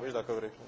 veš, da kako rečem.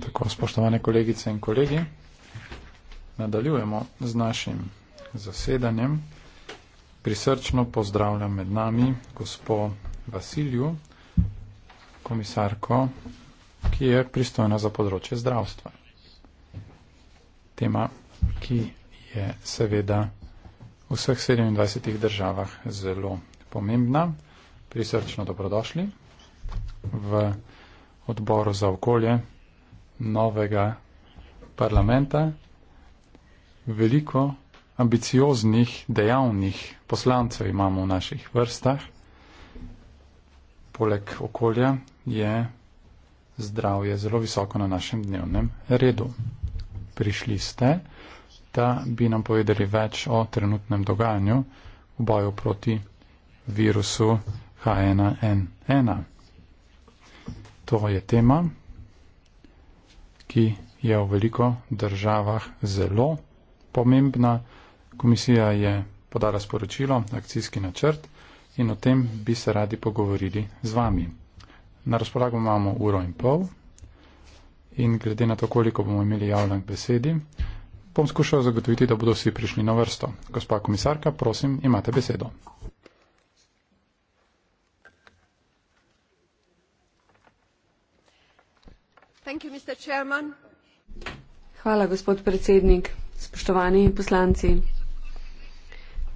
Tako, spoštovane kolegice in kolegi, nadaljujemo z našim zasedanjem. Prisrčno pozdravljam med nami gospo Vasilju, komisarko, ki je pristojna za področje zdravstva. Tema, ki je seveda v vseh 27 državah zelo pomembna. Prisrčno dobrodošli v odboru za okolje novega parlamenta veliko ambicioznih, dejavnih poslancev imamo v naših vrstah. Poleg okolja je zdravje zelo visoko na našem dnevnem redu. Prišli ste, da bi nam povedali več o trenutnem dogajanju v boju proti virusu H1N1. To je tema, ki je v veliko državah zelo pomembna. Komisija je podala sporočilo, akcijski načrt in o tem bi se radi pogovorili z vami. Na razpolago imamo uro in pol in glede na to, koliko bomo imeli javnih besedi, bom skušal zagotoviti, da bodo vsi prišli na vrsto. Gospa komisarka, prosim, imate besedo. Hvala, gospod predsednik. Spoštovani poslanci.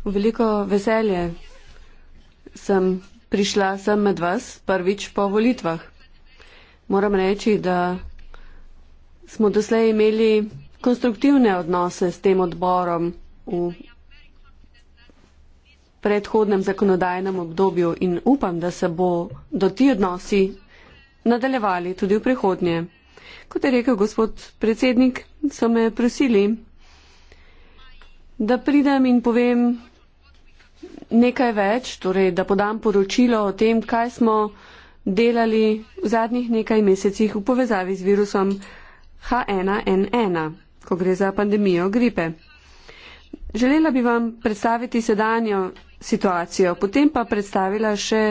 V veliko veselje sem prišla sem med vas prvič po volitvah. Moram reči, da smo doslej imeli konstruktivne odnose s tem odborom v predhodnem zakonodajnem obdobju in upam, da se bodo ti odnosi nadaljevali tudi v prihodnje. Kot je rekel gospod predsednik, so me prosili, da pridem in povem nekaj več, torej da podam poročilo o tem, kaj smo delali v zadnjih nekaj mesecih v povezavi z virusom H1N1, ko gre za pandemijo gripe. Želela bi vam predstaviti sedanjo situacijo, potem pa predstavila še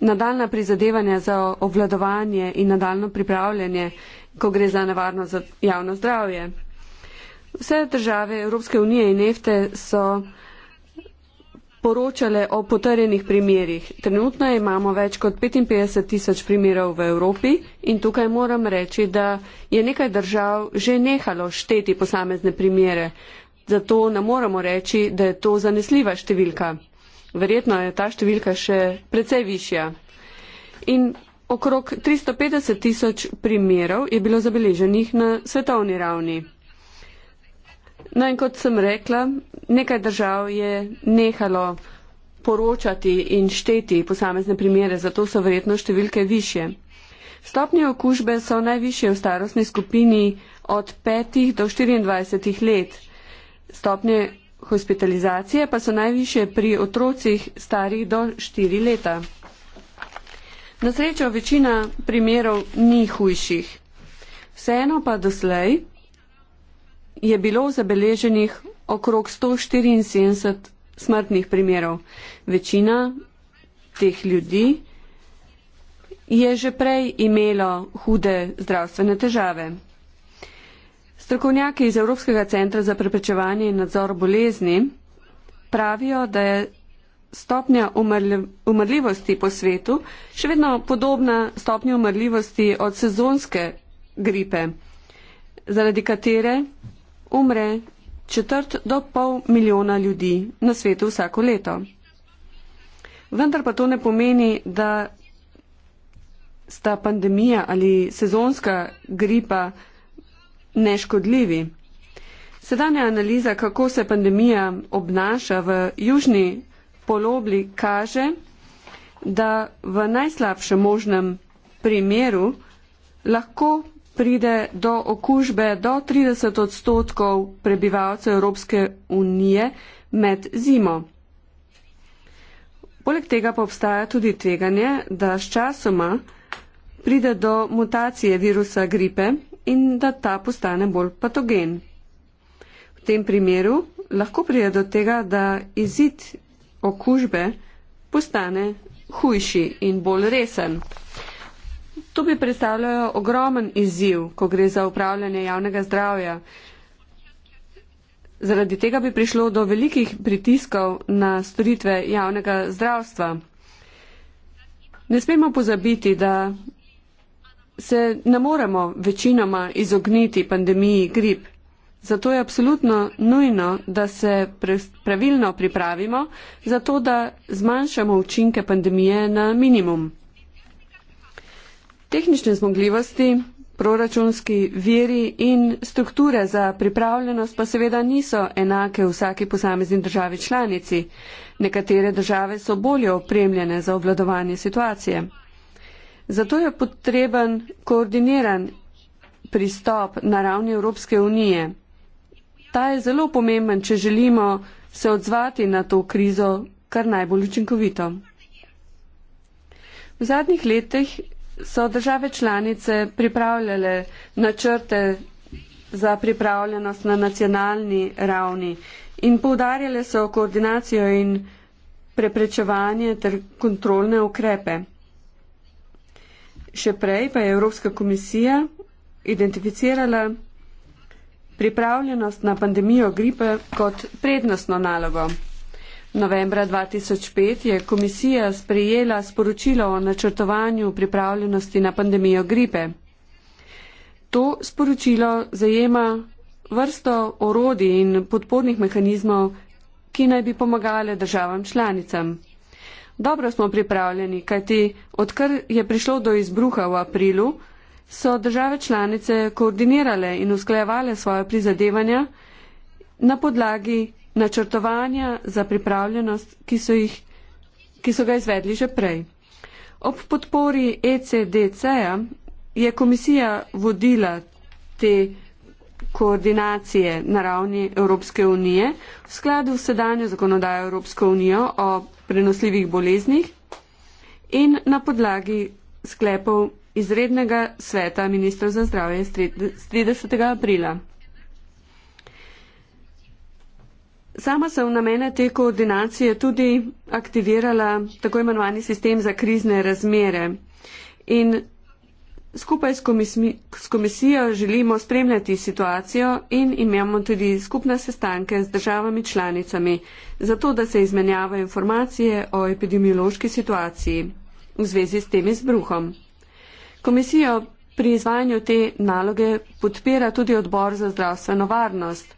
nadaljna prizadevanja za obvladovanje in nadaljno pripravljanje, ko gre za nevarno za javno zdravje. Vse države Evropske unije in nefte so poročale o potrjenih primerjih. Trenutno imamo več kot 55 tisoč primerov v Evropi in tukaj moram reči, da je nekaj držav že nehalo šteti posamezne primere. Zato ne moremo reči, da je to zanesljiva številka verjetno je ta številka še precej višja. In okrog 350 tisoč primerov je bilo zabeleženih na svetovni ravni. No in kot sem rekla, nekaj držav je nehalo poročati in šteti posamezne primere, zato so verjetno številke više. Stopnje okužbe so najviše v starostni skupini od 5 do 24 let. Stopnje hospitalizacije pa so najviše pri otrocih starih do 4 leta. Na srečo večina primerov ni hujših. Vseeno pa doslej je bilo zabeleženih okrog 174 smrtnih primerov. Večina teh ljudi je že prej imelo hude zdravstvene težave. Strokovnjaki iz Evropskega centra za preprečevanje in nadzor bolezni pravijo, da je stopnja umrljivosti po svetu še vedno podobna stopnji umrljivosti od sezonske gripe, zaradi katere umre četrt do pol milijona ljudi na svetu vsako leto. Vendar pa to ne pomeni, da sta pandemija ali sezonska gripa neškodljivi. Sedanja analiza, kako se pandemija obnaša v južni polobli, kaže, da v najslabšem možnem primeru lahko pride do okužbe do 30 odstotkov prebivalcev Evropske unije med zimo. Poleg tega pa obstaja tudi tveganje, da s časoma pride do mutacije virusa gripe in da ta postane bolj patogen. V tem primeru lahko prije do tega, da izid okužbe postane hujši in bolj resen. To bi predstavljalo ogromen izziv, ko gre za upravljanje javnega zdravja. Zaradi tega bi prišlo do velikih pritiskov na storitve javnega zdravstva. Ne smemo pozabiti, da se ne moremo večinoma izogniti pandemiji grip. Zato je absolutno nujno, da se pravilno pripravimo, zato da zmanjšamo učinke pandemije na minimum. Tehnične zmogljivosti, proračunski veri in strukture za pripravljenost pa seveda niso enake v vsaki posamezni državi članici. Nekatere države so bolje opremljene za obvladovanje situacije. Zato je potreben koordiniran pristop na ravni Evropske unije. Ta je zelo pomemben, če želimo se odzvati na to krizo kar najbolj učinkovito. V zadnjih letih so države članice pripravljale načrte za pripravljenost na nacionalni ravni in poudarjale so koordinacijo in preprečevanje ter kontrolne ukrepe. Še prej pa je Evropska komisija identificirala pripravljenost na pandemijo gripe kot prednostno nalogo. Novembra 2005 je komisija sprejela sporočilo o načrtovanju pripravljenosti na pandemijo gripe. To sporočilo zajema vrsto orodij in podpornih mehanizmov, ki naj bi pomagale državam članicam dobro smo pripravljeni, kajti odkar je prišlo do izbruha v aprilu, so države članice koordinirale in usklajevale svoje prizadevanja na podlagi načrtovanja za pripravljenost, ki so, jih, ki so ga izvedli že prej. Ob podpori ECDC-ja je komisija vodila te koordinacije na ravni Evropske unije v skladu s sedanjo zakonodajo Evropske unije o prenosljivih boleznih in na podlagi sklepov izrednega sveta ministra za zdravje z 30. aprila. Sama sem namene te koordinacije tudi aktivirala tako imenovani sistem za krizne razmere in Skupaj s, komismi, s komisijo želimo spremljati situacijo in imamo tudi skupne sestanke z državami članicami, zato da se izmenjava informacije o epidemiološki situaciji v zvezi s tem izbruhom. Komisijo pri izvajanju te naloge podpira tudi odbor za zdravstveno varnost.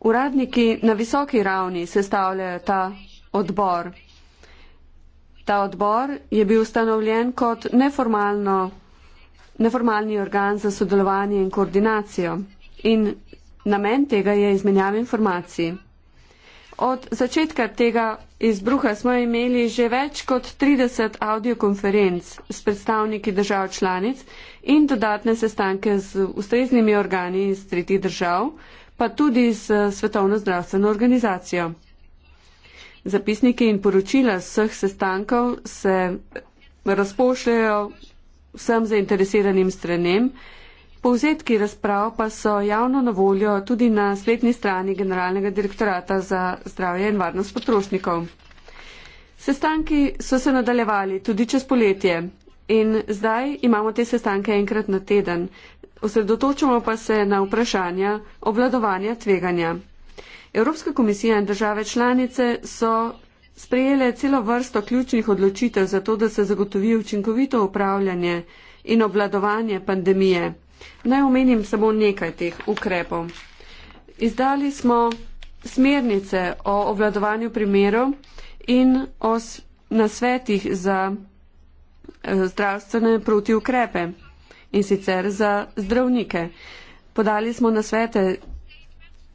Uradniki na visoki ravni sestavljajo ta odbor. Ta odbor je bil ustanovljen kot neformalno, neformalni organ za sodelovanje in koordinacijo in namen tega je izmenjava informacij. Od začetka tega izbruha smo imeli že več kot 30 audiokonferenc s predstavniki držav članic in dodatne sestanke z ustreznimi organi iz tretjih držav, pa tudi z Svetovno zdravstveno organizacijo. Zapisniki in poročila vseh sestankov se razpošljajo vsem zainteresiranim stranem. Povzetki razprav pa so javno na voljo tudi na spletni strani Generalnega direktorata za zdravje in varnost potrošnikov. Sestanki so se nadaljevali tudi čez poletje in zdaj imamo te sestanke enkrat na teden. Osredotočamo pa se na vprašanja obvladovanja tveganja. Evropska komisija in države članice so sprejele celo vrsto ključnih odločitev za to, da se zagotovi učinkovito upravljanje in obvladovanje pandemije. Naj omenim samo nekaj teh ukrepov. Izdali smo smernice o obvladovanju primerov in o nasvetih za eh, zdravstvene protiukrepe in sicer za zdravnike. Podali smo nasvete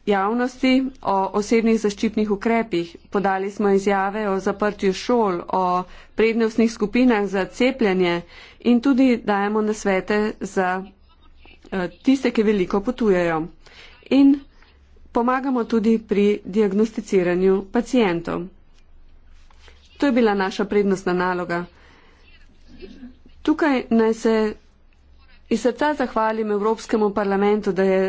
javnosti o osebnih zaščitnih ukrepih. Podali smo izjave o zaprtju šol, o prednostnih skupinah za cepljenje in tudi dajemo nasvete za eh, tiste, ki veliko potujejo. In pomagamo tudi pri diagnosticiranju pacijentov. To je bila naša prednostna naloga. Tukaj naj se iz srca zahvalim Evropskemu parlamentu, da je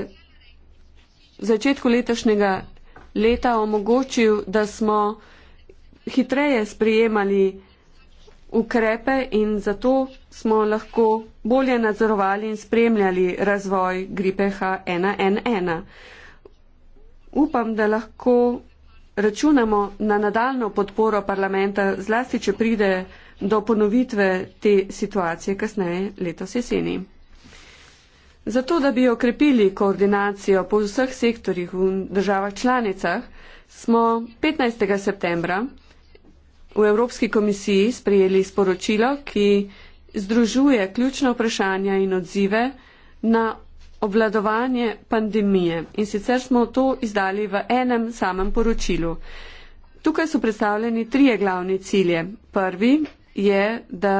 v začetku letošnjega leta omogočil, da smo hitreje sprejemali ukrepe in zato smo lahko bolje nadzorovali in spremljali razvoj gripe H1N1. Upam, da lahko računamo na nadaljno podporo parlamenta, zlasti če pride do ponovitve te situacije kasneje letos jeseni. Zato, da bi okrepili koordinacijo po vseh sektorjih v državah članicah, smo 15. septembra v Evropski komisiji sprejeli sporočilo, ki združuje ključna vprašanja in odzive na obvladovanje pandemije. In sicer smo to izdali v enem samem poročilu. Tukaj so predstavljeni trije glavni cilje. Prvi je, da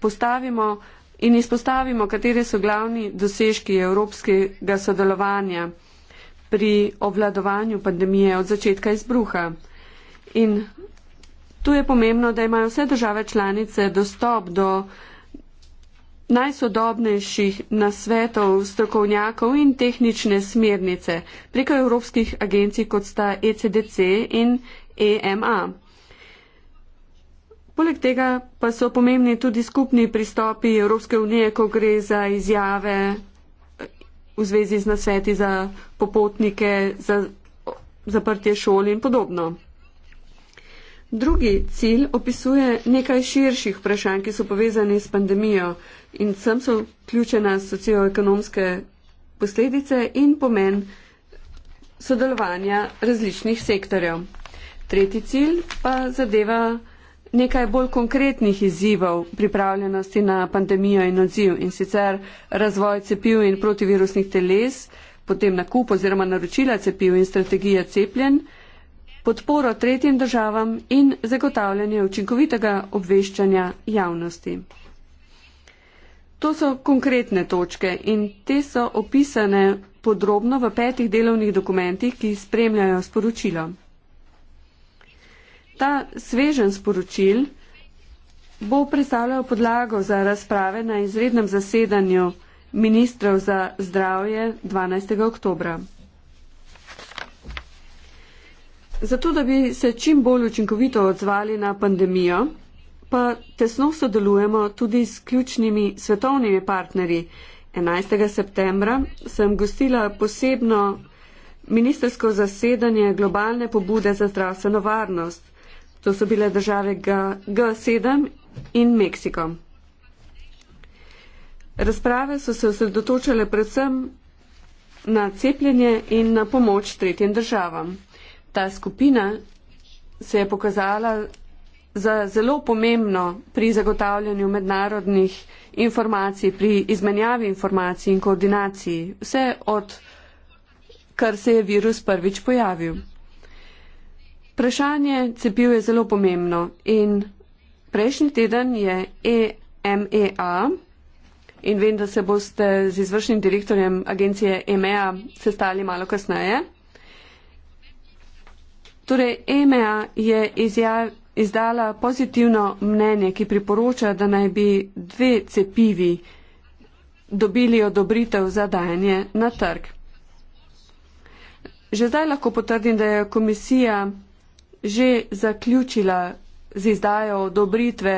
postavimo in izpostavimo, kateri so glavni dosežki evropskega sodelovanja pri obvladovanju pandemije od začetka izbruha. In tu je pomembno, da imajo vse države članice dostop do najsodobnejših nasvetov strokovnjakov in tehnične smernice preko evropskih agencij, kot sta ECDC in EMA. Poleg tega pa so pomembni tudi skupni pristopi Evropske unije, ko gre za izjave v zvezi z nasveti za popotnike, za zaprtje šoli in podobno. Drugi cilj opisuje nekaj širših vprašanj, ki so povezani s pandemijo in sem so vključena socioekonomske posledice in pomen sodelovanja različnih sektorjev. Tretji cilj pa zadeva nekaj bolj konkretnih izzivov pripravljenosti na pandemijo in odziv in sicer razvoj cepiv in protivirusnih teles, potem nakup oziroma naročila cepiv in strategija cepljen, podporo tretjim državam in zagotavljanje učinkovitega obveščanja javnosti. To so konkretne točke in te so opisane podrobno v petih delovnih dokumentih, ki spremljajo sporočilo. Ta svežen sporočil bo predstavljal podlago za razprave na izrednem zasedanju ministrov za zdravje 12. oktobra. Zato, da bi se čim bolj učinkovito odzvali na pandemijo, pa tesno sodelujemo tudi s ključnimi svetovnimi partnerji. 11. septembra sem gostila posebno ministersko zasedanje globalne pobude za zdravstveno varnost. To so bile države G G7 in Meksiko. Razprave so se osredotočale predvsem na cepljenje in na pomoč tretjim državam. Ta skupina se je pokazala za zelo pomembno pri zagotavljanju mednarodnih informacij, pri izmenjavi informacij in koordinaciji, vse od kar se je virus prvič pojavil. Vprašanje cepiv je zelo pomembno in prejšnji teden je EMEA in vem, da se boste z izvršnim direktorjem agencije EMEA sestali malo kasneje. Torej, EMEA je izjav, izdala pozitivno mnenje, ki priporoča, da naj bi dve cepivi dobili odobritev za dajanje na trg. Že zdaj lahko potrdim, da je komisija že zaključila z izdajo odobritve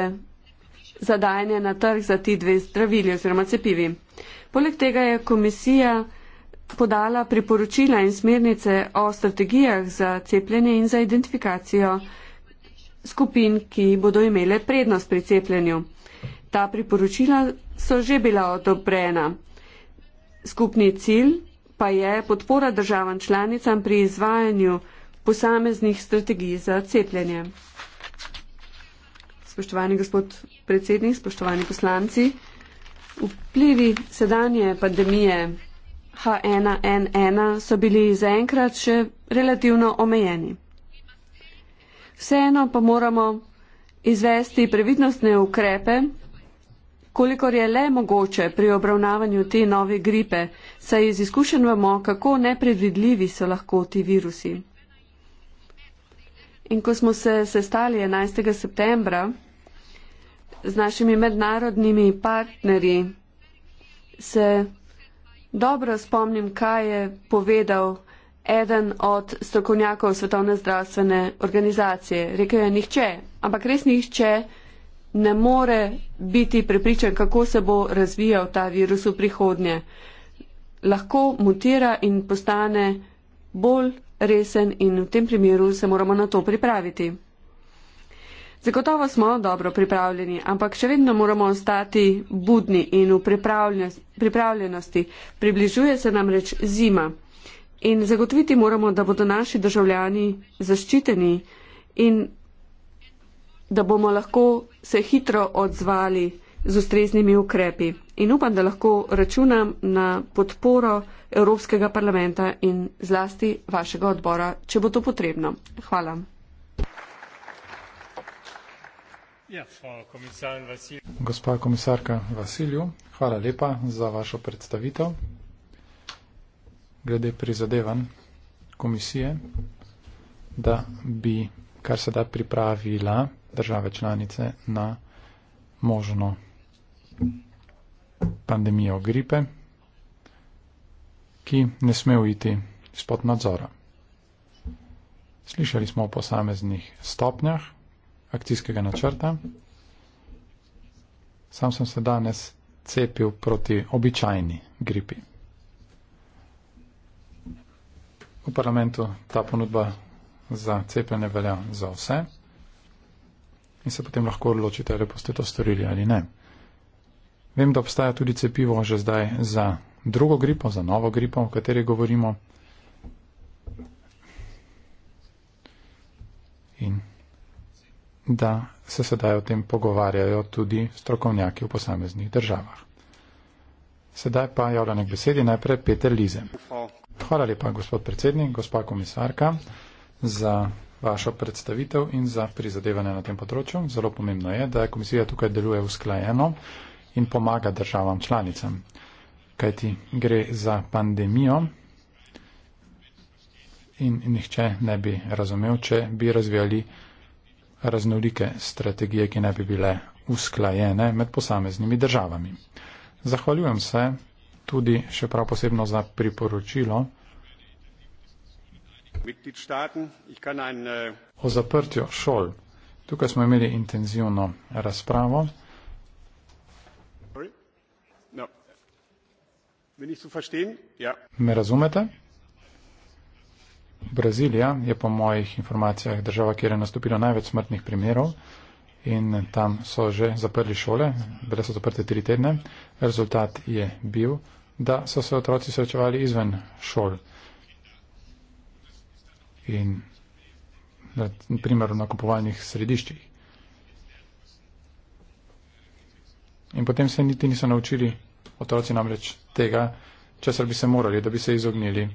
za dajanje na trg za ti dve zdravili oziroma cepivi. Poleg tega je komisija podala priporočila in smernice o strategijah za cepljenje in za identifikacijo skupin, ki bodo imele prednost pri cepljenju. Ta priporočila so že bila odobrena. Skupni cilj pa je podpora državam članicam pri izvajanju posameznih strategij za cepljenje. Spoštovani gospod predsednik, spoštovani poslanci, vplivi sedanje pandemije H1N1 so bili zaenkrat še relativno omejeni. Vseeno pa moramo izvesti previdnostne ukrepe, kolikor je le mogoče pri obravnavanju te nove gripe, saj iz izkušenj vemo, kako nepredvidljivi so lahko ti virusi. In ko smo se sestali 11. septembra z našimi mednarodnimi partnerji, se dobro spomnim, kaj je povedal eden od strokovnjakov Svetovne zdravstvene organizacije. Rekel je nihče, ampak res nihče ne more biti prepričan, kako se bo razvijal ta virus v prihodnje. Lahko mutira in postane bolj resen in v tem primeru se moramo na to pripraviti. Zagotovo smo dobro pripravljeni, ampak še vedno moramo ostati budni in v pripravljenosti. Približuje se nam reč zima in zagotoviti moramo, da bodo naši državljani zaščiteni in da bomo lahko se hitro odzvali z ustreznimi ukrepi in upam, da lahko računam na podporo Evropskega parlamenta in zlasti vašega odbora, če bo to potrebno. Hvala. Ja, Gospa komisarka Vasilju, hvala lepa za vašo predstavitev. Glede prizadevanj komisije, da bi kar se da pripravila države članice na možno pandemijo gripe, ki ne sme uiti izpod nadzora. Slišali smo o posameznih stopnjah akcijskega načrta. Sam sem se danes cepil proti običajni gripi. V parlamentu ta ponudba za cepljenje velja za vse in se potem lahko odločite, ali boste to storili ali ne. Vem, da obstaja tudi cepivo že zdaj za drugo gripo, za novo gripo, o kateri govorimo. In da se sedaj o tem pogovarjajo tudi strokovnjaki v posameznih državah. Sedaj pa javlja nek besedi najprej Peter Lize. Hvala lepa, gospod predsednik, gospa komisarka, za vašo predstavitev in za prizadevanje na tem področju. Zelo pomembno je, da komisija tukaj deluje usklajeno in pomaga državam članicam. Kajti gre za pandemijo in nihče ne bi razumel, če bi razvijali raznolike strategije, ki ne bi bile usklajene med posameznimi državami. Zahvaljujem se tudi še prav posebno za priporočilo äh, o zaprtju šol. Tukaj smo imeli intenzivno razpravo. Ja. Me razumete? Brazilija je po mojih informacijah država, kjer je nastopilo največ smrtnih primerov in tam so že zaprli šole, bile so zaprte tri tedne. Rezultat je bil, da so se otroci srečevali izven šol. In primer v nakupovalnih središčih. In potem se niti niso naučili otroci namreč tega, česar bi se morali, da bi se izognili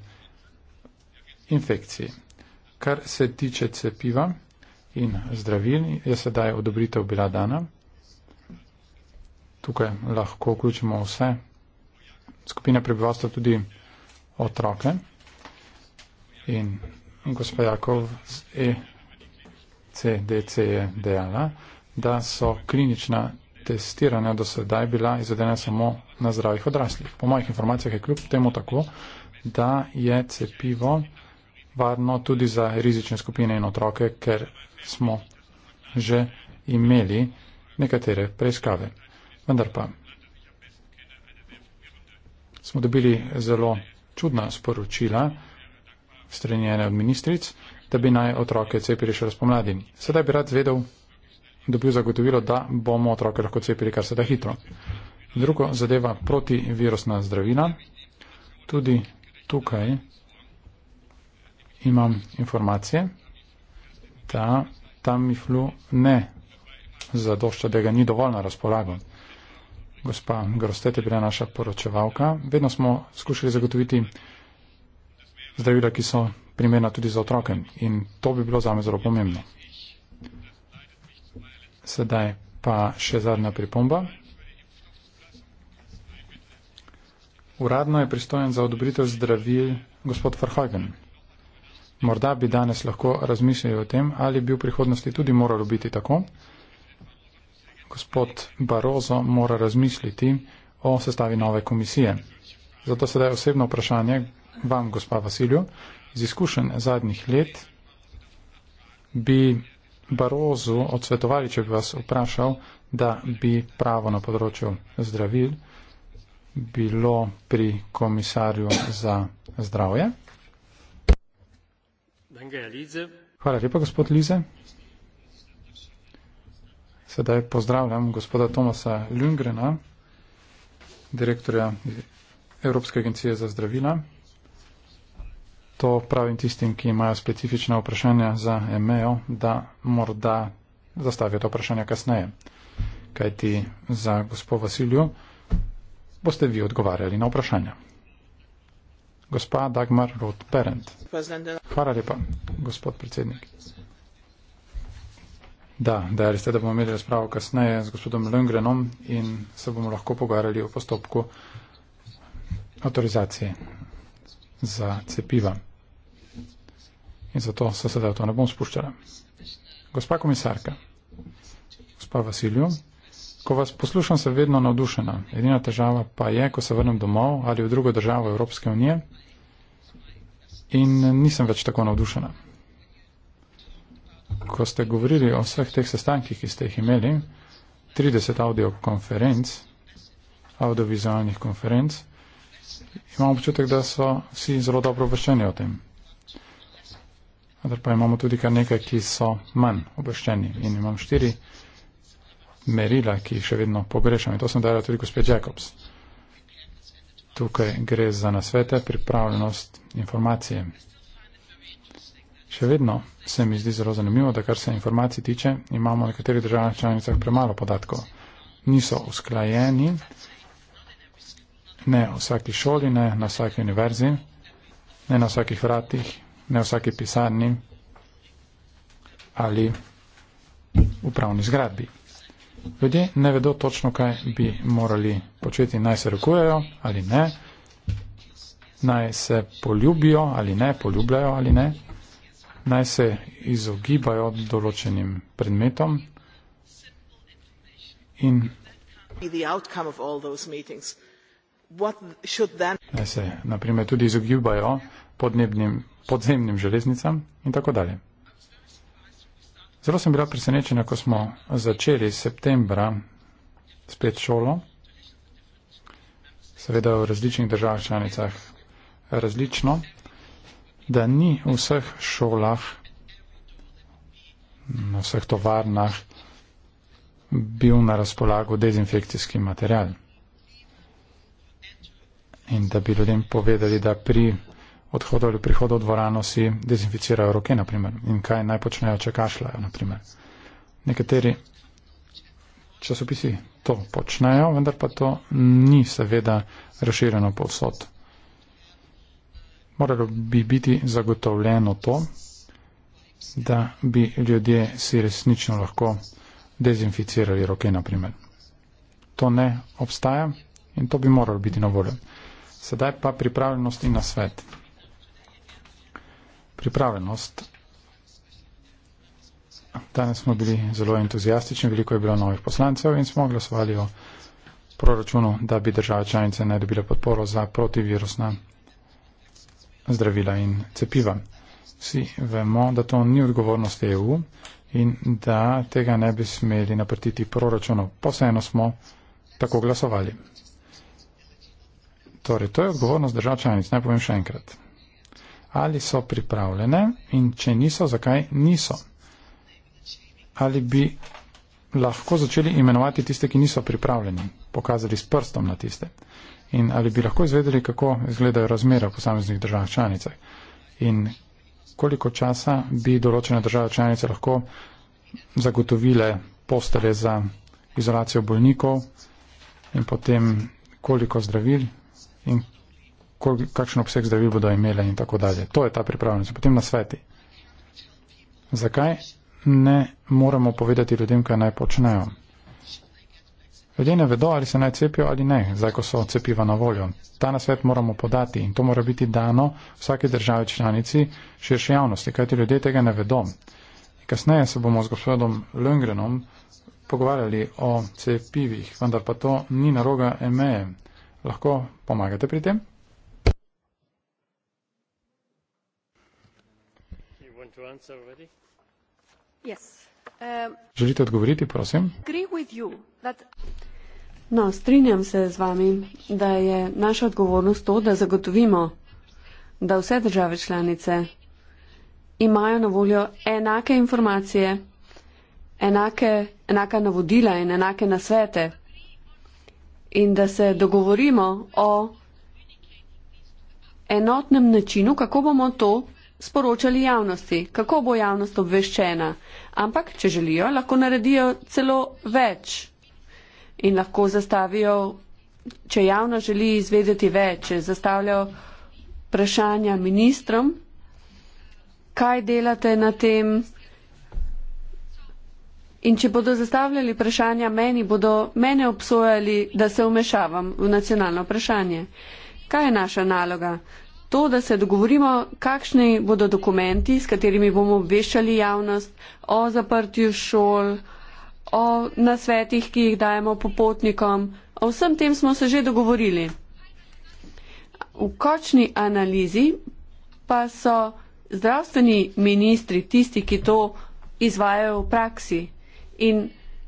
infekciji. Kar se tiče cepiva in zdravil, je sedaj odobritev bila dana. Tukaj lahko vključimo vse skupine prebivalstva, tudi otroke. In gospa Jakov z ECDC je dejala, da so klinična testiranja do sedaj bila izvedena samo na zdravih odraslih. Po mojih informacijah je kljub temu tako, da je cepivo varno tudi za rizične skupine in otroke, ker smo že imeli nekatere preiskave. Vendar pa smo dobili zelo čudna sporočila strani ene od ministric, da bi naj otroke cepili še razpomladi. Sedaj bi rad zvedel, dobil zagotovilo, da bomo otroke lahko cepili kar se da hitro. Drugo zadeva protivirusna zdravila. Tudi tukaj imam informacije, da Tamiflu ne zadošča, da ga ni dovolj na razpolago. Gospa Grostet je bila naša poročevalka. Vedno smo skušali zagotoviti zdravila, ki so primerna tudi za otroke in to bi bilo zame zelo pomembno. Sedaj pa še zadnja pripomba. Uradno je pristojen za odobritev zdravil gospod Verhagen. Morda bi danes lahko razmislili o tem, ali bi v prihodnosti tudi moralo biti tako. Gospod Barozo mora razmisliti o sestavi nove komisije. Zato sedaj osebno vprašanje vam, gospa Vasilju. Z izkušenj zadnjih let bi Barozu odsvetovali, če bi vas vprašal, da bi pravo na področju zdravil bilo pri komisarju za zdravje? Hvala lepa, gospod Lize. Sedaj pozdravljam gospoda Tomasa Ljungrena, direktorja Evropske agencije za zdravila to pravim tistim, ki imajo specifična vprašanja za EMEO, da morda zastavijo to vprašanje kasneje. Kaj ti za gospod Vasilju, boste vi odgovarjali na vprašanja. Gospa Dagmar Roth-Perent. Hvala lepa, gospod predsednik. Da, dejali ste, da bomo imeli razpravo kasneje z gospodom Lundgrenom in se bomo lahko pogovarjali o postopku avtorizacije za cepiva in zato se sedaj v to ne bom spuščala. Gospa komisarka, gospa Vasilju, ko vas poslušam, sem vedno navdušena. Edina težava pa je, ko se vrnem domov ali v drugo državo Evropske unije in nisem več tako navdušena. Ko ste govorili o vseh teh sestankih, ki ste jih imeli, 30 audiokonferenc, audiovizualnih konferenc, imam občutek, da so vsi zelo dobro obveščeni o tem vendar pa imamo tudi kar nekaj, ki so manj obveščeni in imam štiri merila, ki jih še vedno pogrešam in to sem dajala tudi gospod Jacobs. Tukaj gre za nasvete, pripravljenost informacije. Še vedno se mi zdi zelo zanimivo, da kar se informacij tiče, imamo v nekaterih državah članicah premalo podatkov. Niso usklajeni, ne v vsaki šoli, ne na vsaki univerzi, ne na vsakih vratih, ne v vsaki pisarni ali upravni zgradbi. Ljudje ne vedo točno, kaj bi morali početi, naj se rokujejo ali ne, naj se poljubijo ali ne, poljubljajo ali ne, naj se izogibajo določenim predmetom. In naj se, naprimer, tudi izogibajo podnebnim, podzemnim železnicam in tako dalje. Zelo sem bila presenečena, ko smo začeli septembra spet šolo, seveda v različnih državah članicah različno, da ni v vseh šolah, na vseh tovarnah bil na razpolago dezinfekcijski material. In da bi ljudem povedali, da pri odhodov ali prihodov v dvorano si dezinficirajo roke, naprimer, in kaj naj počnejo, če kašljajo, naprimer. Nekateri časopisi to počnejo, vendar pa to ni seveda razširjeno povsod. Moralo bi biti zagotovljeno to, da bi ljudje si resnično lahko dezinficirali roke, naprimer. To ne obstaja in to bi moralo biti na voljo. Sedaj pa pripravljenost in nasvet pripravenost. Danes smo bili zelo entuzijastični, veliko je bilo novih poslancev in smo glasovali o proračunu, da bi države članice naredile podporo za protivirusna zdravila in cepiva. Vsi vemo, da to ni odgovornost EU in da tega ne bi smeli naprtiti proračunov. Posebno smo tako glasovali. Torej, to je odgovornost držav članic. Naj povem še enkrat ali so pripravljene in če niso, zakaj niso. Ali bi lahko začeli imenovati tiste, ki niso pripravljeni, pokazali s prstom na tiste. In ali bi lahko izvedeli, kako izgledajo razmere v posameznih državah članicah. In koliko časa bi določene države članice lahko zagotovile postele za izolacijo bolnikov in potem koliko zdravil in kol, kakšen obseg zdravil bodo imele in tako dalje. To je ta pripravljenost. Potem na sveti. Zakaj ne moramo povedati ljudem, kaj naj počnejo? Ljudje ne vedo, ali se naj cepijo ali ne, zdaj, ko so cepiva na voljo. Ta nasvet moramo podati in to mora biti dano vsake države članici širše javnosti, kajti ljudje tega ne vedo. In kasneje se bomo z gospodom Lengrenom pogovarjali o cepivih, vendar pa to ni naroga EME. Lahko pomagate pri tem? Um, Želite odgovoriti, prosim? No, strinjam se z vami, da je naša odgovornost to, da zagotovimo, da vse države članice imajo na voljo enake informacije, enake, enaka navodila in enake nasvete in da se dogovorimo o enotnem načinu, kako bomo to sporočali javnosti, kako bo javnost obveščena. Ampak, če želijo, lahko naredijo celo več in lahko zastavijo, če javno želi izvedeti več, če zastavljajo vprašanja ministrom, kaj delate na tem. In če bodo zastavljali vprašanja meni, bodo mene obsojali, da se umešavam v nacionalno vprašanje. Kaj je naša naloga? to, da se dogovorimo, kakšni bodo dokumenti, s katerimi bomo obveščali javnost o zaprtju šol, o nasvetih, ki jih dajemo popotnikom. O vsem tem smo se že dogovorili. V kočni analizi pa so zdravstveni ministri tisti, ki to izvajajo v praksi. In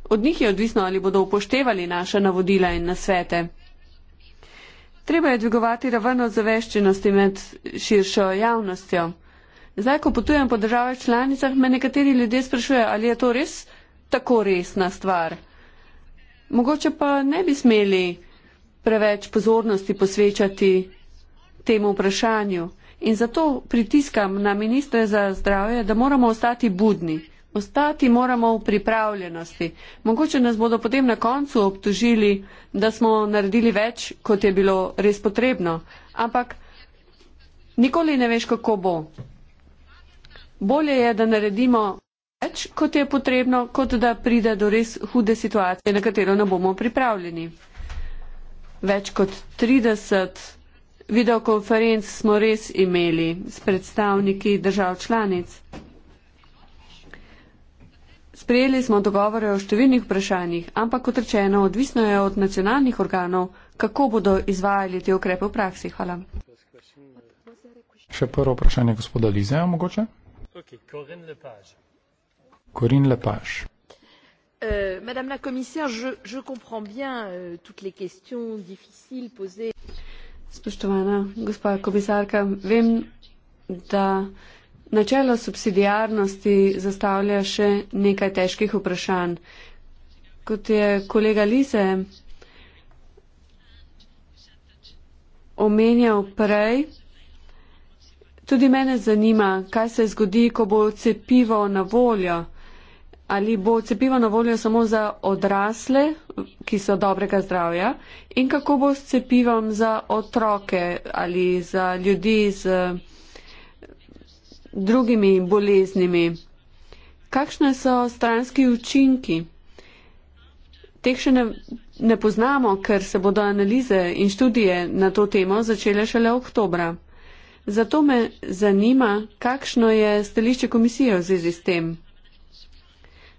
od njih je odvisno, ali bodo upoštevali naše navodila in nasvete. Treba je dvigovati raven ozaveščenosti med širšo javnostjo. Zdaj, ko potujem po državah članicah, me nekateri ljudje sprašujejo, ali je to res tako resna stvar. Mogoče pa ne bi smeli preveč pozornosti posvečati temu vprašanju. In zato pritiskam na ministre za zdravje, da moramo ostati budni. Ostati moramo v pripravljenosti. Mogoče nas bodo potem na koncu obtožili, da smo naredili več, kot je bilo res potrebno, ampak nikoli ne veš, kako bo. Bolje je, da naredimo več, kot je potrebno, kot da pride do res hude situacije, na katero ne bomo pripravljeni. Več kot 30 videokonferenc smo res imeli s predstavniki držav članic. Sprejeli smo dogovore o številnih vprašanjih, ampak kot rečeno, odvisno je od nacionalnih organov, kako bodo izvajali te ukrepe v praksi. Hvala. Še prvo vprašanje gospoda Lizeja, mogoče? Korin Lepaž. Euh, euh, Spoštovana gospa komisarka, vem, da Načelo subsidijarnosti zastavlja še nekaj težkih vprašanj. Kot je kolega Lise omenjal prej, tudi mene zanima, kaj se zgodi, ko bo cepivo na voljo. Ali bo cepivo na voljo samo za odrasle, ki so dobrega zdravja, in kako bo s cepivom za otroke ali za ljudi z drugimi boleznimi. Kakšne so stranski učinki? Teh še ne, ne poznamo, ker se bodo analize in študije na to temo začele šele oktobra. Zato me zanima, kakšno je stališče komisije v zvezi s tem.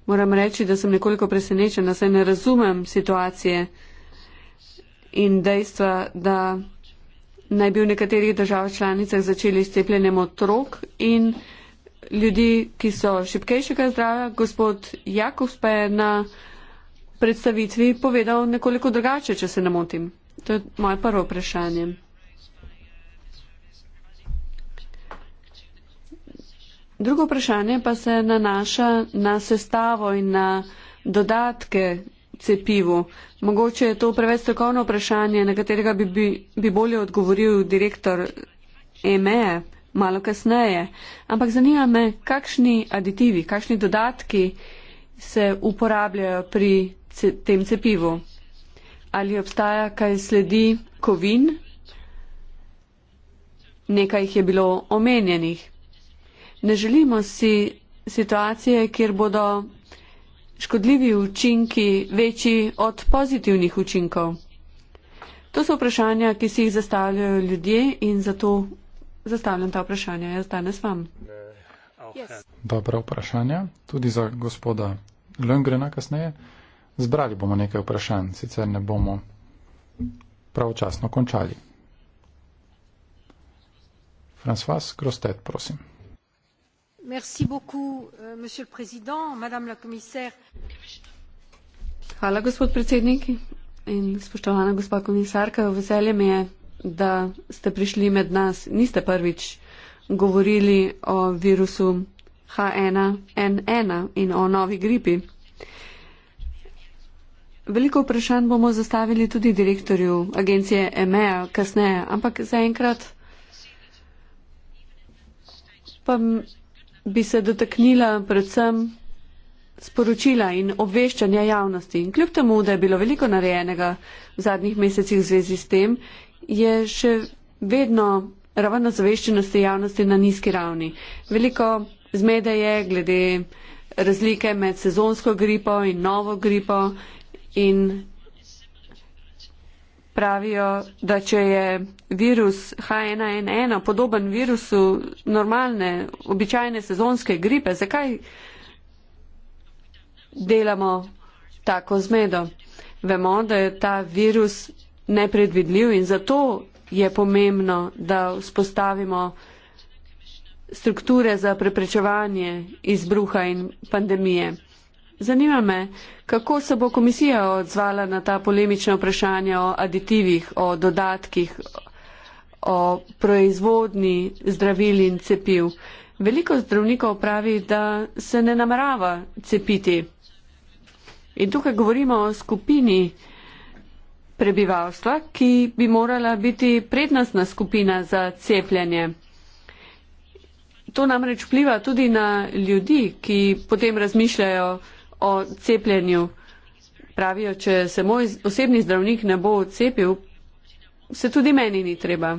Moram reči, da sem nekoliko presenečena, saj ne razumem situacije in dejstva, da naj bi v nekaterih državah članicah začeli s cepljenjem otrok in ljudi, ki so šipkejšega zdravja. Gospod Jakovs pa je na predstavitvi povedal nekoliko drugače, če se ne motim. To je moje prvo vprašanje. Drugo vprašanje pa se nanaša na sestavo in na dodatke cepivu. Mogoče je to preveč strokovno vprašanje, na katerega bi, bi, bi bolje odgovoril direktor ME e malo kasneje. Ampak zanima me, kakšni aditivi, kakšni dodatki se uporabljajo pri ce, tem cepivu. Ali obstaja kaj sledi kovin? Nekaj jih je bilo omenjenih. Ne želimo si situacije, kjer bodo škodljivi učinki večji od pozitivnih učinkov? To so vprašanja, ki si jih zastavljajo ljudje in zato zastavljam ta vprašanja jaz danes vam. Dobro vprašanje, tudi za gospoda Lengrena kasneje. Zbrali bomo nekaj vprašanj, sicer ne bomo pravočasno končali. François Grostet, prosim. Euh, Hvala, gospod predsednik in spoštovana gospa komisarka. Veselje mi je, da ste prišli med nas. Niste prvič govorili o virusu H1N1 in o novi gripi. Veliko vprašanj bomo zastavili tudi direktorju agencije EMEA kasneje, ampak zaenkrat pa bi se dotaknila predvsem sporočila in obveščanja javnosti. In kljub temu, da je bilo veliko narejenega v zadnjih mesecih v zvezi s tem, je še vedno ravno zaveščenosti javnosti na nizki ravni. Veliko zmede je glede razlike med sezonsko gripo in novo gripo in pravijo, da če je virus H1N1 podoben virusu normalne, običajne sezonske gripe, zakaj delamo tako zmedo? Vemo, da je ta virus nepredvidljiv in zato je pomembno, da vzpostavimo strukture za preprečevanje izbruha in pandemije. Zanima me, kako se bo komisija odzvala na ta polemična vprašanja o aditivih, o dodatkih, o proizvodni zdravil in cepiv. Veliko zdravnikov pravi, da se ne namerava cepiti. In tukaj govorimo o skupini prebivalstva, ki bi morala biti prednostna skupina za cepljanje. To namreč vpliva tudi na ljudi, ki potem razmišljajo, o cepljenju. Pravijo, če se moj osebni zdravnik ne bo cepil, se tudi meni ni treba.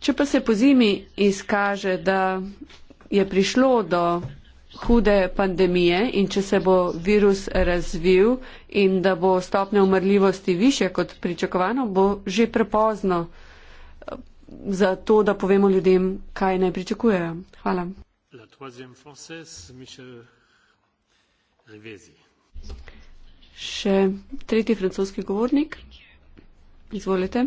Če pa se po zimi izkaže, da je prišlo do hude pandemije in če se bo virus razvil in da bo stopnja umrljivosti više kot pričakovano, bo že prepozno eh, za to, da povemo ljudem, kaj naj pričakujejo. Hvala. Še tretji francoski govornik. Izvolite.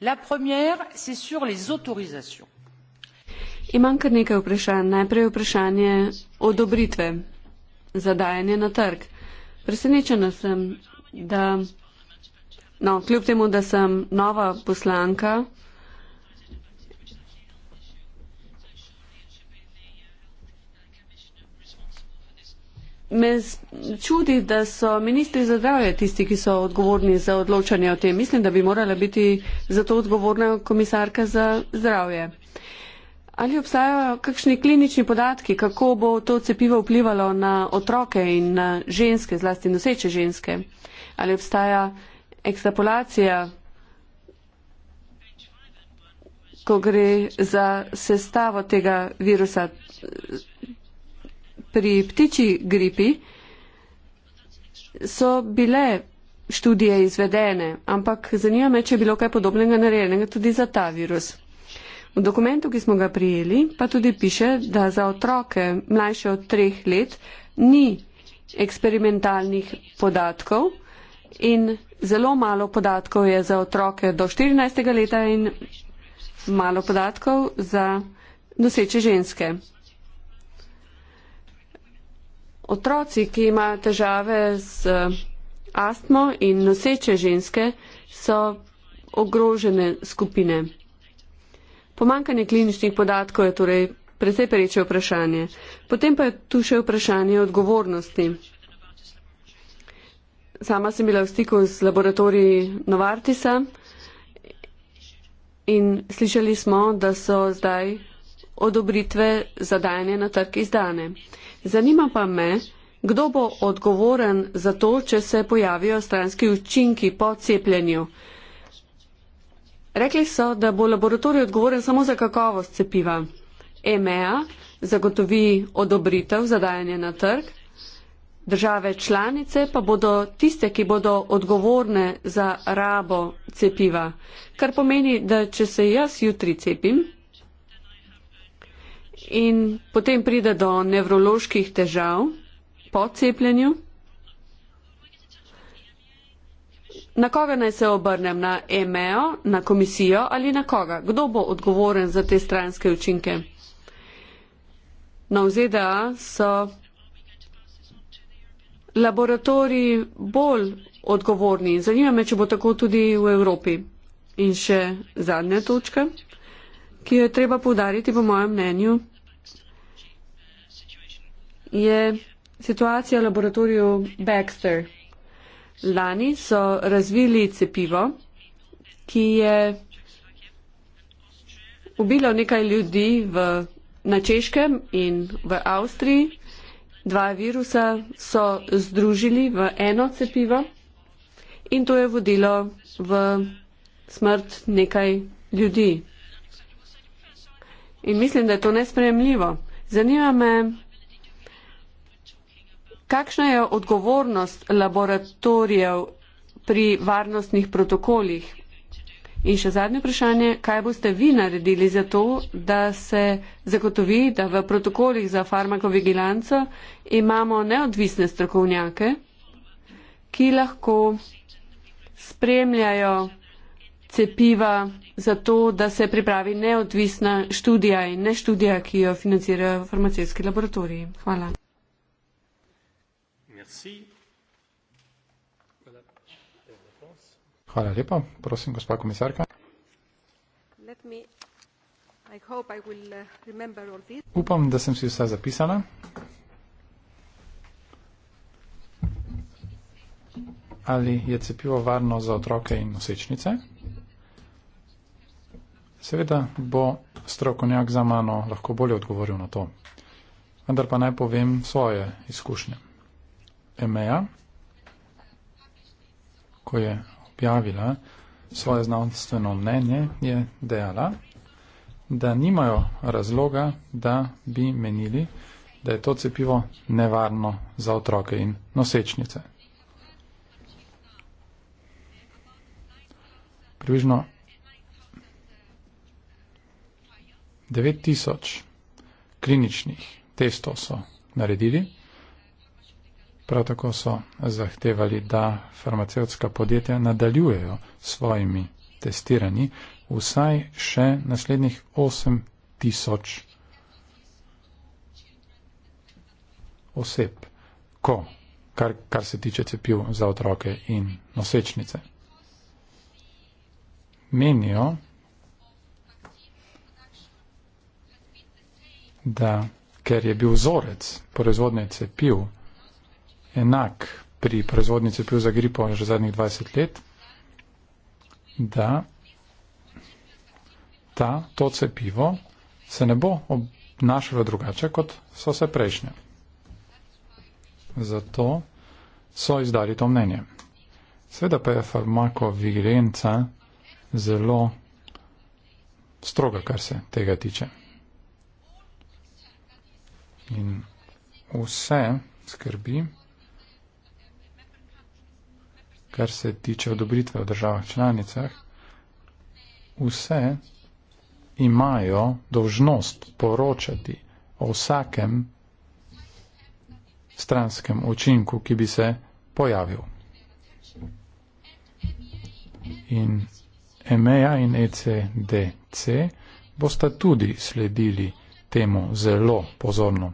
La première, c'est sur les autorisations. Imam kar nekaj vprašanj. Najprej vprašanje odobritve za dajanje na trg. Presenečena sem, da, no, kljub temu, da sem nova poslanka, me čudi, da so ministri za zdravje tisti, ki so odgovorni za odločanje o tem. Mislim, da bi morala biti za to odgovorna komisarka za zdravje. Ali obstajajo kakšni klinični podatki, kako bo to cepivo vplivalo na otroke in na ženske, zlasti noseče ženske? Ali obstaja ekstrapolacija, ko gre za sestavo tega virusa? pri ptiči gripi so bile študije izvedene, ampak zanima me, če je bilo kaj podobnega narejenega tudi za ta virus. V dokumentu, ki smo ga prijeli, pa tudi piše, da za otroke mlajše od treh let ni eksperimentalnih podatkov in zelo malo podatkov je za otroke do 14. leta in malo podatkov za noseče ženske. Otroci, ki imajo težave z eh, astmo in noseče ženske, so ogrožene skupine. Pomankanje kliničnih podatkov je torej precej pereče vprašanje. Potem pa je tu še vprašanje odgovornosti. Sama sem bila v stiku z laboratoriji Novartisa in slišali smo, da so zdaj odobritve za dajanje na trg izdane. Zanima pa me, kdo bo odgovoren za to, če se pojavijo stranski učinki po cepljenju. Rekli so, da bo laboratorij odgovoren samo za kakovost cepiva. EMEA zagotovi odobritev za dajanje na trg, države članice pa bodo tiste, ki bodo odgovorne za rabo cepiva. Kar pomeni, da če se jaz jutri cepim, in potem pride do nevroloških težav po cepljenju. Na koga naj se obrnem? Na EMEO, na komisijo ali na koga? Kdo bo odgovoren za te stranske učinke? Na ZDA so laboratoriji bolj odgovorni in zanima me, če bo tako tudi v Evropi. In še zadnja točka ki jo je treba povdariti, po mojem mnenju, je situacija v laboratoriju Baxter. Lani so razvili cepivo, ki je ubilo nekaj ljudi v, na Češkem in v Avstriji. Dva virusa so združili v eno cepivo in to je vodilo v smrt nekaj ljudi. In mislim, da je to nespremljivo. Zanima me, kakšna je odgovornost laboratorijev pri varnostnih protokolih? In še zadnje vprašanje, kaj boste vi naredili za to, da se zagotovi, da v protokolih za farmakovigilanco imamo neodvisne strokovnjake, ki lahko spremljajo cepiva za to, da se pripravi neodvisna študija in ne študija, ki jo financirajo farmacijski laboratoriji. Hvala. Hvala lepa. Prosim, gospa komisarka. Uh, Upam, da sem si vse zapisala. Ali je cepivo varno za otroke in nosečnice? Seveda bo strokovnjak za mano lahko bolje odgovoril na to. Vendar pa naj povem svoje izkušnje. Emeja, ko je objavila svoje znanstveno mnenje, je dejala, da nimajo razloga, da bi menili, da je to cepivo nevarno za otroke in nosečnice. Približno 9000 kliničnih testov so naredili. Prav tako so zahtevali, da farmacevtska podjetja nadaljujejo svojimi testirani vsaj še naslednjih 8000 oseb, ko, kar, kar se tiče cepiv za otroke in nosečnice. Menijo, da ker je bil vzorec proizvodnje cepiv enak pri proizvodnji cepiv za gripo že zadnjih 20 let, da ta, to cepivo se ne bo obnašalo drugače, kot so se prejšnje. Zato so izdali to mnenje. Sveda pa je farmakovigilenca zelo stroga, kar se tega tiče in vse skrbi, kar se tiče odobritve v državah članicah, vse imajo dožnost poročati o vsakem stranskem učinku, ki bi se pojavil. In EMEA in ECDC bosta tudi sledili temu zelo pozorno.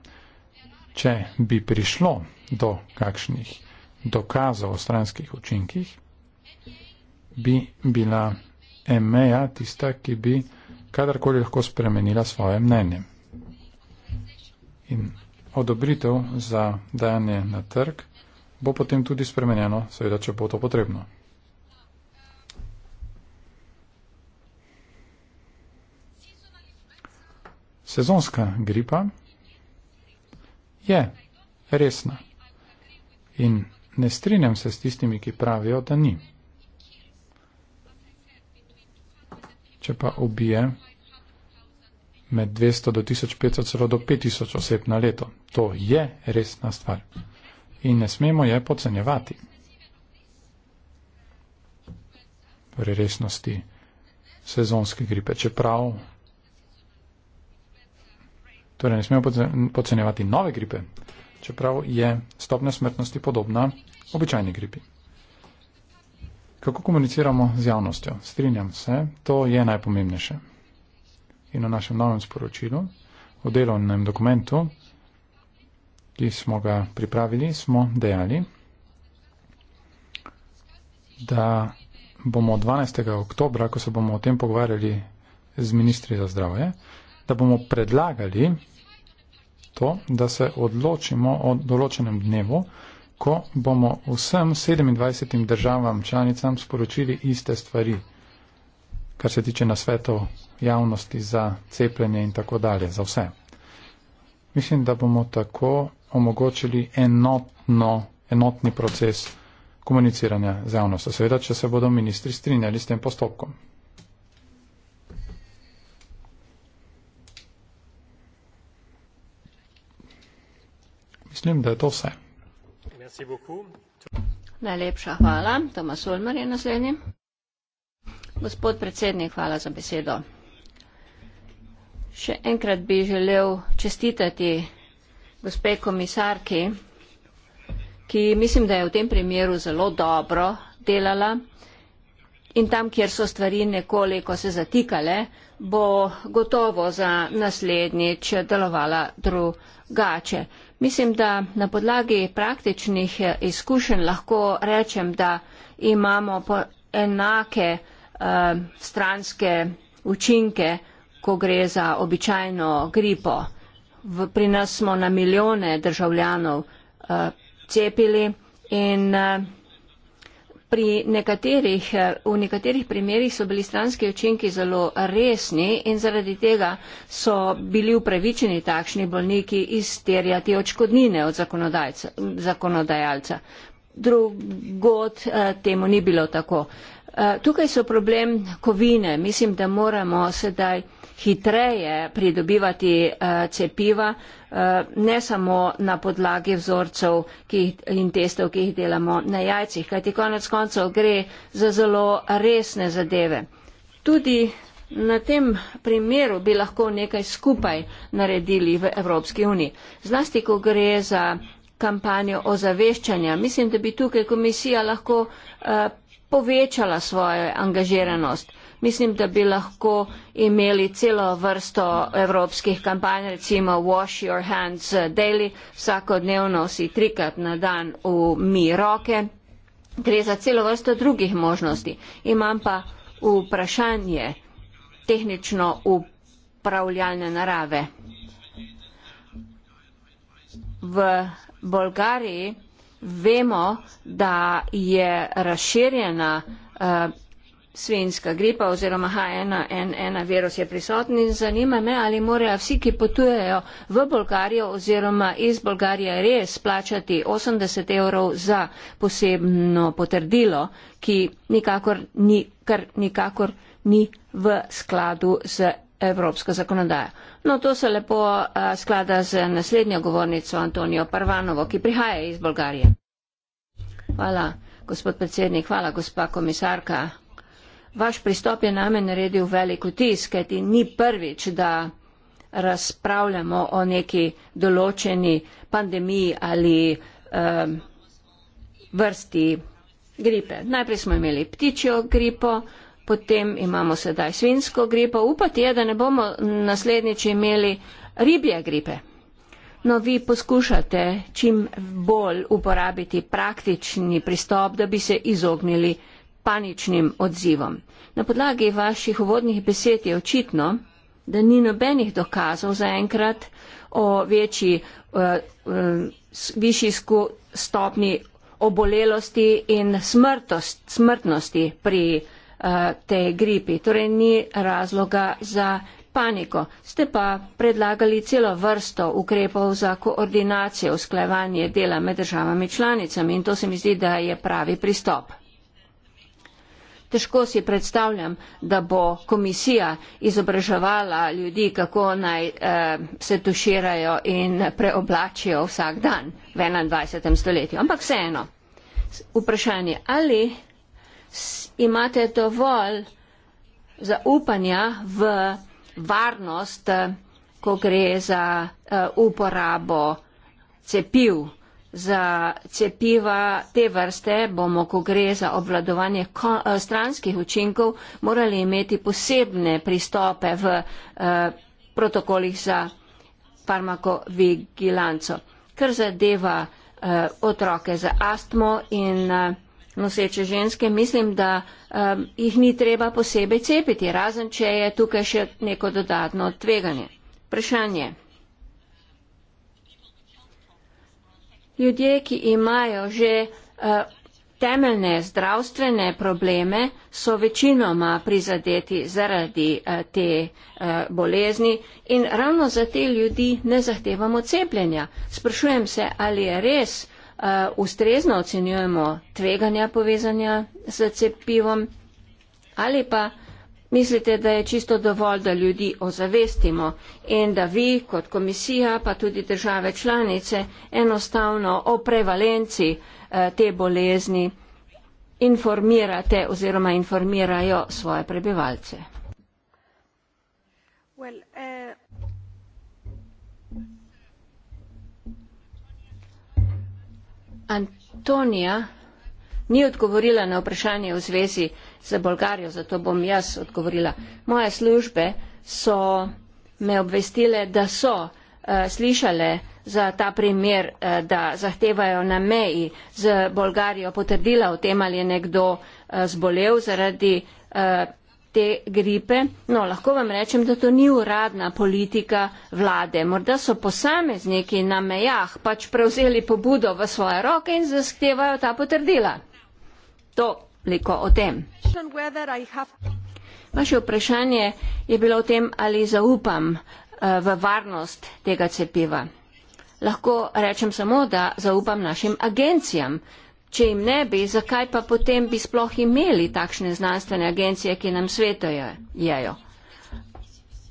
Če bi prišlo do kakšnih dokazov o stranskih učinkih, bi bila EMEA tista, ki bi kadarkoli lahko spremenila svoje mnenje. In odobritev za dajanje na trg bo potem tudi spremenjeno, seveda, če bo to potrebno. Sezonska gripa je resna in ne strinjam se s tistimi, ki pravijo, da ni. Če pa ubije med 200 do 1500, celo do 5000 oseb na leto, to je resna stvar in ne smemo je podcenjevati. Pri resnosti sezonske gripe, čeprav Torej, ne smemo podcenjevati nove gripe, čeprav je stopnja smrtnosti podobna običajni gripi. Kako komuniciramo z javnostjo? Strinjam se, to je najpomembnejše. In v našem novem sporočilu, v delovnem dokumentu, ki smo ga pripravili, smo dejali, da bomo 12. oktobra, ko se bomo o tem pogovarjali z ministri za zdravje, da bomo predlagali to, da se odločimo o določenem dnevu, ko bomo vsem 27 državam članicam sporočili iste stvari, kar se tiče nasvetov javnosti za cepljenje in tako dalje, za vse. Mislim, da bomo tako omogočili enotno, enotni proces komuniciranja z javnostjo. Seveda, če se bodo ministri strinjali s tem postopkom. Mislim, da je to vse. Najlepša hvala. Tomas Ulmer je naslednji. Gospod predsednik, hvala za besedo. Še enkrat bi želel čestitati gospe komisarki, ki mislim, da je v tem primeru zelo dobro delala in tam, kjer so stvari nekoliko se zatikale, bo gotovo za naslednjič delovala drugače. Mislim, da na podlagi praktičnih eh, izkušenj lahko rečem, da imamo enake uh, stranske učinke, ko gre za običajno gripo. V, pri nas smo na milijone državljanov uh, cepili in uh, Pri nekaterih, eh, v nekaterih primerjih so bili stranski učinki zelo resni in zaradi tega so bili upravičeni takšni bolniki izterjati očkodnine od zakonodajalca. Drugod eh, temu ni bilo tako. Eh, tukaj so problem kovine. Mislim, da moramo sedaj hitreje pridobivati uh, cepiva, uh, ne samo na podlagi vzorcev ki jih, in testov, ki jih delamo na jajcih, kajti konec koncev gre za zelo resne zadeve. Tudi na tem primeru bi lahko nekaj skupaj naredili v Evropski uniji. Zlasti, ko gre za kampanjo o zaveščanju. Mislim, da bi tukaj komisija lahko uh, povečala svojo angažiranost. Uh, mislim, da bi lahko imeli celo vrsto evropskih kampanj, recimo Wash Your Hands Daily, vsakodnevno si trikrat na dan umi roke. Gre za celo vrsto drugih možnosti. Imam pa vprašanje tehnično upravljalne narave. V Bolgariji vemo, da je razširjena uh, svinska gripa oziroma H1N1 virus je prisoten in zanima me, ali morajo vsi, ki potujejo v Bolgarijo oziroma iz Bolgarije res plačati 80 evrov za posebno potrdilo, ki nikakor ni, kar nikakor ni v skladu z evropsko zakonodajo. No, to se lepo sklada z naslednjo govornico Antonijo Parvanovo, ki prihaja iz Bolgarije. Hvala, gospod predsednik, hvala, gospa komisarka. Vaš pristop je name naredil velik vtis, kaj ti ni prvič, da razpravljamo o neki določeni pandemiji ali um, vrsti gripe. Najprej smo imeli ptičjo gripo, potem imamo sedaj svinsko gripo. Upati je, da ne bomo naslednjič imeli ribje gripe. No, vi poskušate čim bolj uporabiti praktični pristop, da bi se izognili uh, paničnim odzivom. Na podlagi vaših uvodnih besed je očitno, da ni nobenih dokazov zaenkrat o večji, eh, eh, višji stopni obolelosti in smrtost, smrtnosti pri eh, tej gripi. Torej ni razloga za paniko. Ste pa predlagali celo vrsto ukrepov za koordinacijo, usklajevanje dela med državami članicami in to se mi zdi, da je pravi pristop. Težko si predstavljam, da bo komisija izobraževala ljudi, kako naj eh, se tuširajo in preoblačijo vsak dan v 21. stoletju. Ampak vseeno, vprašanje, ali imate dovolj zaupanja v varnost, eh, ko gre za eh, uporabo cepiv za cepiva te vrste bomo, ko gre za obvladovanje eh, stranskih učinkov, morali imeti posebne pristope v eh, protokolih za farmakovigilanco. Kar zadeva eh, otroke za astmo in noseče ženske, mislim, da um, jih ni treba posebej cepiti, razen če je tukaj še neko dodatno tveganje. Vprašanje. Ljudje, ki imajo že eh, temeljne zdravstvene probleme, so večinoma prizadeti zaradi eh, te eh, bolezni in ravno za te ljudi ne zahtevamo cepljenja. Sprašujem se, ali je res ustrezno ocenjujemo tveganja povezanja z cepivom ali pa Mislite, da je čisto dovolj, da ljudi ozavestimo in da vi kot komisija, pa tudi države članice, enostavno o prevalenci eh, te bolezni informirate oziroma informirajo svoje prebivalce? Well, uh... Antonija, ni odgovorila na vprašanje v zvezi z Bolgarijo, zato bom jaz odgovorila. Moje službe so me obvestile, da so uh, slišale za ta primer, uh, da zahtevajo na meji z Bolgarijo potrdila o tem, ali je nekdo uh, zbolel zaradi. Uh, te gripe. No, lahko vam rečem, da to ni uradna politika vlade. Morda so posamezniki na mejah pač prevzeli pobudo v svoje roke in zahtevajo ta potrdila toliko o tem. Vaše vprašanje je bilo o tem, ali zaupam eh, v varnost tega cepiva. Lahko rečem samo, da zaupam našim agencijam. Če jim ne bi, zakaj pa potem bi sploh imeli takšne znanstvene agencije, ki nam svetojejo?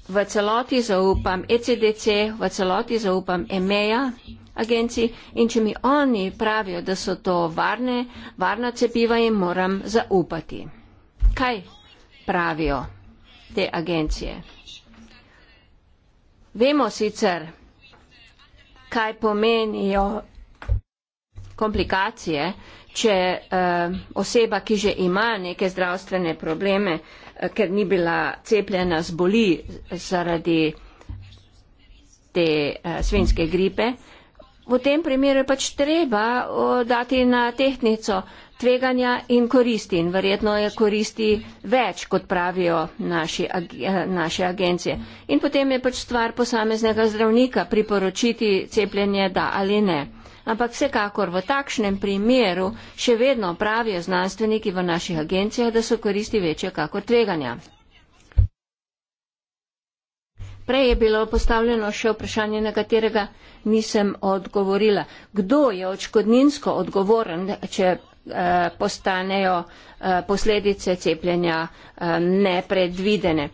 V celoti zaupam ECDC, v celoti zaupam EMEA agenciji in če mi oni pravijo, da so to varne, varna cepiva, jim moram zaupati. Kaj pravijo te agencije? Vemo sicer, kaj pomenijo komplikacije, če uh, oseba, ki že ima neke zdravstvene probleme, uh, ker ni bila cepljena, zboli zaradi te uh, eh, svinske gripe. Uh, V tem primeru je pač treba dati na tehnico tveganja in koristi in verjetno je koristi več, kot pravijo naši, eh, naše agencije. In potem je pač stvar posameznega zdravnika priporočiti cepljenje da ali ne. Ampak vsekakor v takšnem primeru še vedno pravijo znanstveniki v naših agencijah, da so koristi večje kakor tveganja. Prej je bilo postavljeno še vprašanje, na katerega nisem odgovorila. Kdo je očkodninsko odgovoren, če eh, postanejo eh, posledice cepljenja eh, nepredvidene?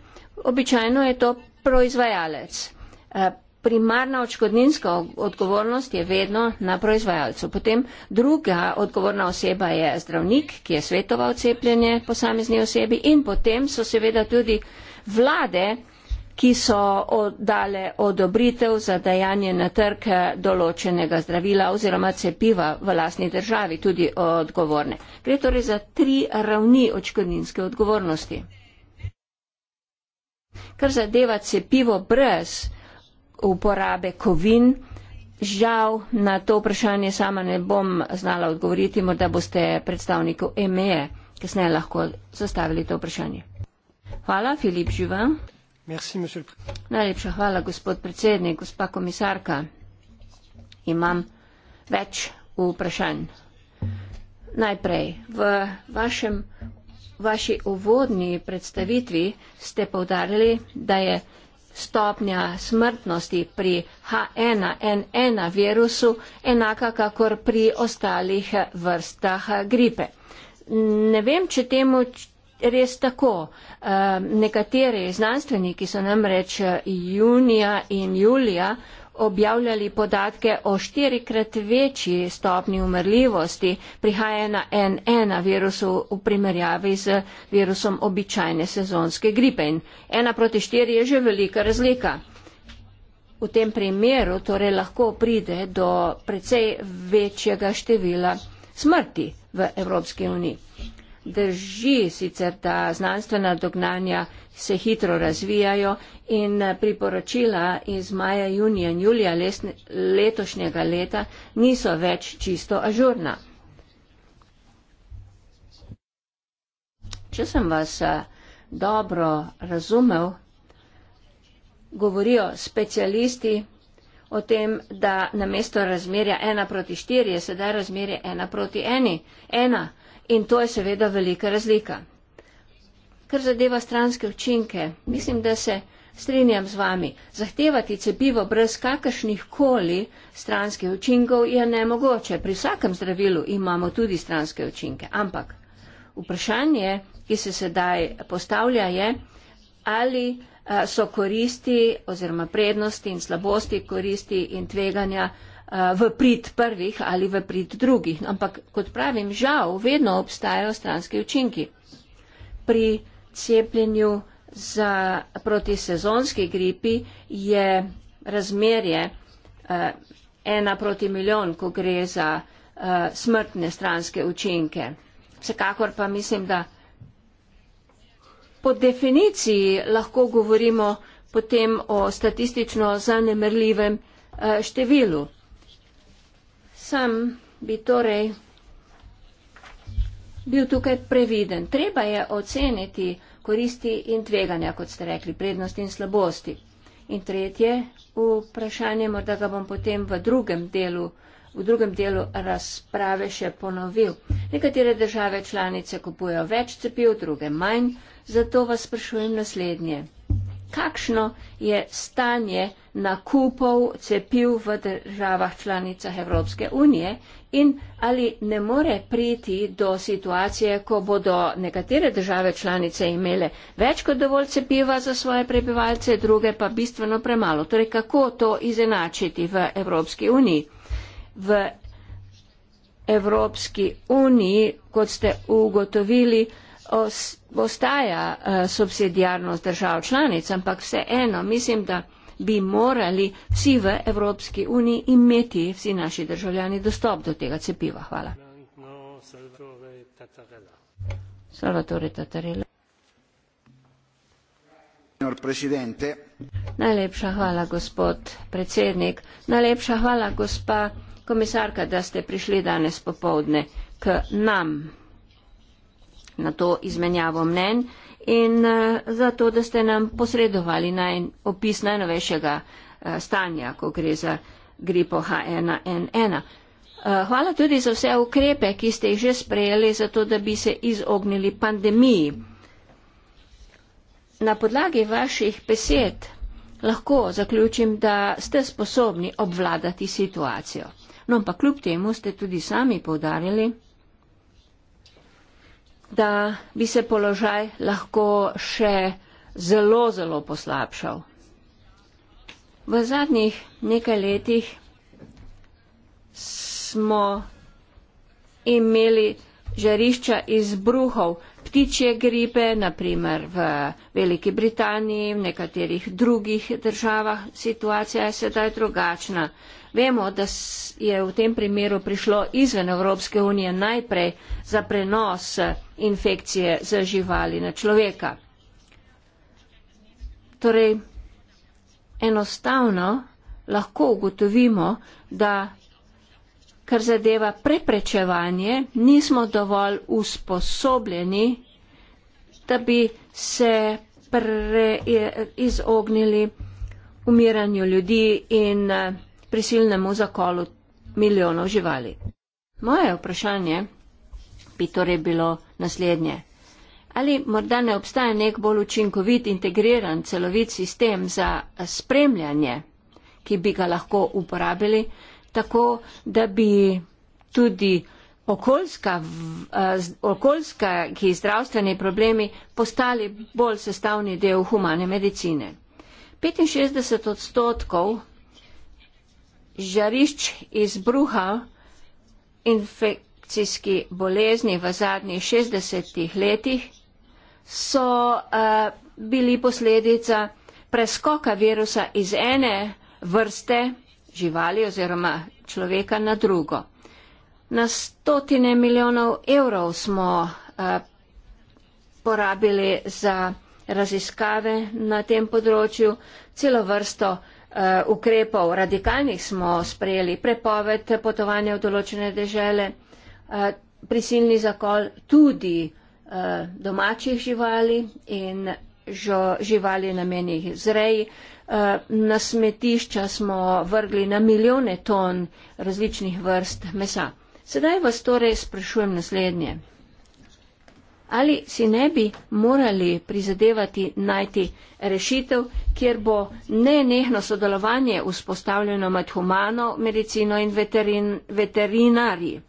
Običajno je to proizvajalec. Eh, primarna očkodninska odgovornost je vedno na proizvajalcu. Potem druga odgovorna oseba je zdravnik, ki je svetoval cepljenje posamezni osebi in potem so seveda tudi vlade, ki so dale odobritev za dajanje na trg eh, določenega zdravila oziroma cepiva v lasni državi, tudi odgovorne. Gre torej za tri ravni očkodninske odgovornosti. Kar zadeva cepivo brez uporabe kovin, žal na to vprašanje sama ne bom znala odgovoriti, morda boste predstavniku EME e kasneje lahko zastavili to vprašanje. Hvala, Filip Živan. Najlepša hvala, gospod predsednik. Gospa komisarka, imam več vprašanj. Najprej, v vašem, vaši uvodni predstavitvi ste povdarili, da je stopnja smrtnosti pri H1N1 virusu enaka kakor pri ostalih vrstah gripe. Ne vem, če temu res tako. Ehm, nekateri znanstveniki so namreč eh, junija in julija objavljali podatke o štirikrat večji stopni umrljivosti prihaja na N1 virusu v primerjavi z virusom običajne sezonske gripe. In ena proti štiri je že velika razlika. V tem primeru torej lahko pride do precej večjega števila smrti v Evropski uniji drži sicer, da znanstvena dognanja se hitro razvijajo in priporočila iz maja, junija in julija letošnjega leta niso več čisto ažurna. Če sem vas eh, dobro razumel, govorijo specialisti o tem, da namesto razmerja ena proti štiri je sedaj razmerje ena proti eni. Ena. In to je seveda velika razlika. Kar zadeva stranske učinke, mislim, da se strinjam z vami. Zahtevati cepivo brez kakršnih koli stranskih učinkov je nemogoče. Pri vsakem zdravilu imamo tudi stranske učinke. Ampak vprašanje, ki se sedaj postavlja, je, ali eh, so koristi oziroma prednosti in slabosti koristi in tveganja Eh, v prid prvih ali v prid drugih. Ampak, kot pravim, žal vedno obstajajo stranski učinki. Pri cepljenju za protisezonski gripi je razmerje eh, ena proti milijon, ko gre za eh, smrtne stranske učinke. Vsekakor pa mislim, da po definiciji lahko govorimo potem o statistično zanemrljivem eh, številu sam bi torej bil tukaj previden. Treba je oceniti koristi in tveganja, kot ste rekli, prednosti in slabosti. In tretje vprašanje, morda ga bom potem v drugem delu, v drugem delu razprave še ponovil. Nekatere države članice kupujejo več cepiv, druge manj, zato vas sprašujem naslednje kakšno je stanje nakupov cepiv v državah članicah Evropske unije in ali ne more priti do situacije, ko bodo nekatere države članice imele več kot dovolj cepiva za svoje prebivalce, druge pa bistveno premalo. Torej, kako to izenačiti v Evropski uniji? V Evropski uniji, kot ste ugotovili, ostaja eh, subsidijarnost držav članic, ampak vseeno mislim, da bi morali vsi v Evropski uniji imeti, vsi naši državljani, dostop do tega cepiva. Hvala. Salvatore Tatarella. Najlepša hvala, gospod predsednik. Najlepša hvala, gospa komisarka, da ste prišli danes popovdne k nam na to izmenjavo mnen in eh, za to, da ste nam posredovali naj, opis najnovejšega eh, stanja, ko gre za gripo H1N1. Eh, hvala tudi za vse ukrepe, ki ste jih že sprejeli, zato da bi se izognili pandemiji. Na podlagi vaših besed lahko zaključim, da ste sposobni obvladati situacijo. No, ampak kljub temu ste tudi sami povdarjali, da bi se položaj lahko še zelo, zelo poslabšal. V zadnjih nekaj letih smo imeli žarišča izbruhov ptičje gripe, naprimer v Veliki Britaniji, v nekaterih drugih državah. Situacija je sedaj drugačna. Vemo, da je v tem primeru prišlo izven Evropske unije najprej za prenos infekcije z živali na človeka. Torej, enostavno lahko ugotovimo, da kar zadeva preprečevanje, nismo dovolj usposobljeni, da bi se pre, izognili umiranju ljudi in prisilnemu zakolu milijonov živali. Moje vprašanje bi torej bilo naslednje. Ali morda ne obstaja nek bolj učinkovit, integriran, celovit sistem za spremljanje, ki bi ga lahko uporabili, tako da bi tudi okoljska, eh, okoljska ki zdravstveni problemi postali bolj sestavni del humane medicine. 65 odstotkov žarišč izbruha infekcijski bolezni v zadnjih 60 letih so uh, bili posledica preskoka virusa iz ene vrste živali oziroma človeka na drugo. Na stotine milijonov evrov smo uh, porabili za raziskave na tem področju, celo vrsto Eh, ukrepov. Radikalnih smo sprejeli prepoved potovanja v določene dežele, eh, prisilni zakol tudi eh, domačih živali in živali namenjenih zreji. Na smetišča smo vrgli na milijone ton različnih vrst mesa. Sedaj vas torej sprašujem naslednje ali si ne bi morali prizadevati najti rešitev, kjer bo nenehno sodelovanje vzpostavljeno med humano medicino in veterin, veterinarji.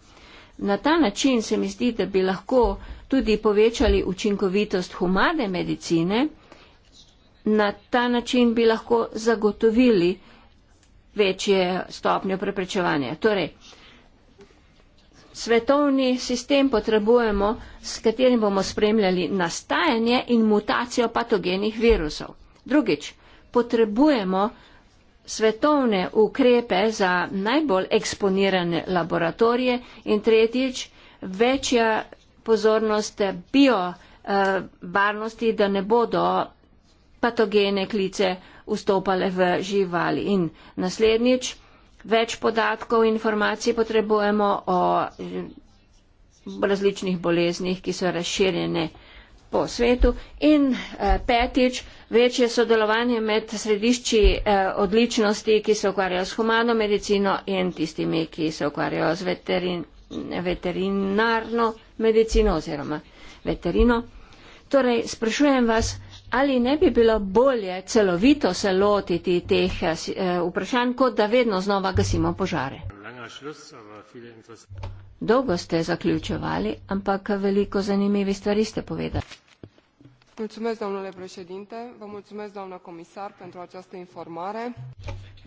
Na ta način se mi zdi, da bi lahko tudi povečali učinkovitost humane medicine, na ta način bi lahko zagotovili večje stopnjo preprečevanja. Torej, svetovni sistem potrebujemo, s katerim bomo spremljali nastajanje in mutacijo patogenih virusov. Drugič, potrebujemo svetovne ukrepe za najbolj eksponirane laboratorije in tretjič, večja pozornost bio eh, varnosti, da ne bodo patogene klice vstopale v živali. In naslednjič, Več podatkov in informacij potrebujemo o različnih boleznih, ki so razširjene po svetu. In eh, petič, večje sodelovanje med središči eh, odličnosti, ki se ukvarjajo s humano medicino in tistimi, ki se ukvarjajo z veterin, veterinarno medicino oziroma veterino. Torej, sprašujem vas, ali ne bi bilo bolje celovito se lotiti teh eh, eh, vprašanj, kot da vedno znova gasimo požare? Dolgo ste zaključevali, ampak veliko zanimivih stvari ste povedali. Mulțumesc, domnule președinte, vă mulțumesc, doamna comisar, pentru această informare.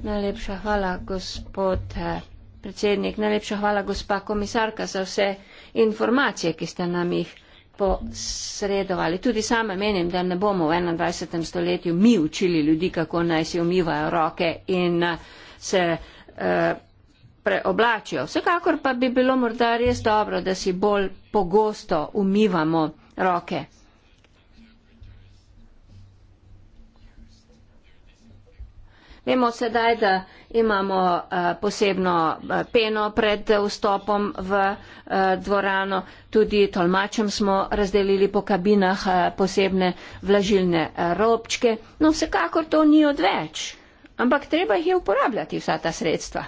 Najlepša hvala, gospod eh, predsednik, najlepša hvala, gospa komisarka, za vse informacije, ki ste nam jih posredovali. Tudi sama menim, da ne bomo v 21. stoletju mi učili ljudi, kako naj si umivajo roke in eh, se eh, preoblačijo. Vsekakor pa bi bilo morda res dobro, da si bolj pogosto umivamo roke. Vemo sedaj, da imamo eh, posebno eh, peno pred eh, vstopom v dvorano, tudi tolmačem smo razdelili po kabinah posebne vlažilne robčke. No, vsekakor to ni odveč, ampak treba jih je uporabljati vsa ta sredstva.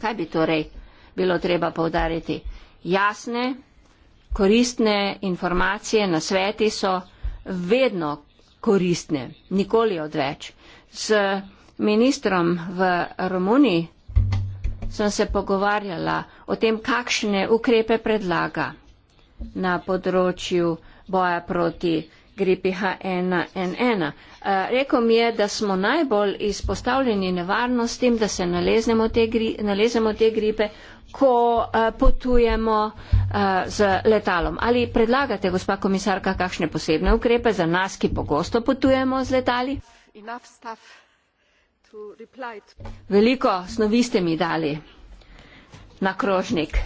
Kaj bi torej bilo treba povdariti? Jasne, koristne informacije na sveti so vedno koristne, nikoli odveč. S ministrom v Romuniji sem se pogovarjala o tem, kakšne ukrepe predlaga na področju boja proti gripi H1N1. E, eh, rekel mi je, da smo najbolj izpostavljeni nevarnosti, da se naleznemo te, gri, naleznemo te gripe ko eh, potujemo eh, z letalom. Ali predlagate, gospa komisarka, kakšne posebne ukrepe za nas, ki pogosto potujemo z letali? Veliko snovi ste mi dali na krožnik,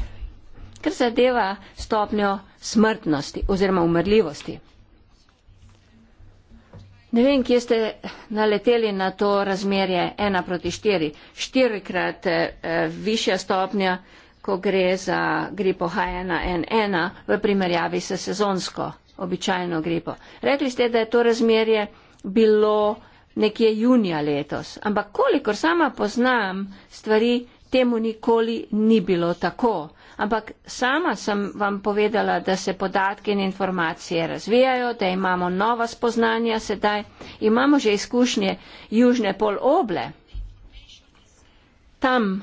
ker zadeva stopnjo smrtnosti oziroma umrljivosti. Ne vem, kje ste naleteli na to razmerje 1 proti 4. Štirikrat eh, višja stopnja, ko gre za gripo H1N1 v primerjavi se sezonsko običajno gripo. Rekli ste, da je to razmerje bilo nekje junija letos, ampak kolikor sama poznam stvari, temu nikoli ni bilo tako ampak sama sem vam povedala, da se podatki in informacije razvijajo, da imamo nova spoznanja sedaj, imamo že izkušnje južne pol oble. Tam,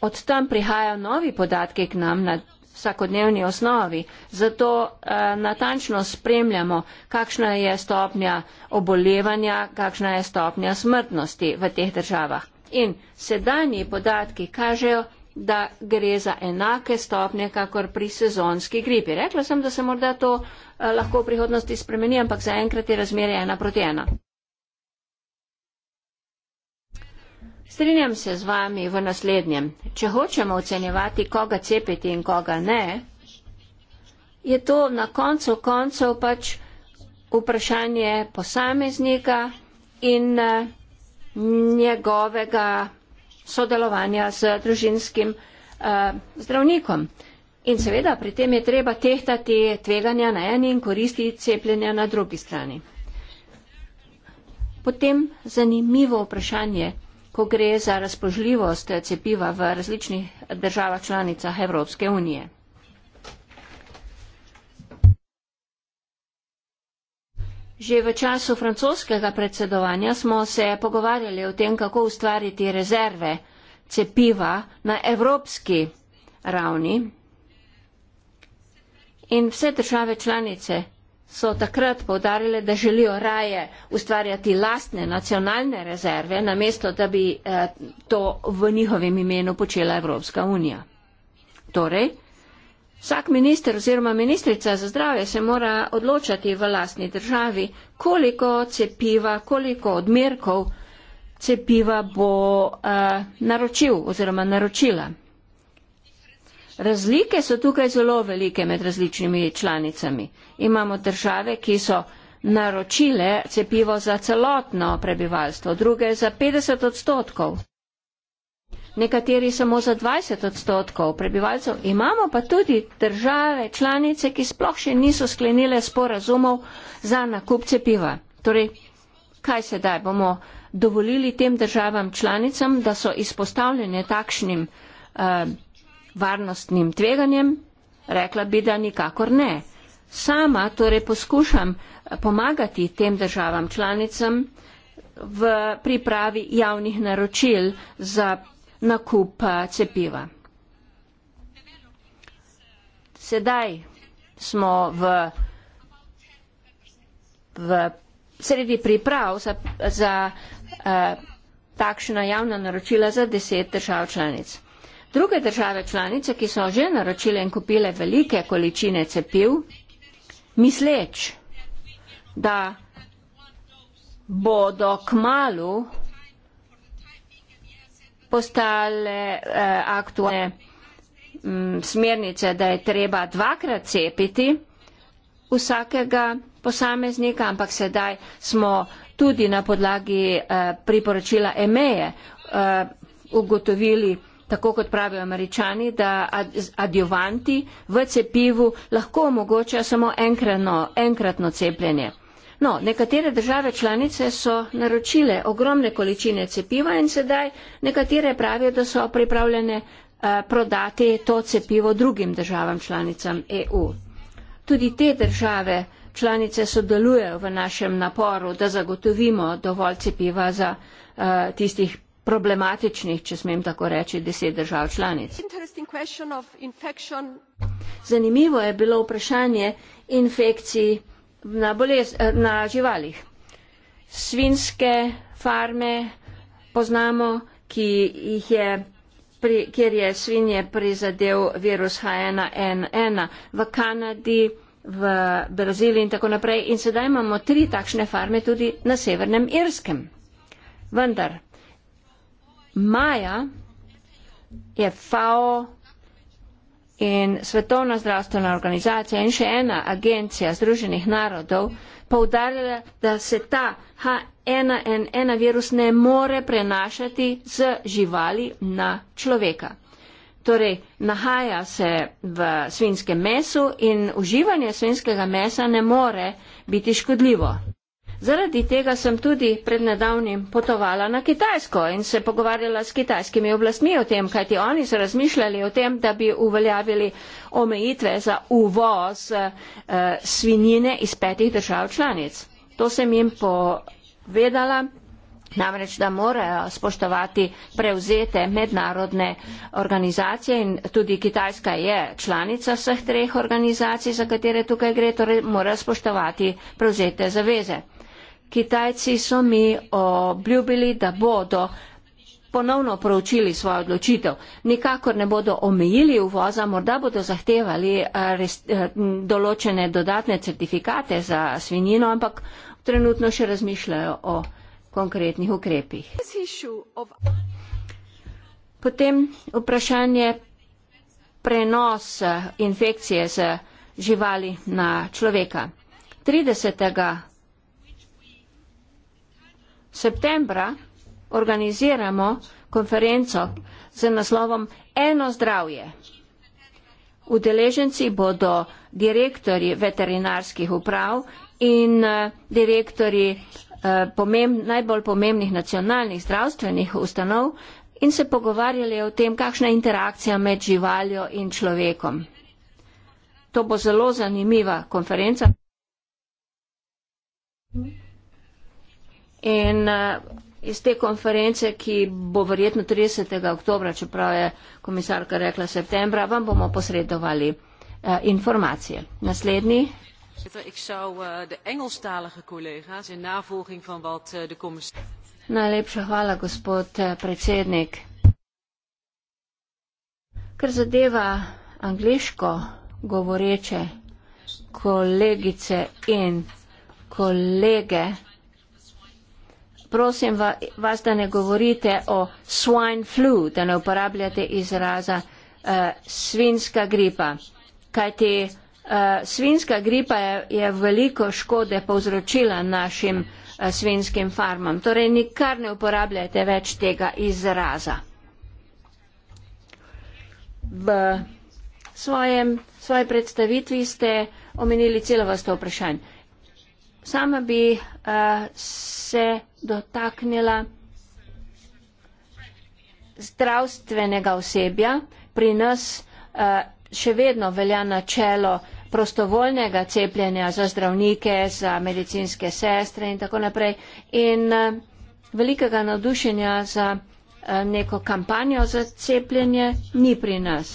od tam prihajajo novi podatki k nam na vsakodnevni osnovi, zato eh, natančno spremljamo, kakšna je stopnja obolevanja, kakšna je stopnja smrtnosti v teh državah. In sedajni podatki kažejo, da gre za enake stopnje, kakor pri sezonski gripi. Rekla sem, da se morda to eh, lahko v prihodnosti spremeni, ampak zaenkrat je razmerje ena proti ena. Strinjam se z vami v naslednjem. Če hočemo ocenjevati, koga cepiti in koga ne, je to na koncu koncev pač vprašanje posameznika in eh, njegovega sodelovanja z družinskim eh, zdravnikom. In seveda pri tem je treba tehtati tveganja na eni in koristi cepljenja na drugi strani. Potem zanimivo vprašanje, ko gre za razpožljivost cepiva v različnih državah članicah Evropske unije. Že v času francoskega predsedovanja smo se pogovarjali o tem, kako ustvariti rezerve cepiva na evropski ravni. In vse države članice so takrat povdarjale, da želijo raje ustvarjati lastne nacionalne rezerve, namesto da bi eh, to v njihovem imenu počela Evropska unija. Torej, Vsak minister oziroma ministrica za zdravje se mora odločati v lastni državi, koliko cepiva, koliko odmerkov cepiva bo uh, naročil oziroma naročila. Razlike so tukaj zelo velike med različnimi članicami. Imamo države, ki so naročile cepivo za celotno prebivalstvo, druge za 50 odstotkov nekateri samo za 20 odstotkov prebivalcev. Imamo pa tudi države, članice, ki sploh še niso sklenile sporazumov za nakup cepiva. Torej, kaj sedaj bomo dovolili tem državam članicam, da so izpostavljene takšnim eh, varnostnim tveganjem? Rekla bi, da nikakor ne. Sama torej poskušam eh, pomagati tem državam članicam v pripravi javnih naročil za nakup eh, cepiva. Sedaj smo v, v sredi priprav za, za uh, takšna javna naročila za deset držav članic. Druge države članice, ki so že naročile in kupile velike količine cepiv, misleč, da bodo kmalu postale eh, aktualne mm, smernice, da je treba dvakrat cepiti vsakega posameznika, ampak sedaj smo tudi na podlagi eh, priporočila EMEje eh, ugotovili, tako kot pravijo američani, da adjuvanti v cepivu lahko omogočajo samo enkratno, enkratno cepljenje. No, nekatere države članice so naročile ogromne količine cepiva in sedaj nekatere pravijo, da so pripravljene eh, prodati to cepivo drugim državam članicam EU. Tudi te države članice sodelujejo v našem naporu, da zagotovimo dovolj cepiva za uh, tistih problematičnih, če smem tako reči, deset držav članic. Zanimivo je bilo vprašanje infekcij na, bolez, eh, na živalih. Svinske farme poznamo, ki jih je. Pri, kjer je svinje prizadel virus H1N1 v Kanadi, v Braziliji in tako naprej. In sedaj imamo tri takšne farme tudi na severnem Irskem. Vendar, maja je FAO in Svetovna zdravstvena organizacija in še ena agencija Združenih narodov poudarjala, da se ta H1N1 virus ne more prenašati z živali na človeka. Torej, nahaja se v svinskem mesu in uživanje svinskega mesa ne more biti škodljivo. Zaradi tega sem tudi pred nedavnim potovala na Kitajsko in se pogovarjala s kitajskimi oblastmi o tem, kajti oni so razmišljali o tem, da bi uveljavili omejitve za uvoz eh, svinjine iz petih držav članic. To sem jim povedala, namreč, da morajo spoštovati prevzete mednarodne organizacije in tudi Kitajska je članica vseh treh organizacij, za katere tukaj gre, torej morajo spoštovati prevzete zaveze. Kitajci so mi obljubili, da bodo ponovno proučili svojo odločitev. Nikakor ne bodo omejili uvoza, morda bodo zahtevali eh, eh, določene dodatne certifikate za svinjino, ampak trenutno še razmišljajo o konkretnih ukrepih. Potem vprašanje prenos infekcije z živali na človeka. 30 septembra organiziramo konferenco z naslovom Eno zdravje. Udeleženci bodo direktori veterinarskih uprav in eh, direktori eh, pomembn, najbolj pomembnih nacionalnih zdravstvenih ustanov in se pogovarjali o tem, kakšna je interakcija med živaljo in človekom. To bo zelo zanimiva konferenca. Mm-hmm. In uh, iz te konference, ki bo verjetno 30. oktobra, čeprav je komisarka rekla septembra, vam bomo posredovali uh, informacije. Naslednji. Eh, Najlepša hvala, gospod predsednik. Kar zadeva angliško govoreče kolegice in kolege, prosim vas, da ne govorite o swine flu, da ne uporabljate izraza uh, svinska gripa. Kajti uh, svinska gripa je, je veliko škode povzročila našim uh, svinskim farmam. Torej nikar ne uporabljate več tega izraza. V svojem, svoji predstavitvi ste omenili celo vrsto vprašanj. Uh, Sama bi uh, se dotaknila zdravstvenega osebja. Pri nas uh, še vedno velja načelo prostovoljnega cepljenja za zdravnike, za medicinske sestre in tako naprej. In uh, velikega navdušenja za uh, neko kampanjo za cepljenje ni pri nas.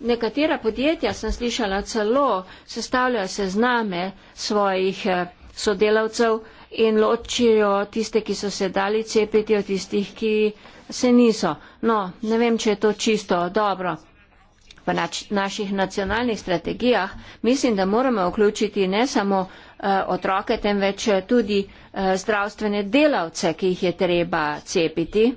Nekatera podjetja sem slišala celo sestavljajo sezname svojih eh, sodelavcev in ločijo tiste, ki so se dali cepiti od tistih, ki se niso. No, ne vem, če je to čisto dobro. V naših nacionalnih strategijah mislim, da moramo vključiti ne samo eh, otroke, temveč eh, tudi zdravstvene delavce, ki jih je treba cepiti.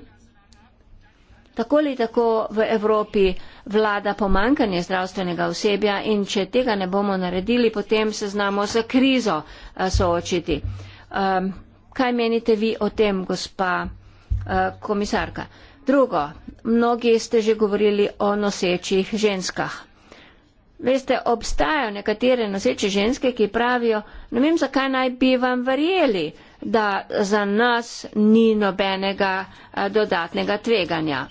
Tako ali tako v Evropi vlada pomankanje zdravstvenega osebja in če tega ne bomo naredili, potem se znamo za krizo eh, soočiti. Ehm, kaj menite vi o tem, gospa eh, komisarka? Drugo, mnogi ste že govorili o nosečih ženskah. Veste, obstajajo nekatere noseče ženske, ki pravijo, ne vem, zakaj naj bi vam verjeli, da za nas ni nobenega eh, dodatnega tveganja.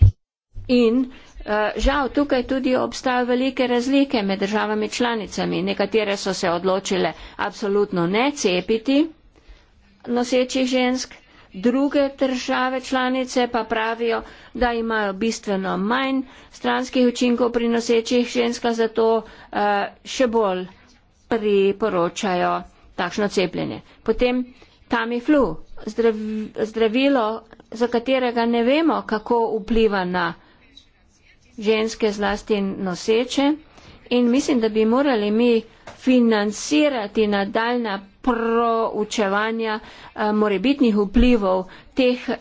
In Eh, žal, tukaj tudi obstajajo velike razlike med državami članicami. Nekatere so se odločile absolutno ne cepiti nosečih žensk, druge države članice pa pravijo, da imajo bistveno manj stranskih učinkov pri nosečih ženska, zato eh, še bolj priporočajo takšno cepljenje. Potem Tamiflu, zdravilo, za katerega ne vemo, kako vpliva na ženske zlasti noseče in mislim, da bi morali mi financirati nadaljna proučevanja eh, morebitnih vplivov teh eh,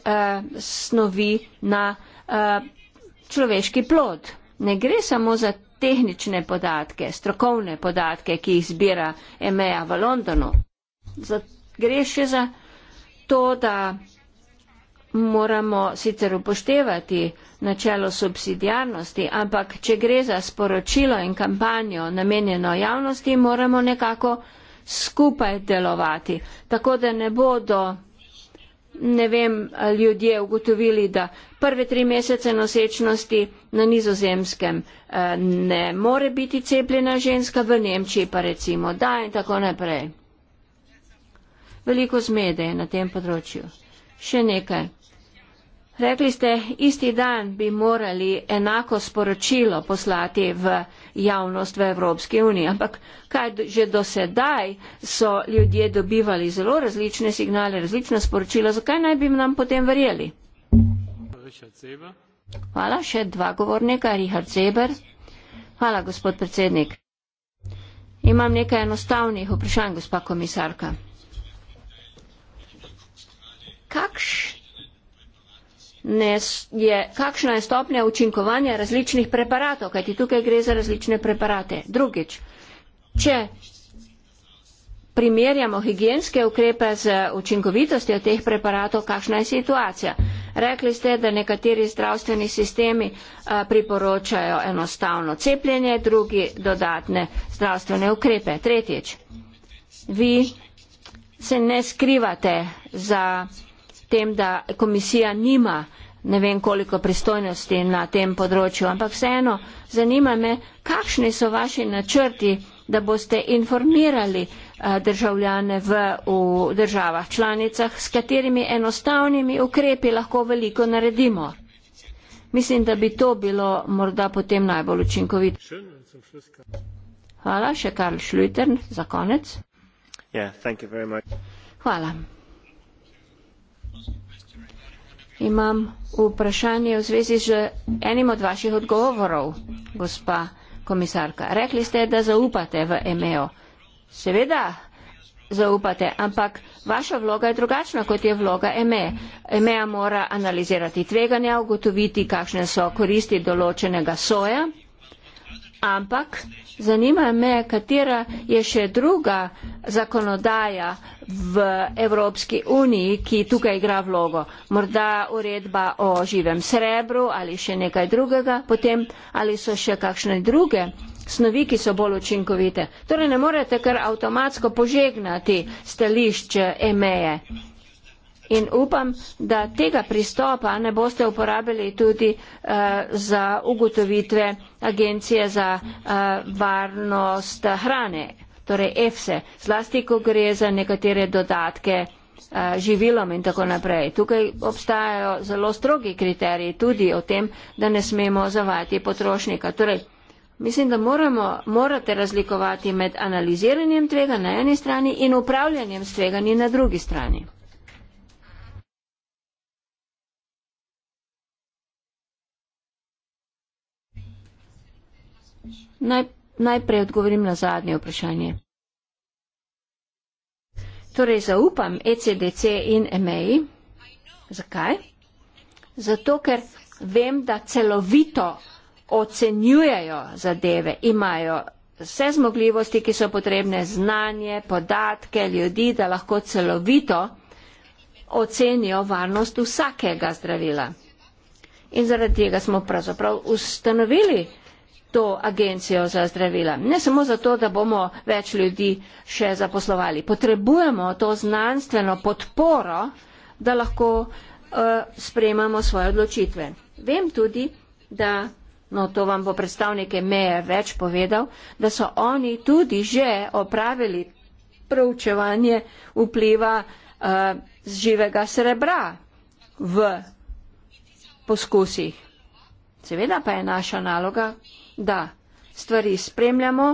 snovi na eh, človeški plod. Ne gre samo za tehnične podatke, strokovne podatke, ki jih zbira EMEA v Londonu. Gre še za to, da moramo sicer upoštevati eh, načelo subsidijarnosti, ampak če gre za sporočilo in kampanjo namenjeno javnosti, moramo nekako skupaj delovati. Tako da ne bodo, ne vem, ljudje ugotovili, da prve tri mesece nosečnosti na nizozemskem eh, ne more biti cepljena ženska, v Nemčiji pa recimo da in tako naprej. Veliko zmede je na tem področju. Še nekaj. Rekli ste, isti dan bi morali enako sporočilo poslati v javnost v Evropski uniji, ampak kaj že do sedaj so ljudje dobivali zelo različne signale, različna sporočila, zakaj naj bi nam potem verjeli? Hvala, še dva govornika, Richard Zeber. Hvala, gospod predsednik. Imam nekaj enostavnih vprašanj, gospa komisarka. Kakšne? ne, je, kakšna je stopnja učinkovanja različnih preparatov, kajti tukaj gre za različne preparate. Drugič, če primerjamo higijenske ukrepe z učinkovitostjo teh preparatov, kakšna je situacija. Rekli ste, da nekateri zdravstveni sistemi a, priporočajo enostavno cepljenje, drugi dodatne zdravstvene ukrepe. Tretjič, vi se ne skrivate za tem, da komisija nima ne vem koliko pristojnosti na tem področju, ampak vseeno zanima me, kakšni so vaši načrti, da boste informirali eh, državljane v, v državah članicah, s katerimi enostavnimi ukrepi lahko veliko naredimo. Mislim, da bi to bilo morda potem najbolj učinkovito. Hvala, še Karl Šlujtern, za konec. Yeah, Hvala. Imam vprašanje v zvezi z enim od vaših odgovorov, gospa komisarka. Rekli ste, da zaupate v EMEO. Seveda zaupate, ampak vaša vloga je drugačna, kot je vloga EME. EMEA mora analizirati tveganja, ugotoviti, kakšne so koristi določenega soja. Ampak zanima me, katera je še druga zakonodaja v Evropski uniji, ki tukaj igra vlogo. Morda uredba o živem srebru ali še nekaj drugega, potem ali so še kakšne druge snovi, ki so bolj učinkovite. Torej ne morete kar avtomatsko požegnati stališče EMEje. Eh, in upam, da tega pristopa ne boste uporabili tudi uh, za ugotovitve Agencije za uh, varnost hrane, torej EFSE, zlasti, ko gre za nekatere dodatke eh, živilom in tako naprej. Tukaj obstajajo zelo strogi kriteriji tudi o tem, da ne smemo zavajati potrošnika. Torej, mislim, da moramo, morate razlikovati med analiziranjem tvega na eni strani in upravljanjem tvega na drugi strani. Naj, najprej odgovorim na zadnje vprašanje. Torej, zaupam ECDC in EMEI. Zakaj? Zato, ker vem, da celovito ocenjujejo zadeve, imajo vse zmogljivosti, ki so potrebne, znanje, podatke, ljudi, da lahko celovito ocenijo varnost vsakega zdravila. In zaradi tega smo pravzaprav ustanovili to agencijo za zdravila. Ne samo zato, da bomo več ljudi še zaposlovali. Potrebujemo to znanstveno podporo, da lahko uh, eh, sprejmamo svoje odločitve. Vem tudi, da, no to vam bo predstavnike meje več povedal, da so oni tudi že opravili proučevanje vpliva uh, z živega srebra v poskusih. Seveda pa je naša naloga da stvari spremljamo,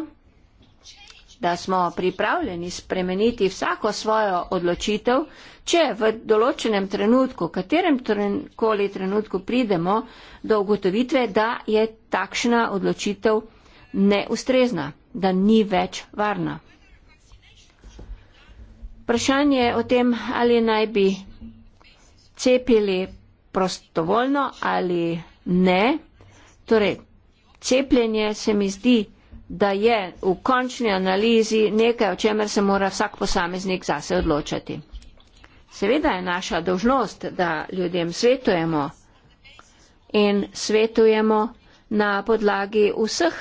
da smo pripravljeni spremeniti vsako svojo odločitev, če v določenem trenutku, katerem tren, koli trenutku pridemo do ugotovitve, da je takšna odločitev neustrezna, da ni več varna. Vprašanje o tem, ali naj bi cepili prostovoljno ali ne, torej cepljenje se mi zdi, da je v končni analizi nekaj, o čemer se mora vsak posameznik zase odločati. Seveda je naša dožnost, da ljudem svetujemo in svetujemo na podlagi vseh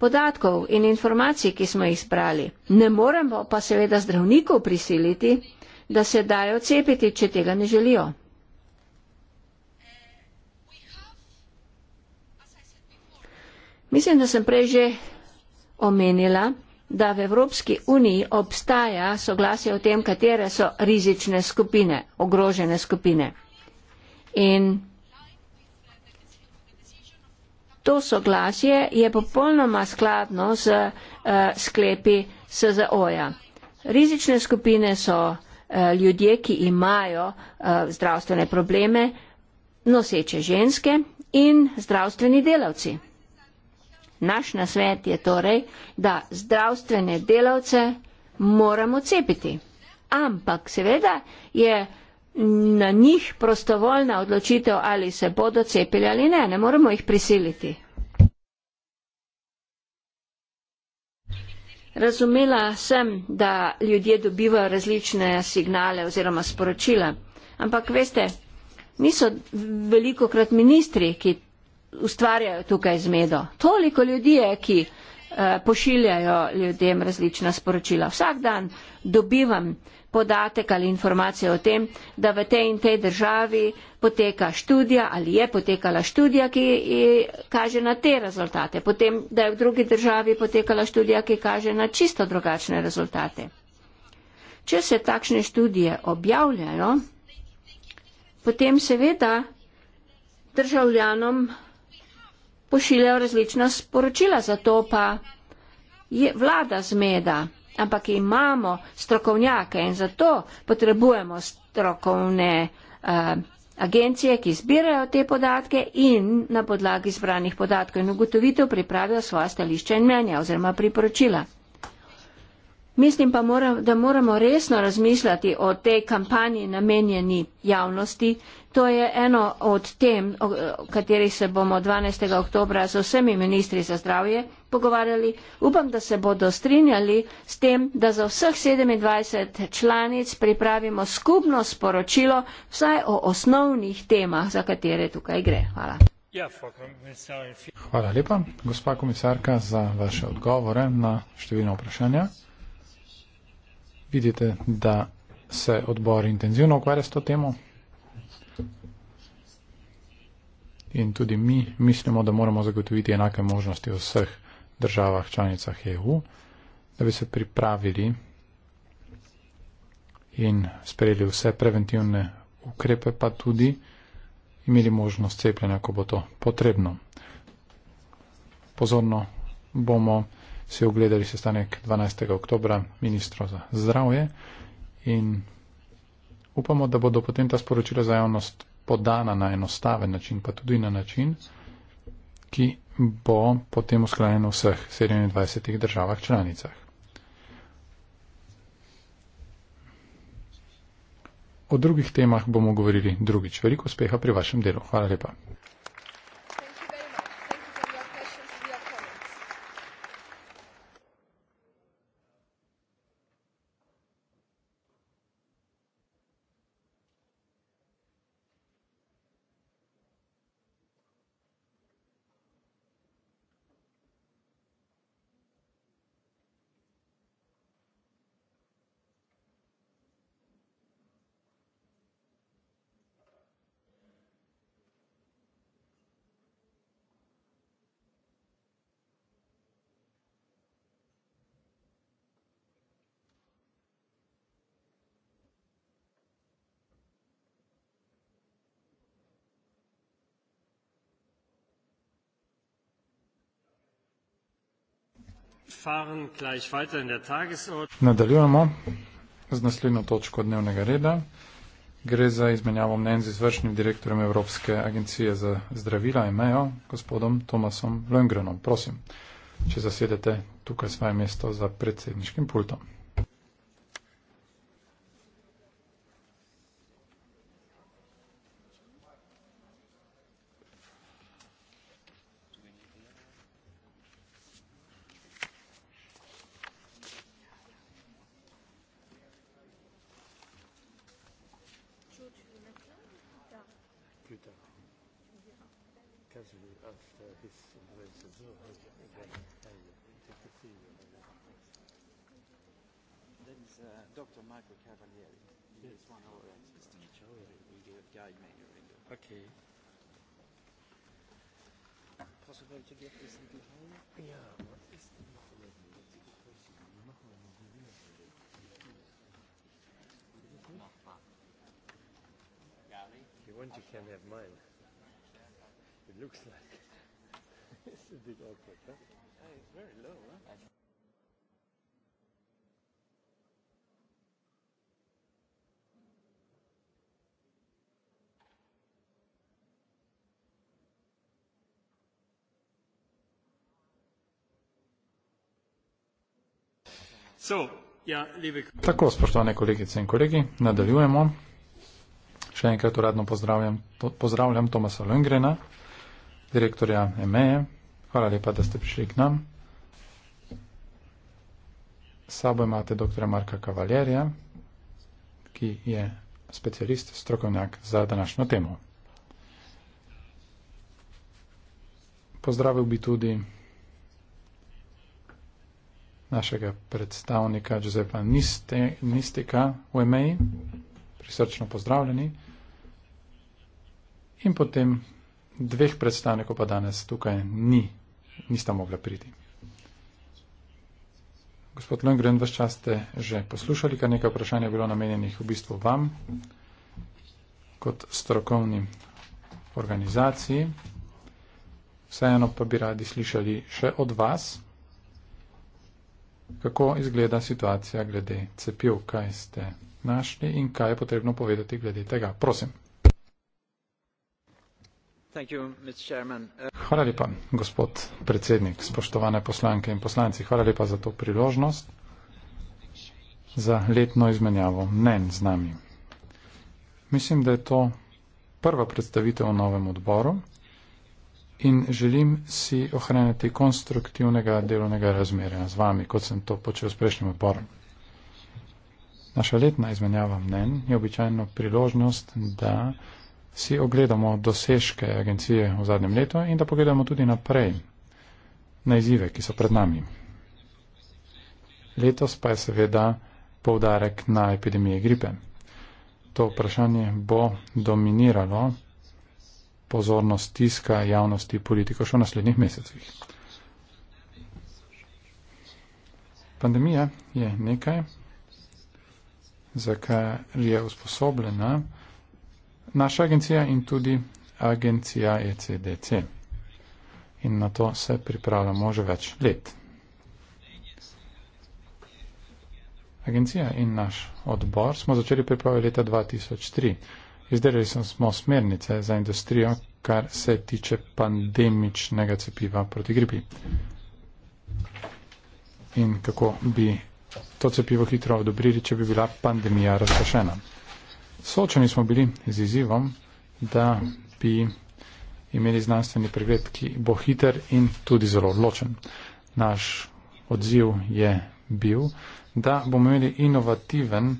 podatkov in informacij, ki smo jih sprali. Ne moremo pa seveda zdravnikov prisiliti, da se dajo cepiti, če tega ne želijo. Mislim, da sem prej že omenila, da v Evropski uniji obstaja soglasje o tem, katere so rizične skupine, ogrožene skupine. In to soglasje je popolnoma skladno z uh, sklepi SZO-ja. Rizične skupine so uh, ljudje, ki imajo uh, zdravstvene probleme, noseče ženske in zdravstveni delavci. Naš nasvet je torej, da zdravstvene delavce moramo cepiti. Ampak seveda je na njih prostovoljna odločitev, ali se bodo cepili ali ne. Ne moramo jih prisiliti. Razumela sem, da ljudje dobivajo različne signale oziroma sporočila. Ampak veste, niso veliko krat ministri, ki ustvarjajo tukaj zmedo. Toliko ljudi je, ki eh, pošiljajo ljudem različna sporočila. Vsak dan dobivam podatek ali informacijo o tem, da v tej in tej državi poteka študija ali je potekala študija, ki kaže na te rezultate, potem, da je v drugi državi potekala študija, ki kaže na čisto drugačne rezultate. Če se takšne študije objavljajo, potem seveda državljanom pošiljajo različna sporočila, zato pa je vlada zmeda, ampak imamo strokovnjake in zato potrebujemo strokovne uh, agencije, ki zbirajo te podatke in na podlagi zbranih podatkov in ugotovitev pripravijo svoja stališča in mnenja oziroma priporočila. Mislim pa, mora, da moramo resno razmišljati o tej kampanji namenjeni javnosti, To je eno od tem, o katerih se bomo 12. oktobra z vsemi ministri za zdravje pogovarjali. Upam, da se bodo strinjali s tem, da za vseh 27 članic pripravimo skupno sporočilo vsaj o osnovnih temah, za katere tukaj gre. Hvala. Ja, Hvala lepa, gospa komisarka, za vaše odgovore na številne vprašanja. Vidite, da se odbor intenzivno ukvarja s to temo. in tudi mi mislimo, da moramo zagotoviti enake možnosti v vseh državah članicah EU, da bi se pripravili in sprejeli vse preventivne ukrepe, pa tudi imeli možnost cepljenja, ko bo to potrebno. Pozorno bomo si ogledali sestanek 12. oktobra ministro za zdravje in upamo, da bodo potem ta sporočila za javnost podana na enostaven način, pa tudi na način, ki bo potem usklajen v vseh 27 državah članicah. O drugih temah bomo govorili drugič. Veliko uspeha pri vašem delu. Hvala lepa. Nadaljujemo z naslednjo točko dnevnega reda. Gre za izmenjavo mnen z izvršnim direktorjem Evropske agencije za zdravila EMEO, gospodom Tomasom Lengrenom. Prosim, če zasedete tukaj svoje mesto za predsedniškim pultom. Ja, Tako, spoštovane kolegice in kolegi, nadaljujemo. Še enkrat uradno pozdravljam, pozdravljam Tomasa Lengrena, direktorja EMEE. E. Hvala lepa, da ste prišli k nam. Sabo imate dr. Marka Kavaljerja, ki je specialist, strokovnjak za današnjo temo. Pozdravil bi tudi našega predstavnika Giuseppa Niste, Nistika v EMEI, prisrčno pozdravljeni. In potem dveh predstavnikov pa danes tukaj ni, nista mogla priti. Gospod Lundgren, vaš čas ste že poslušali, kar nekaj vprašanj je bilo namenjenih v bistvu vam, kot strokovni organizaciji. Vseeno pa bi radi slišali še od vas kako izgleda situacija glede cepiv, kaj ste našli in kaj je potrebno povedati glede tega. Prosim. Hvala lepa, gospod predsednik, spoštovane poslanke in poslanci. Hvala lepa za to priložnost, za letno izmenjavo mnen z nami. Mislim, da je to prva predstavitev v novem odboru in želim si ohraniti konstruktivnega delovnega razmerja z vami, kot sem to počel s prejšnjim odborom. Naša letna izmenjava mnen je običajno priložnost, da si ogledamo dosežke agencije v zadnjem letu in da pogledamo tudi naprej na izzive, ki so pred nami. Letos pa je seveda poudarek na epidemiji gripe. To vprašanje bo dominiralo pozornost tiska javnosti politiko še v naslednjih mesecih. Pandemija je nekaj, za kar je usposobljena naša agencija in tudi agencija ECDC. In na to se pripravljamo že več let. Agencija in naš odbor smo začeli pripravljati leta 2003 izdelali smo smernice za industrijo, kar se tiče pandemičnega cepiva proti gripi. In kako bi to cepivo hitro odobrili, če bi bila pandemija razglašena. Soočeni smo bili z izzivom, da bi imeli znanstveni pregled, ki bo hiter in tudi zelo odločen. Naš odziv je bil, da bomo imeli inovativen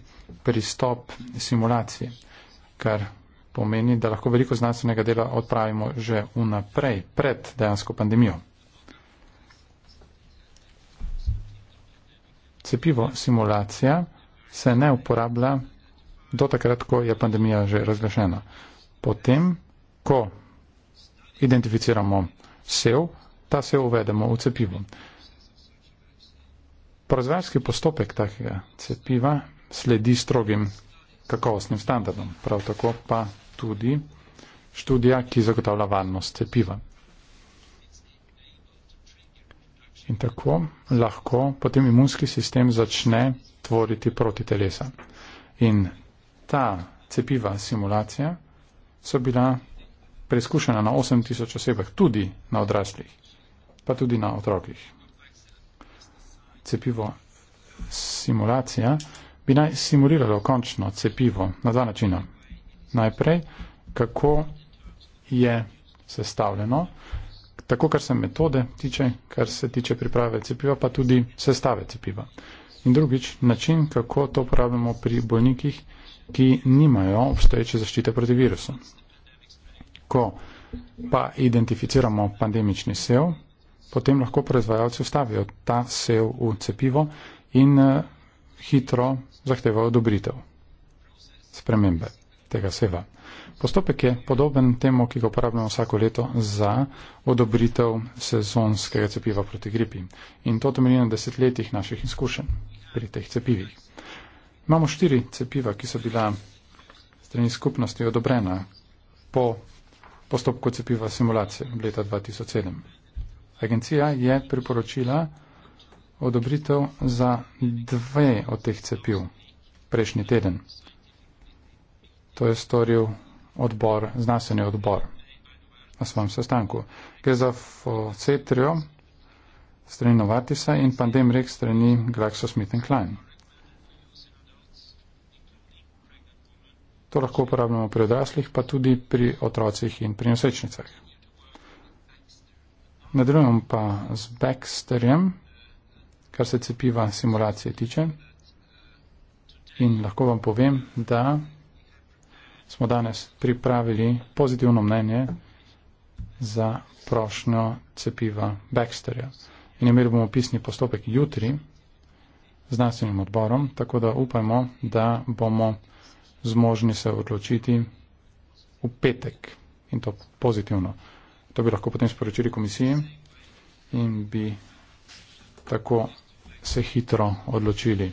pristop simulacije kar pomeni, da lahko veliko znanstvenega dela odpravimo že vnaprej, pred dejansko pandemijo. Cepivo simulacija se ne uporablja do takrat, ko je pandemija že razglašena. Potem, ko identificiramo sev, ta sev uvedemo v cepivo. Porazvajski postopek takega cepiva sledi strogim kakovostnim standardom. Prav tako pa tudi študija, ki zagotavlja varnost cepiva. In tako lahko potem imunski sistem začne tvoriti proti telesa. In ta cepiva simulacija so bila preizkušena na 8000 osebah, tudi na odraslih, pa tudi na otrokih. Cepivo simulacija bi naj simuliralo končno cepivo na dva načina. Najprej, kako je sestavljeno, tako kar se metode tiče, kar se tiče priprave cepiva, pa tudi sestave cepiva. In drugič, način, kako to uporabljamo pri bolnikih, ki nimajo obstoječe zaščite proti virusu. Ko pa identificiramo pandemični sev, potem lahko proizvajalci vstavijo ta sev v cepivo in eh, hitro zahteva odobritev, spremembe tega seva. Postopek je podoben temu, ki ga uporabljamo vsako leto za odobritev sezonskega cepiva proti gripi. In to temelji na desetletjih naših izkušenj pri teh cepivih. Imamo štiri cepiva, ki so bila strani skupnosti odobrena po postopku cepiva simulacije leta 2007. Agencija je priporočila, odobritev za dve od teh cepiv prejšnji teden. To je storil odbor, znaseni odbor na svojem sestanku. Gre za Focetrio strani Novartisa in Pandemrix strani GlaxoSmithKline. To lahko uporabljamo pri odraslih, pa tudi pri otrocih in pri nosečnicah. Nadaljujemo pa z Baxterjem, kar se cepiva simulacije tiče. In lahko vam povem, da smo danes pripravili pozitivno mnenje za prošnjo cepiva Baxterja. In imeli bomo pisni postopek jutri z nasilnim odborom, tako da upajmo, da bomo zmožni se odločiti v petek in to pozitivno. To bi lahko potem sporočili komisiji in bi tako se hitro odločili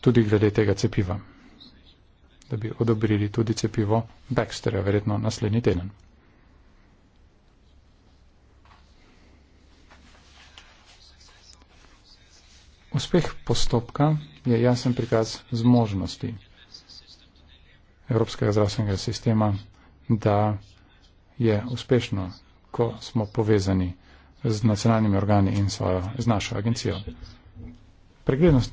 tudi glede tega cepiva, da bi odobrili tudi cepivo Baxterja, verjetno naslednji teden. Uspeh postopka je jasen prikaz zmožnosti Evropskega zdravstvenega sistema, da je uspešno, ko smo povezani z nacionalnimi organi in svojo, z našo agencijo. Preglednost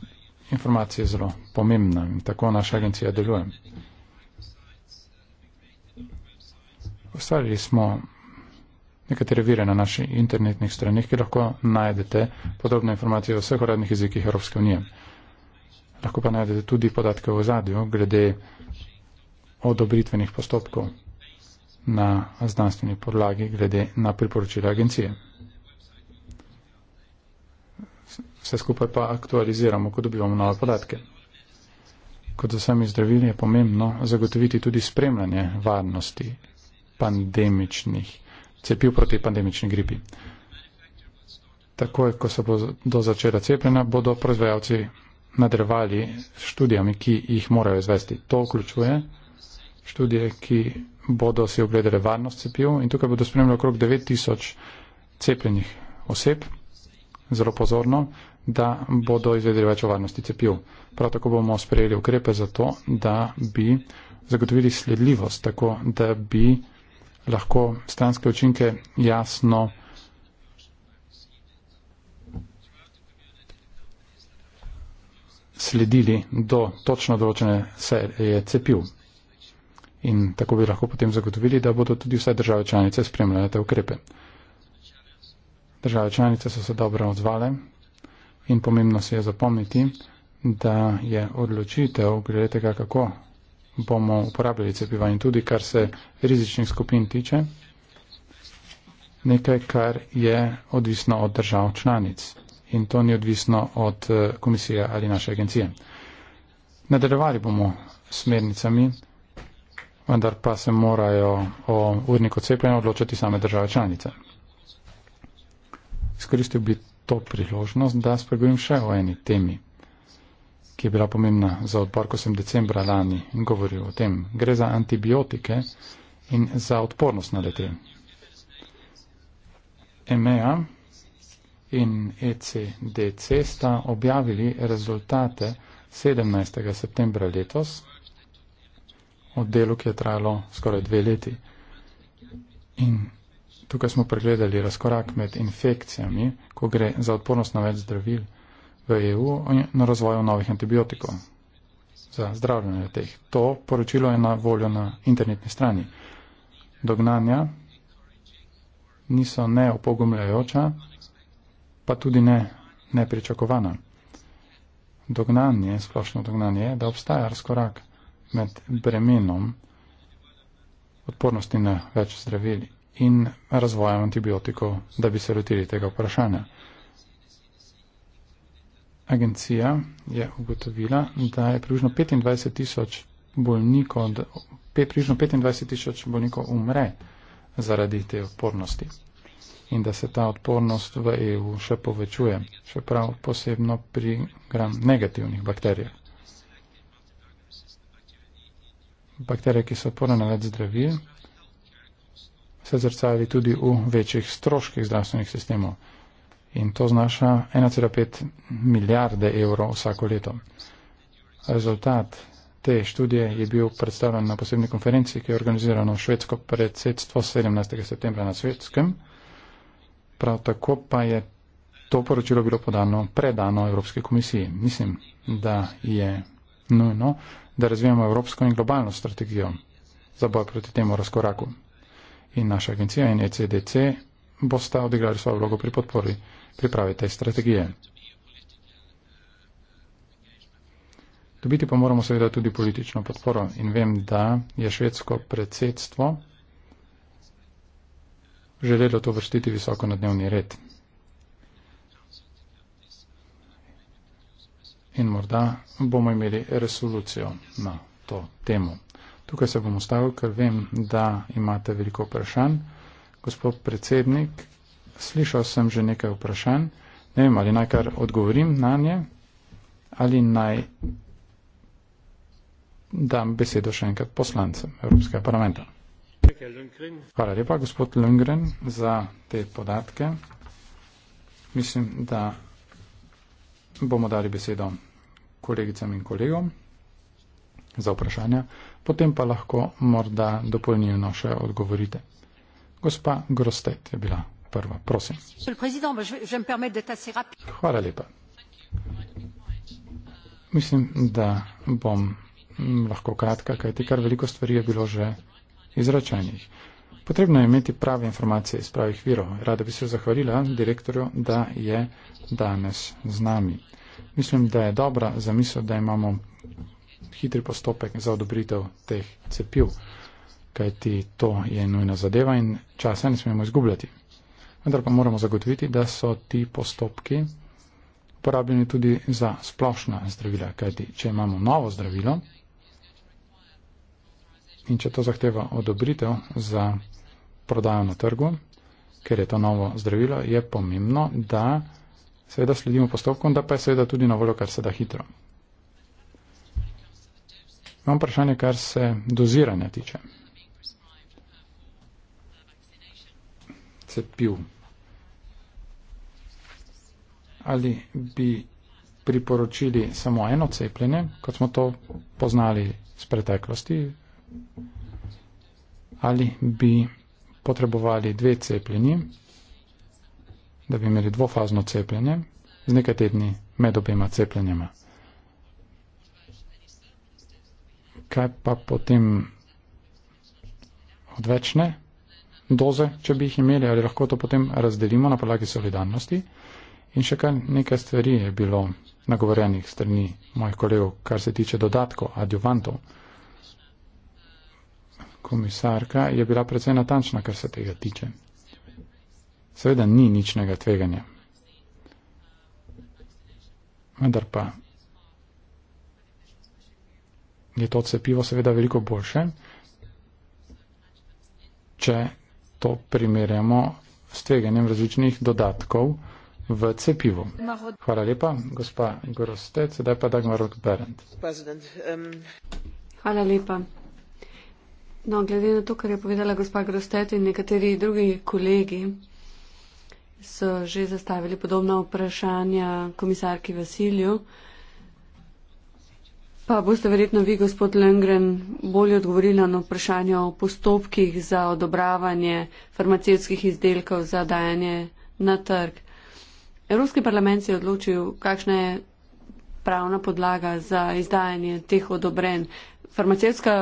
informacije je zelo pomembna in tako naša agencija deluje. Ustvarili smo nekatere vire na naših internetnih stranih, ki lahko najdete podobne informacije o vseh uradnih jezikih Evropske unije. Lahko pa najdete tudi podatke v zadju glede odobritvenih postopkov na znanstveni podlagi glede na priporočila agencije vse skupaj pa aktualiziramo, ko dobivamo nove podatke. Kot za sami zdravili je pomembno zagotoviti tudi spremljanje varnosti pandemičnih, cepiv proti pandemični gripi. Takoj, ko se bodo začela cepljena, bodo proizvajalci nadrevali s študijami, ki jih morajo izvesti. To vključuje študije, ki bodo si ogledali varnost cepiv in tukaj bodo spremljali okrog 9000 cepljenih oseb zelo pozorno, da bodo izvedeli več o varnosti cepiv. Prav tako bomo sprejeli ukrepe za to, da bi zagotovili sledljivost, tako da bi lahko stranske učinke jasno sledili do točno določene serije cepiv. In tako bi lahko potem zagotovili, da bodo tudi vse države članice spremljale te ukrepe. Države članice so se dobro odzvale in pomembno se je zapomniti, da je odločitev glede tega, kako bomo uporabljali cepiva in tudi kar se rizičnih skupin tiče, nekaj, kar je odvisno od držav članic in to ni odvisno od eh, komisije ali naše agencije. Nadaljevali bomo smernicami, vendar pa se morajo o urniku cepljenja odločati same države članice. Izkoristil bi to priložnost, da spregovorim še o eni temi, ki je bila pomembna za odbor, ko sem decembra lani govoril o tem. Gre za antibiotike in za odpornost na lete. EMEA in ECDC sta objavili rezultate 17. septembra letos, od delu, ki je trajalo skoraj dve leti. In tukaj smo pregledali razkorak med infekcijami, ko gre za odpornost na več zdravil v EU in na razvoju novih antibiotikov za zdravljenje teh. To poročilo je na voljo na internetni strani. Dognanja niso neopogumljajoča, pa tudi ne nepričakovana. Dognanje, splošno dognanje je, da obstaja razkorak med bremenom odpornosti na več zdravili in razvojem antibiotikov, da bi se rotili tega vprašanja. Agencija je ugotovila, da je približno 25 tisoč bolnikov, pe, približno 25 tisoč bolnikov umre zaradi te odpornosti in da se ta odpornost v EU še povečuje, še prav posebno pri gram negativnih bakterijah. Bakterije, ki so odporne na več zdravil, se zrcali tudi v večjih stroških zdravstvenih sistemov. In to znaša 1,5 milijarde evrov vsako leto. Rezultat te študije je bil predstavljen na posebni konferenci, ki je organizirano švedsko predsedstvo 17. septembra na svetskem. Prav tako pa je to poročilo bilo podano, predano Evropski komisiji. Mislim, da je nujno, da razvijamo evropsko in globalno strategijo za boj proti temu razkoraku in naša agencija in ECDC bosta odigrali svojo vlogo pri podpori priprave te strategije. Dobiti pa moramo seveda tudi politično podporo in vem, da je švedsko predsedstvo želelo to vrstiti visoko na dnevni red. In morda bomo imeli resolucijo na to temo. Tukaj se bom ustavil, ker vem, da imate veliko vprašanj. Gospod predsednik, slišal sem že nekaj vprašanj. Ne vem, ali naj kar odgovorim na nje, ali naj dam besedo še enkrat poslancem Evropskega parlamenta. Hvala lepa, gospod Lundgren, za te podatke. Mislim, da bomo dali besedo kolegicam in kolegom za vprašanja potem pa lahko morda dopolnilno še odgovorite. Gospa Grostet je bila prva, prosim. Hvala lepa. Mislim, da bom lahko kratka, kajti kar veliko stvari je bilo že izračenih. Potrebno je imeti prave informacije iz pravih virov. Rada bi se zahvalila direktorju, da je danes z nami. Mislim, da je dobra zamisel, da imamo hitri postopek za odobritev teh cepiv, kajti to je nujna zadeva in časa ne smemo izgubljati. Vendar pa moramo zagotoviti, da so ti postopki uporabljeni tudi za splošna zdravila, kajti če imamo novo zdravilo in če to zahteva odobritev za prodajo na trgu, ker je to novo zdravilo, je pomembno, da seveda sledimo postopkom, da pa je seveda tudi na voljo, kar se da hitro. Imam vprašanje, kar se doziranja tiče. Cepiv. Ali bi priporočili samo eno cepljenje, kot smo to poznali z preteklosti, ali bi potrebovali dve cepljenji, da bi imeli dvofazno cepljenje z nekaj tedni med obema cepljenjama. kaj pa potem odvečne doze, če bi jih imeli, ali lahko to potem razdelimo na podlagi solidarnosti. In še kar nekaj stvari je bilo nagovorjenih strani mojih kolegov, kar se tiče dodatkov, adjuvantov. Komisarka je bila predvsej natančna, kar se tega tiče. Seveda ni ničnega tveganja. Vendar pa je to cepivo seveda veliko boljše, če to primerjamo s tveganjem različnih dodatkov v cepivu. Hvala lepa, gospa Gorostec, zdaj pa Dagmar Berend. Hvala lepa. No, glede na to, kar je povedala gospa Grostet in nekateri drugi kolegi, so že zastavili podobna vprašanja komisarki Vasilju. Pa boste verjetno vi, gospod Lengren, bolje odgovorili na vprašanje o postopkih za odobravanje farmacevskih izdelkov za dajanje na trg. Evropski parlament je odločil, kakšna je pravna podlaga za izdajanje teh odobren. Farmacevska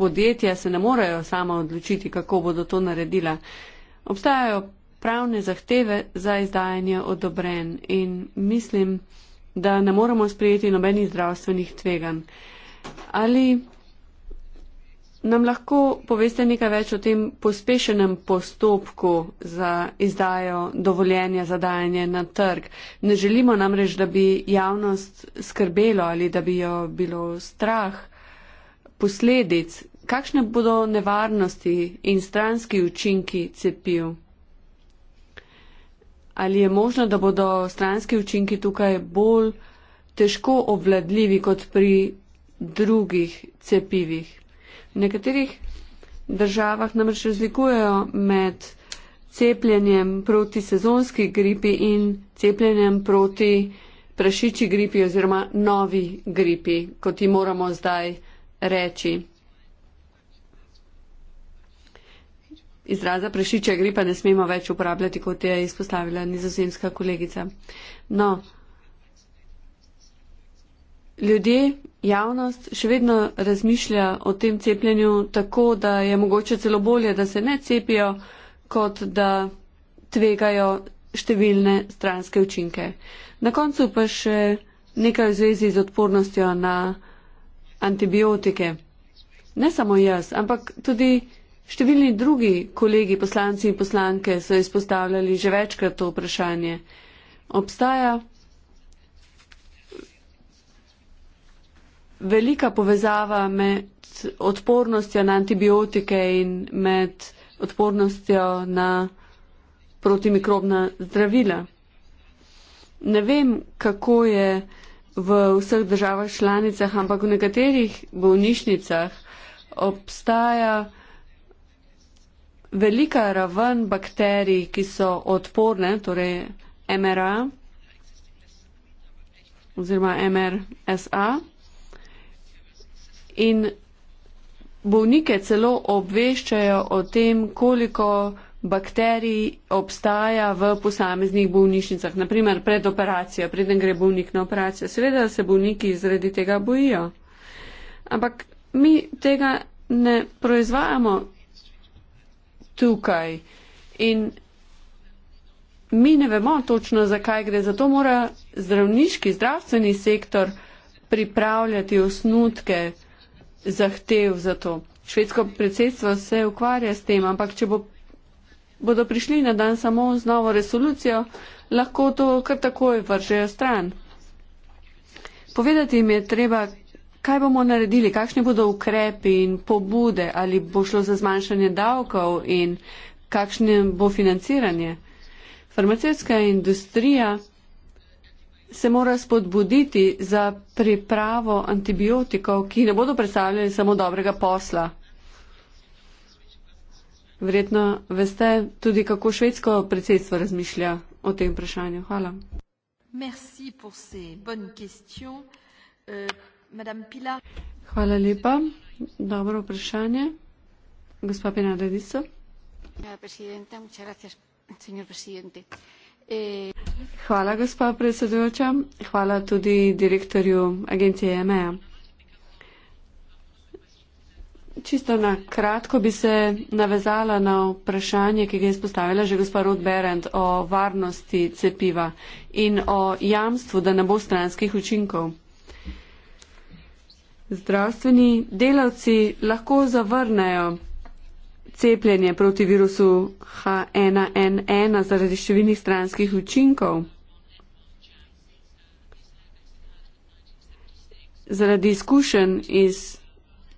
podjetja se ne morejo sama odločiti, kako bodo to naredila. Obstajajo pravne zahteve za izdajanje odobren in mislim, da da ne moremo sprejeti nobenih zdravstvenih tvegan. Ali nam lahko poveste nekaj več o tem pospešenem postopku za izdajo dovoljenja za dajanje na trg? Ne želimo namreč, da bi javnost skrbelo ali da bi jo bilo strah posledic. Kakšne bodo nevarnosti in stranski učinki cepiv? ali je možno, da bodo stranski učinki tukaj bolj težko obvladljivi kot pri drugih cepivih. V nekaterih državah namreč razlikujejo med cepljenjem proti sezonski gripi in cepljenjem proti prašiči gripi oziroma novi gripi, kot ji moramo zdaj reči. izraza prešiče gripa ne smemo več uporabljati, kot je izpostavila nizozemska kolegica. No, ljudje, javnost še vedno razmišlja o tem cepljenju tako, da je mogoče celo bolje, da se ne cepijo, kot da tvegajo številne stranske učinke. Na koncu pa še nekaj v zvezi z odpornostjo na antibiotike. Ne samo jaz, ampak tudi Številni drugi kolegi poslanci in poslanke so izpostavljali že večkrat to vprašanje. Obstaja velika povezava med odpornostjo na antibiotike in med odpornostjo na protimikrobna zdravila. Ne vem, kako je v vseh državah članicah, ampak v nekaterih bolnišnicah obstaja velika raven bakterij, ki so odporne, torej MRA oziroma MRSA. In bolnike celo obveščajo o tem, koliko bakterij obstaja v posameznih bolnišnicah. Naprimer, pred operacijo, preden gre bolnik na operacijo. Seveda se bolniki zredi tega bojijo. Ampak mi tega ne proizvajamo tukaj. In mi ne vemo točno, zakaj gre. Zato mora zdravniški, zdravstveni sektor pripravljati osnutke zahtev za to. Švedsko predsedstvo se ukvarja s tem, ampak če bo, bodo prišli na dan samo z novo resolucijo, lahko to kar takoj vržejo stran. Povedati jim je treba, Kaj bomo naredili, kakšni bodo ukrepi in pobude, ali bo šlo za zmanjšanje davkov in kakšne bo financiranje? Farmacijska industrija se mora spodbuditi za pripravo antibiotikov, ki ne bodo predstavljali samo dobrega posla. Verjetno veste tudi, kako švedsko predsedstvo razmišlja o tem vprašanju. Hvala. Merci pour ces bonnes questions. Euh... Hvala lepa. Dobro vprašanje. Gospa Penada Viso. Eh, Hvala, gospa predsedujoča. Hvala tudi direktorju agencije EMEA. Čisto na kratko bi se navezala na vprašanje, ki ga je izpostavila že gospa Ruth Berend o varnosti cepiva in o jamstvu, da ne bo stranskih učinkov zdravstveni delavci lahko zavrnejo cepljenje proti virusu H1N1 zaradi številnih stranskih učinkov. Zaradi izkušenj iz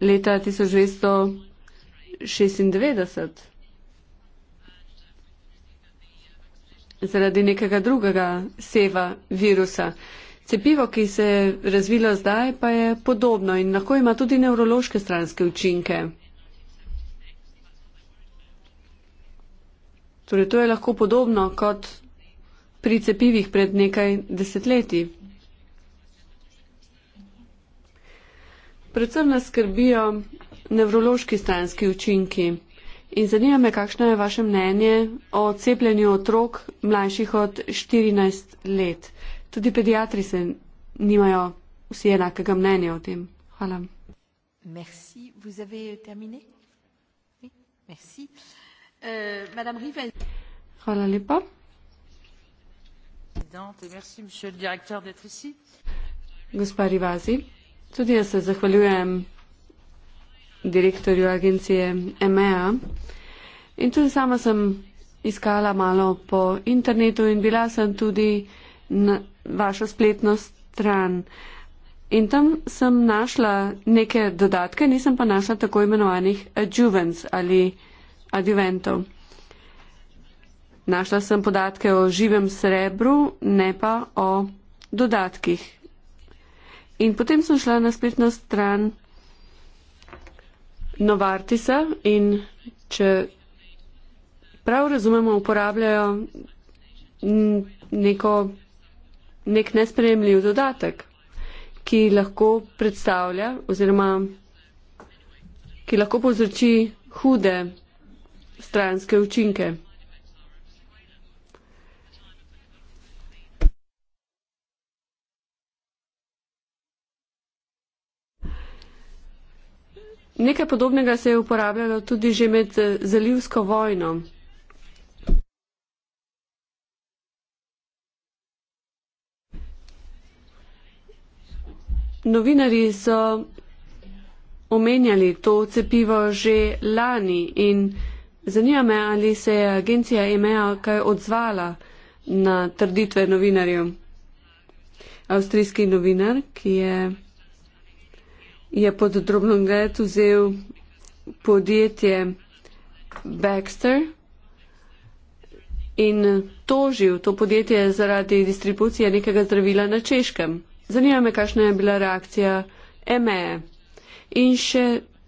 leta 1996. Zaradi nekega drugega seva virusa. Cepivo, ki se je razvilo zdaj, pa je podobno in lahko ima tudi nevrološke stranske učinke. Torej, to je lahko podobno kot pri cepivih pred nekaj desetletji. Predvsem nas skrbijo nevrološki stranski učinki. In zanima me, kakšno je vaše mnenje o cepljenju otrok mlajših od 14 let. Tudi pediatri se nimajo vsi enakega mnenja o tem. Hvala. Merci, vous avez terminé? Oui, merci. Euh, Madame Rivel. Hvala lepa. Merci, monsieur le directeur, d'être ici. Gospa Rivazi, tudi jaz se zahvaljujem direktorju agencije EMEA in tudi sama sem iskala malo po internetu in bila sem tudi na, vašo spletno stran. In tam sem našla neke dodatke, nisem pa našla tako imenovanih adjuvants ali adjuventov. Našla sem podatke o živem srebru, ne pa o dodatkih. In potem sem šla na spletno stran Novartisa in če prav razumemo, uporabljajo neko nek nespremljiv dodatek, ki lahko predstavlja oziroma ki lahko povzroči hude stranske učinke. Nekaj podobnega se je uporabljalo tudi že med eh, zalivsko vojno. Novinari so omenjali to cepivo že lani in zanima me, ali se je agencija EMEA kaj odzvala na trditve novinarjev. Avstrijski novinar, ki je, je pod drobnom gledu vzel podjetje Baxter in tožil to podjetje zaradi distribucije nekega zdravila na češkem. Zanima me, kakšna je bila reakcija ME. In še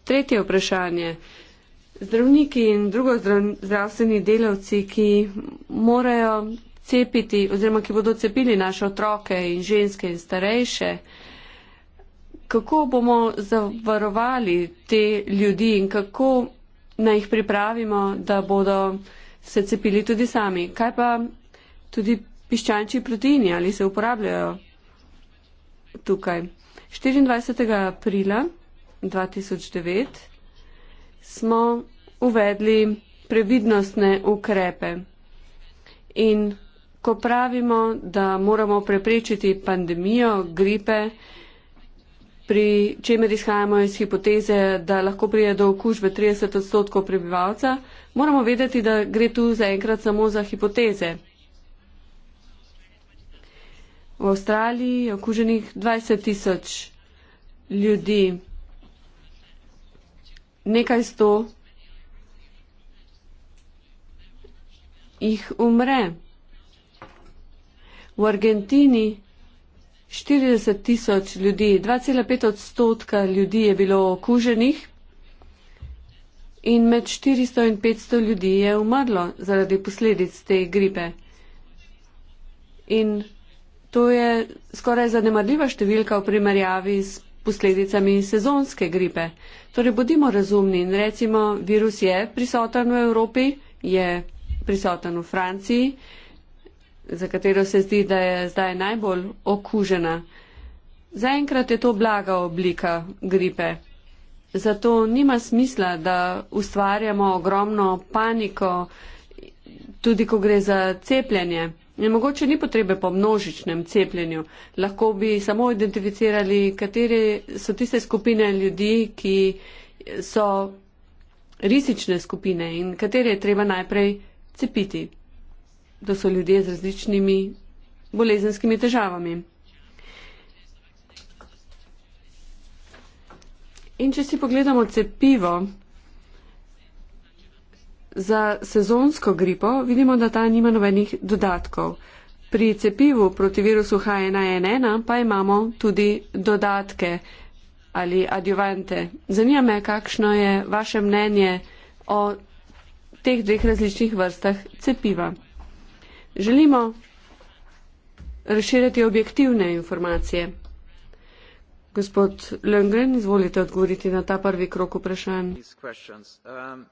tretje vprašanje. Zdravniki in drugo zdravstveni delavci, ki morajo cepiti oziroma ki bodo cepili naše otroke in ženske in starejše, kako bomo zavarovali te ljudi in kako naj jih pripravimo, da bodo se cepili tudi sami? Kaj pa tudi piščančji proteini, ali se uporabljajo tukaj. 24. aprila 2009 smo uvedli previdnostne ukrepe. In ko pravimo, da moramo preprečiti pandemijo gripe, pri čemer izhajamo iz hipoteze, da lahko prije do okužbe 30 odstotkov prebivalca, moramo vedeti, da gre tu zaenkrat samo za hipoteze. V Avstraliji je okuženih 20 tisoč ljudi, nekaj sto jih umre. V Argentini 40 tisoč ljudi, 2,5 odstotka ljudi je bilo okuženih in med 400 in 500 ljudi je umrlo zaradi posledic te gripe. In To je skoraj zanemarljiva številka v primerjavi s posledicami sezonske gripe. Torej, bodimo razumni in recimo, virus je prisoten v Evropi, je prisoten v Franciji, za katero se zdi, da je zdaj najbolj okužena. Zaenkrat je to blaga oblika gripe. Zato nima smisla, da ustvarjamo ogromno paniko, tudi ko gre za cepljenje. In mogoče ni potrebe po množičnem cepljenju, lahko bi samo identificirali, katere so tiste skupine ljudi, ki so rizične skupine in katere je treba najprej cepiti. To so ljudje z različnimi bolezenskimi težavami. In če si pogledamo cepivo, Za sezonsko gripo vidimo, da ta nima nobenih dodatkov. Pri cepivu proti virusu H1N1 pa imamo tudi dodatke ali adjuvante. Zanima me, kakšno je vaše mnenje o teh dveh različnih vrstah cepiva. Želimo razširiti objektivne informacije. Gospod Lengren, izvolite odgovoriti na ta prvi krok vprašanj. Um,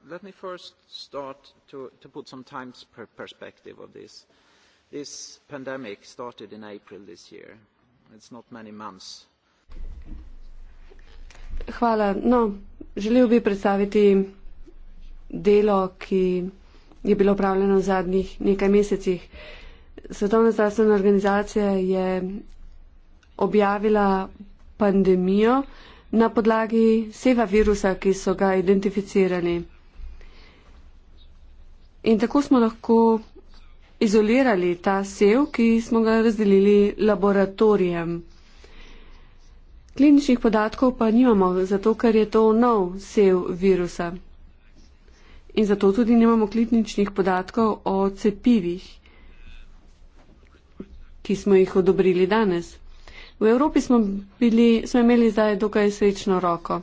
Hvala. No, želel bi predstaviti delo, ki je bilo upravljeno v zadnjih nekaj mesecih. Svetovna zdravstvena organizacija je objavila pandemijo na podlagi seva virusa, ki so ga identificirali. In tako smo lahko izolirali ta sev, ki smo ga razdelili laboratorijem. Kliničnih podatkov pa nimamo, zato ker je to nov sev virusa. In zato tudi nimamo kliničnih podatkov o cepivih, ki smo jih odobrili danes. V Evropi smo, bili, smo imeli zdaj dokaj srečno roko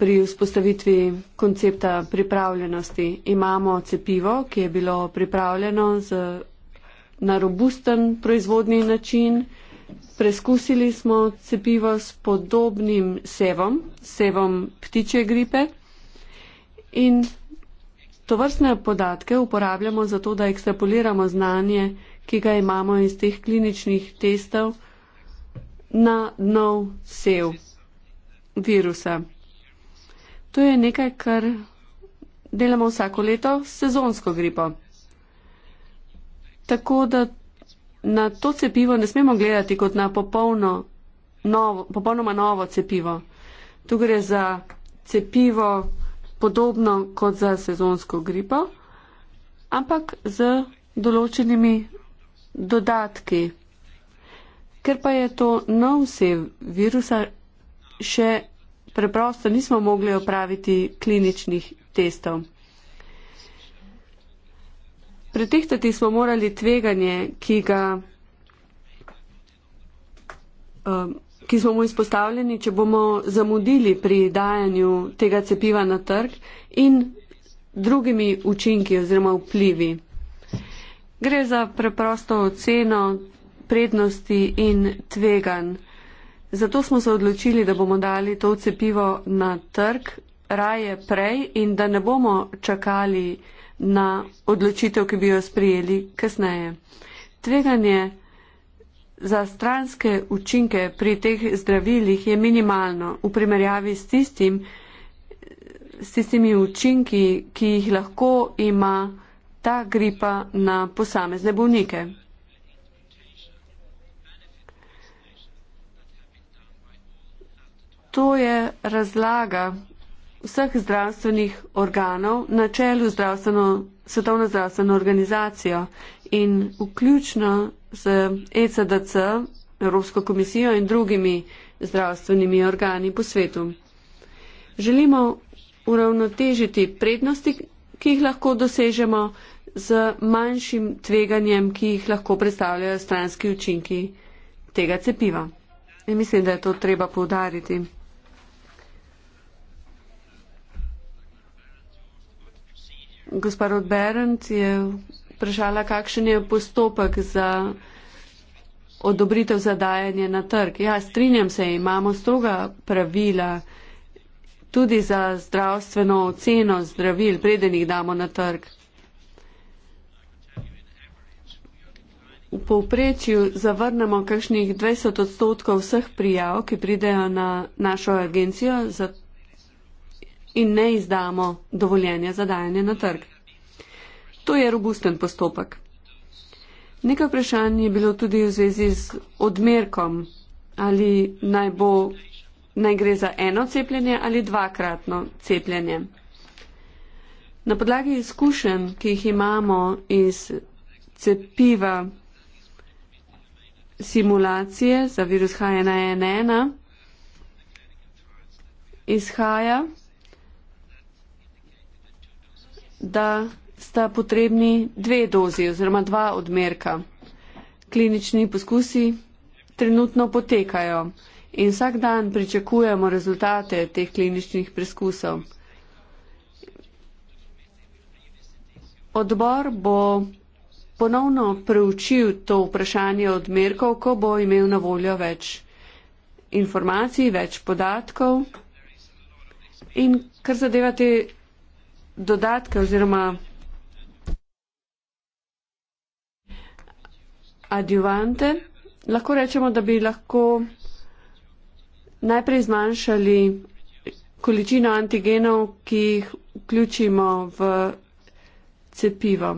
pri vzpostavitvi koncepta pripravljenosti. Imamo cepivo, ki je bilo pripravljeno z, na robusten proizvodni način. Preskusili smo cepivo s podobnim sevom, sevom ptiče gripe. In to vrstne podatke uporabljamo zato, da ekstrapoliramo znanje, ki ga imamo iz teh kliničnih testov na nov sev virusa. To je nekaj, kar delamo vsako leto s sezonsko gripo. Tako da na to cepivo ne smemo gledati kot na popolno, novo, popolnoma novo cepivo. Tu gre za cepivo podobno kot za sezonsko gripo, ampak z določenimi dodatki. Ker pa je to nov sev virusa, še preprosto nismo mogli opraviti kliničnih testov. Pretehtati smo morali tveganje, ki, ga, um, ki smo mu izpostavljeni, če bomo zamudili pri dajanju tega cepiva na trg in drugimi učinki oziroma vplivi. Gre za preprosto oceno prednosti in tveganj. Zato smo se odločili, da bomo dali to cepivo na trg raje prej in da ne bomo čakali na odločitev, ki bi jo sprijeli kasneje. Tveganje za stranske učinke pri teh zdravilih je minimalno v primerjavi s, tistim, s tistimi učinki, ki jih lahko ima ta gripa na posamezne bolnike. to je razlaga vseh zdravstvenih organov na čelu Svetovno zdravstveno organizacijo in vključno z ECDC, Evropsko komisijo in drugimi zdravstvenimi organi po svetu. Želimo uravnotežiti prednosti, ki jih lahko dosežemo z manjšim tveganjem, ki jih lahko predstavljajo stranski učinki tega cepiva. In mislim, da je to treba poudariti. Gospod Berend je vprašala, kakšen je postopek za odobritev zadajanja na trg. Ja, strinjam se, imamo stroga pravila tudi za zdravstveno oceno zdravil, preden jih damo na trg. V povprečju zavrnemo kakšnih 20 odstotkov vseh prijav, ki pridejo na našo agencijo, zato in ne izdamo dovoljenja za dajanje na trg. To je robusten postopek. Nekaj vprašanj je bilo tudi v zvezi z odmerkom, ali naj, bo, naj gre za eno cepljenje ali dvakratno cepljenje. Na podlagi izkušenj, ki jih imamo iz cepiva simulacije za virus H1N1, izhaja, da sta potrebni dve dozi oziroma dva odmerka. Klinični poskusi trenutno potekajo in vsak dan pričakujemo rezultate teh kliničnih preskusov. Odbor bo ponovno preučil to vprašanje odmerkov, ko bo imel na voljo več informacij, več podatkov. In kar zadeva te dodatke oziroma adjuvante. Lahko rečemo, da bi lahko najprej zmanjšali količino antigenov, ki jih vključimo v cepivo.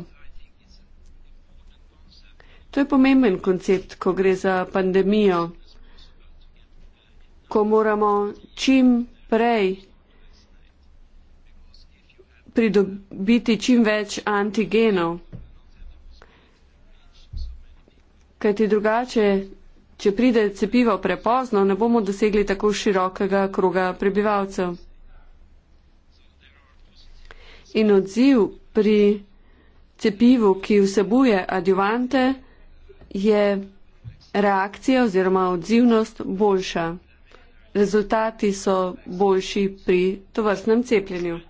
To je pomemben koncept, ko gre za pandemijo, ko moramo čim prej pridobiti čim več antigenov. Kaj ti drugače, če pride cepivo prepozno, ne bomo dosegli tako širokega kroga prebivalcev. In odziv pri cepivu, ki vsebuje adjuvante, je reakcija oziroma odzivnost boljša. Rezultati so boljši pri tovrstnem cepljenju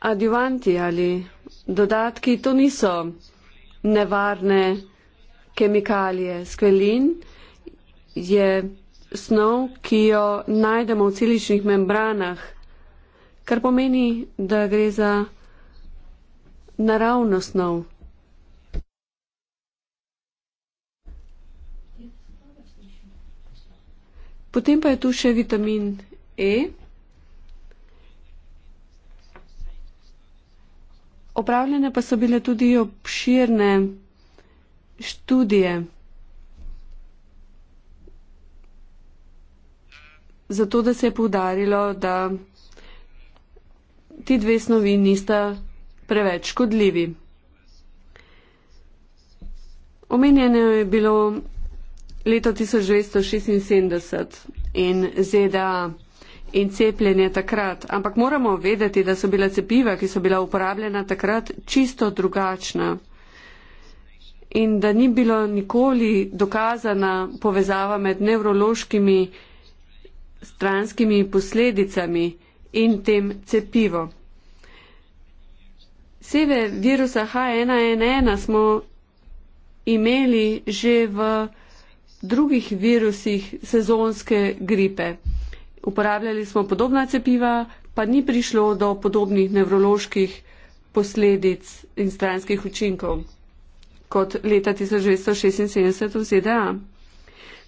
adjuvanti ali dodatki, to niso nevarne kemikalije. Skvelin je snov, ki jo najdemo v ciličnih membranah, kar pomeni, da gre za naravno snov. Potem pa je tu še vitamin E. opravljene pa so bile tudi obširne študije. Zato, da se je povdarilo, da ti dve snovi nista preveč škodljivi. Omenjeno je bilo leto 1976 in ZDA in cepljenje takrat. Ampak moramo vedeti, da so bila cepiva, ki so bila uporabljena takrat, čisto drugačna in da ni bilo nikoli dokazana povezava med nevrološkimi stranskimi posledicami in tem cepivo. Seve virusa H1N1 smo imeli že v drugih virusih sezonske gripe uporabljali smo podobna cepiva, pa ni prišlo do podobnih nevroloških posledic in stranskih učinkov kot leta 1976 v ZDA.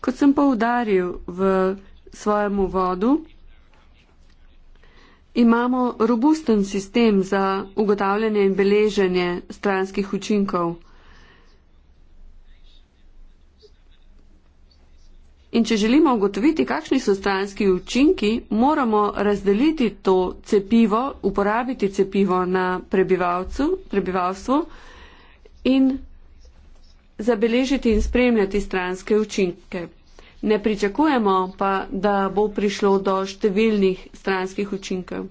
Kot sem poudaril v svojem uvodu, imamo robusten sistem za ugotavljanje in beleženje stranskih učinkov. In če želimo ugotoviti, kakšni so stranski učinki, moramo razdeliti to cepivo, uporabiti cepivo na prebivalstvu in zabeležiti in spremljati stranske učinke. Ne pričakujemo pa, da bo prišlo do številnih stranskih učinkov.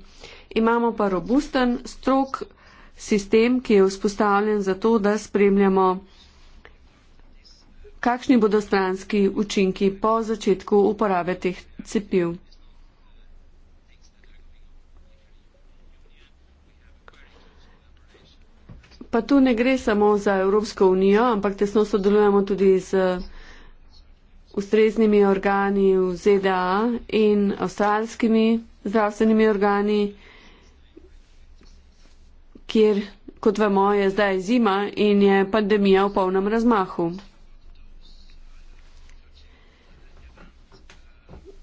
Imamo pa robusten strok sistem, ki je vzpostavljen za to, da spremljamo Kakšni bodo stranski učinki po začetku uporabe teh cepiv? Pa tu ne gre samo za Evropsko unijo, ampak tesno sodelujemo tudi z ustreznimi organi v ZDA in avstralskimi zdravstvenimi organi, kjer, kot vemo, je zdaj zima in je pandemija v polnem razmahu.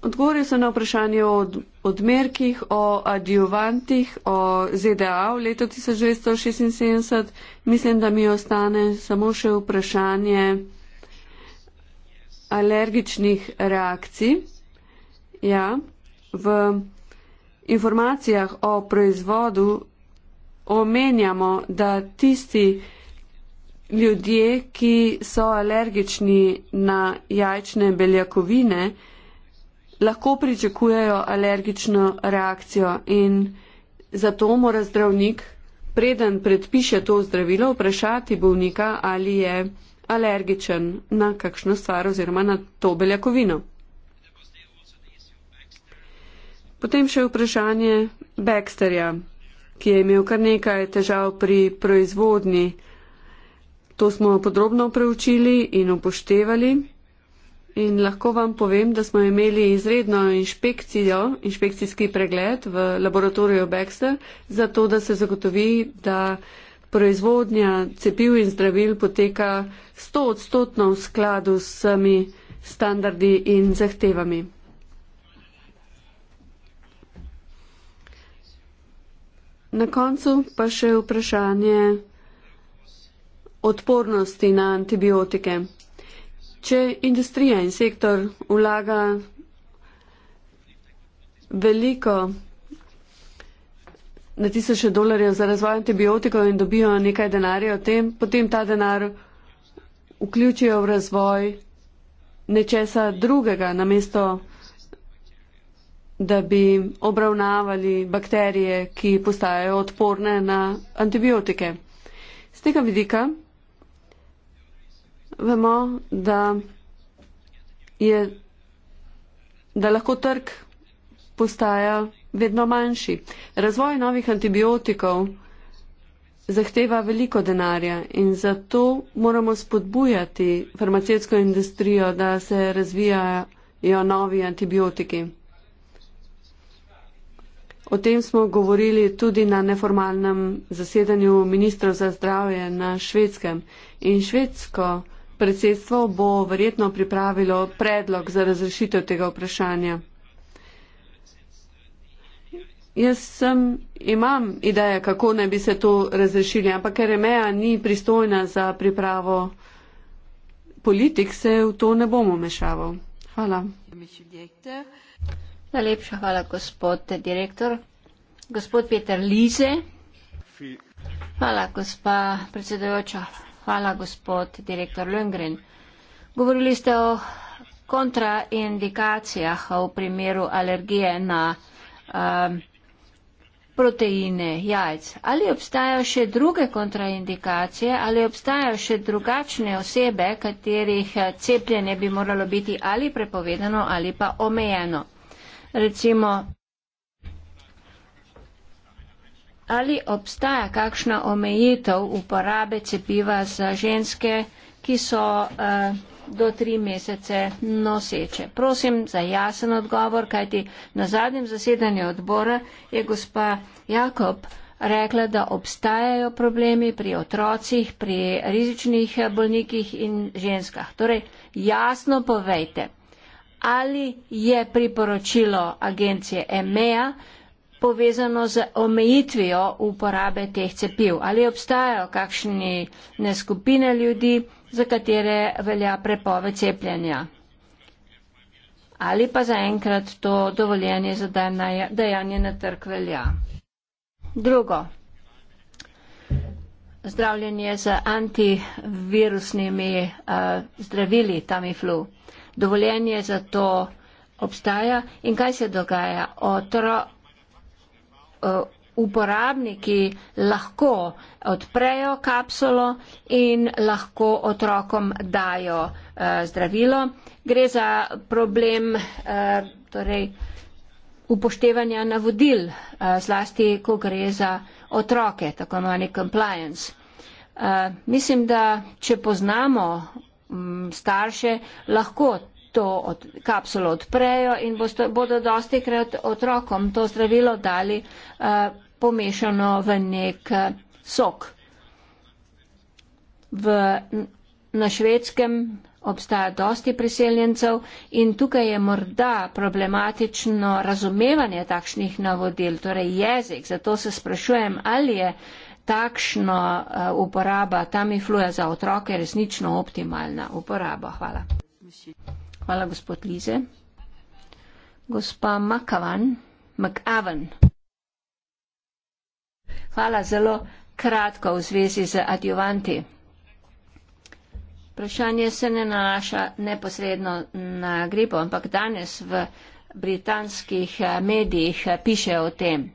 Odgovoril sem na vprašanje o odmerkih, o adjuvantih, o ZDA v letu 1976. Mislim, da mi ostane samo še vprašanje alergičnih reakcij. Ja, v informacijah o proizvodu omenjamo, da tisti ljudje, ki so alergični na jajčne beljakovine, lahko pričakujejo alergično reakcijo in zato mora zdravnik, preden predpiše to zdravilo, vprašati bolnika, ali je alergičen na kakšno stvar oziroma na to beljakovino. Potem še vprašanje Baxterja, ki je imel kar nekaj težav pri proizvodni. To smo podrobno preučili in upoštevali. In lahko vam povem, da smo imeli izredno inšpekcijo, inšpekcijski pregled v laboratoriju Baxter, zato da se zagotovi, da proizvodnja cepiv in zdravil poteka 100 odstotno v skladu s vsemi standardi in zahtevami. Na koncu pa še vprašanje odpornosti na antibiotike. Če industrija in sektor vlaga veliko na tisoče dolarjev za razvoj antibiotikov in dobijo nekaj denarja o tem, potem ta denar vključijo v razvoj nečesa drugega, namesto da bi obravnavali bakterije, ki postajajo odporne na antibiotike. Z tega vidika vemo, da, je, da lahko trg postaja vedno manjši. Razvoj novih antibiotikov zahteva veliko denarja in zato moramo spodbujati farmacijsko industrijo, da se razvijajo novi antibiotiki. O tem smo govorili tudi na neformalnem zasedanju ministrov za zdravje na švedskem. In švedsko predsedstvo bo verjetno pripravilo predlog za razrešitev tega vprašanja. Jaz sem, imam ideje, kako naj bi se to razrešili, ampak ker EMEA ni pristojna za pripravo politik, se v to ne bomo mešaval. Hvala. Najlepša hvala, gospod direktor. Gospod Peter Lize. Hvala, gospa predsedujoča. Hvala, gospod direktor Lundgren. Govorili ste o kontraindikacijah v primeru alergije na um, proteine jajc. Ali obstajajo še druge kontraindikacije, ali obstajajo še drugačne osebe, katerih eh, cepljenje bi moralo biti ali prepovedano ali pa omejeno? Recimo, Ali obstaja kakšna omejitev uporabe cepiva za ženske, ki so uh, do tri mesece noseče? Prosim za jasen odgovor, kajti na zadnjem zasedanju odbora je gospa Jakob rekla, da obstajajo problemi pri otrocih, pri rizičnih eh, bolnikih in ženskah. Torej, jasno povejte, ali je priporočilo agencije EMEA, povezano z omejitvijo uporabe teh cepiv? Ali obstajajo kakšne skupine ljudi, za katere velja prepove cepljenja? Ali pa zaenkrat to dovoljenje za dajanje na trg velja? Drugo. Zdravljenje z antivirusnimi uh, zdravili Tamiflu. Dovoljenje za to obstaja in kaj se dogaja? Otro, Eh, uporabniki lahko odprejo kapsulo in lahko otrokom dajo eh, zdravilo. Gre za problem eh, torej, upoštevanja navodil, zlasti ko gre za otroke, tako imenovani compliance. Mislim, da če poznamo mm, starše, lahko to od, kapsulo odprejo in boste, bodo dosti krat otrokom to zdravilo dali eh, pomešano v nek eh, sok. V, na švedskem obstaja dosti priseljencev in tukaj je morda problematično razumevanje takšnih navodil, torej jezik. Zato se sprašujem, ali je takšna uh, eh, uporaba tamifluja za otroke resnično optimalna uporaba. Hvala. Mislim. Hvala, gospod Lize. Gospa Makavan, Makavan. Hvala, zelo kratko v zvezi z adjuvanti. Vprašanje se ne nanaša neposredno na gripo, ampak danes v britanskih eh, medijih eh, piše o tem.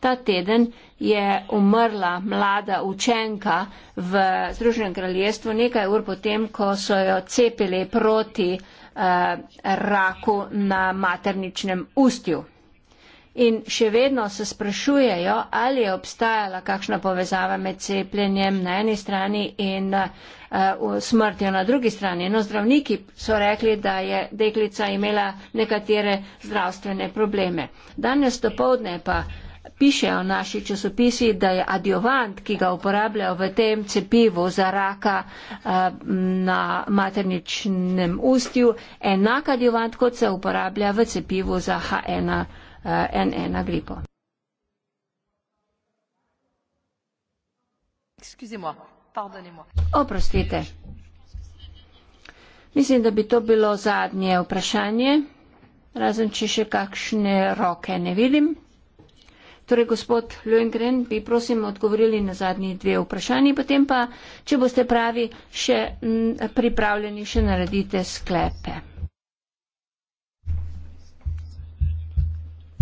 Ta teden je umrla mlada učenka v Združenem kraljestvu nekaj ur potem, ko so jo cepili proti uh, Eh, raku na materničnem ustju. In še vedno se sprašujejo, ali je obstajala kakšna povezava med cepljenjem na eni strani in uh, smrtjo na drugi strani. No, zdravniki so rekli, da je deklica imela nekatere zdravstvene probleme. Danes dopovdne pa. Uh, pišejo naši časopisi, da je adjuvant, ki ga uporabljajo v tem cepivu za raka eh, na materničnem ustju, enak adjuvant, kot se uporablja v cepivu za H1N1 eh, gripo. Oprostite. Mislim, da bi to bilo zadnje vprašanje, razen če še kakšne roke ne vidim. Torej, gospod Lengren, bi prosim odgovorili na zadnji dve vprašanji, potem pa, če boste pravi, še m, pripravljeni, še naredite sklepe.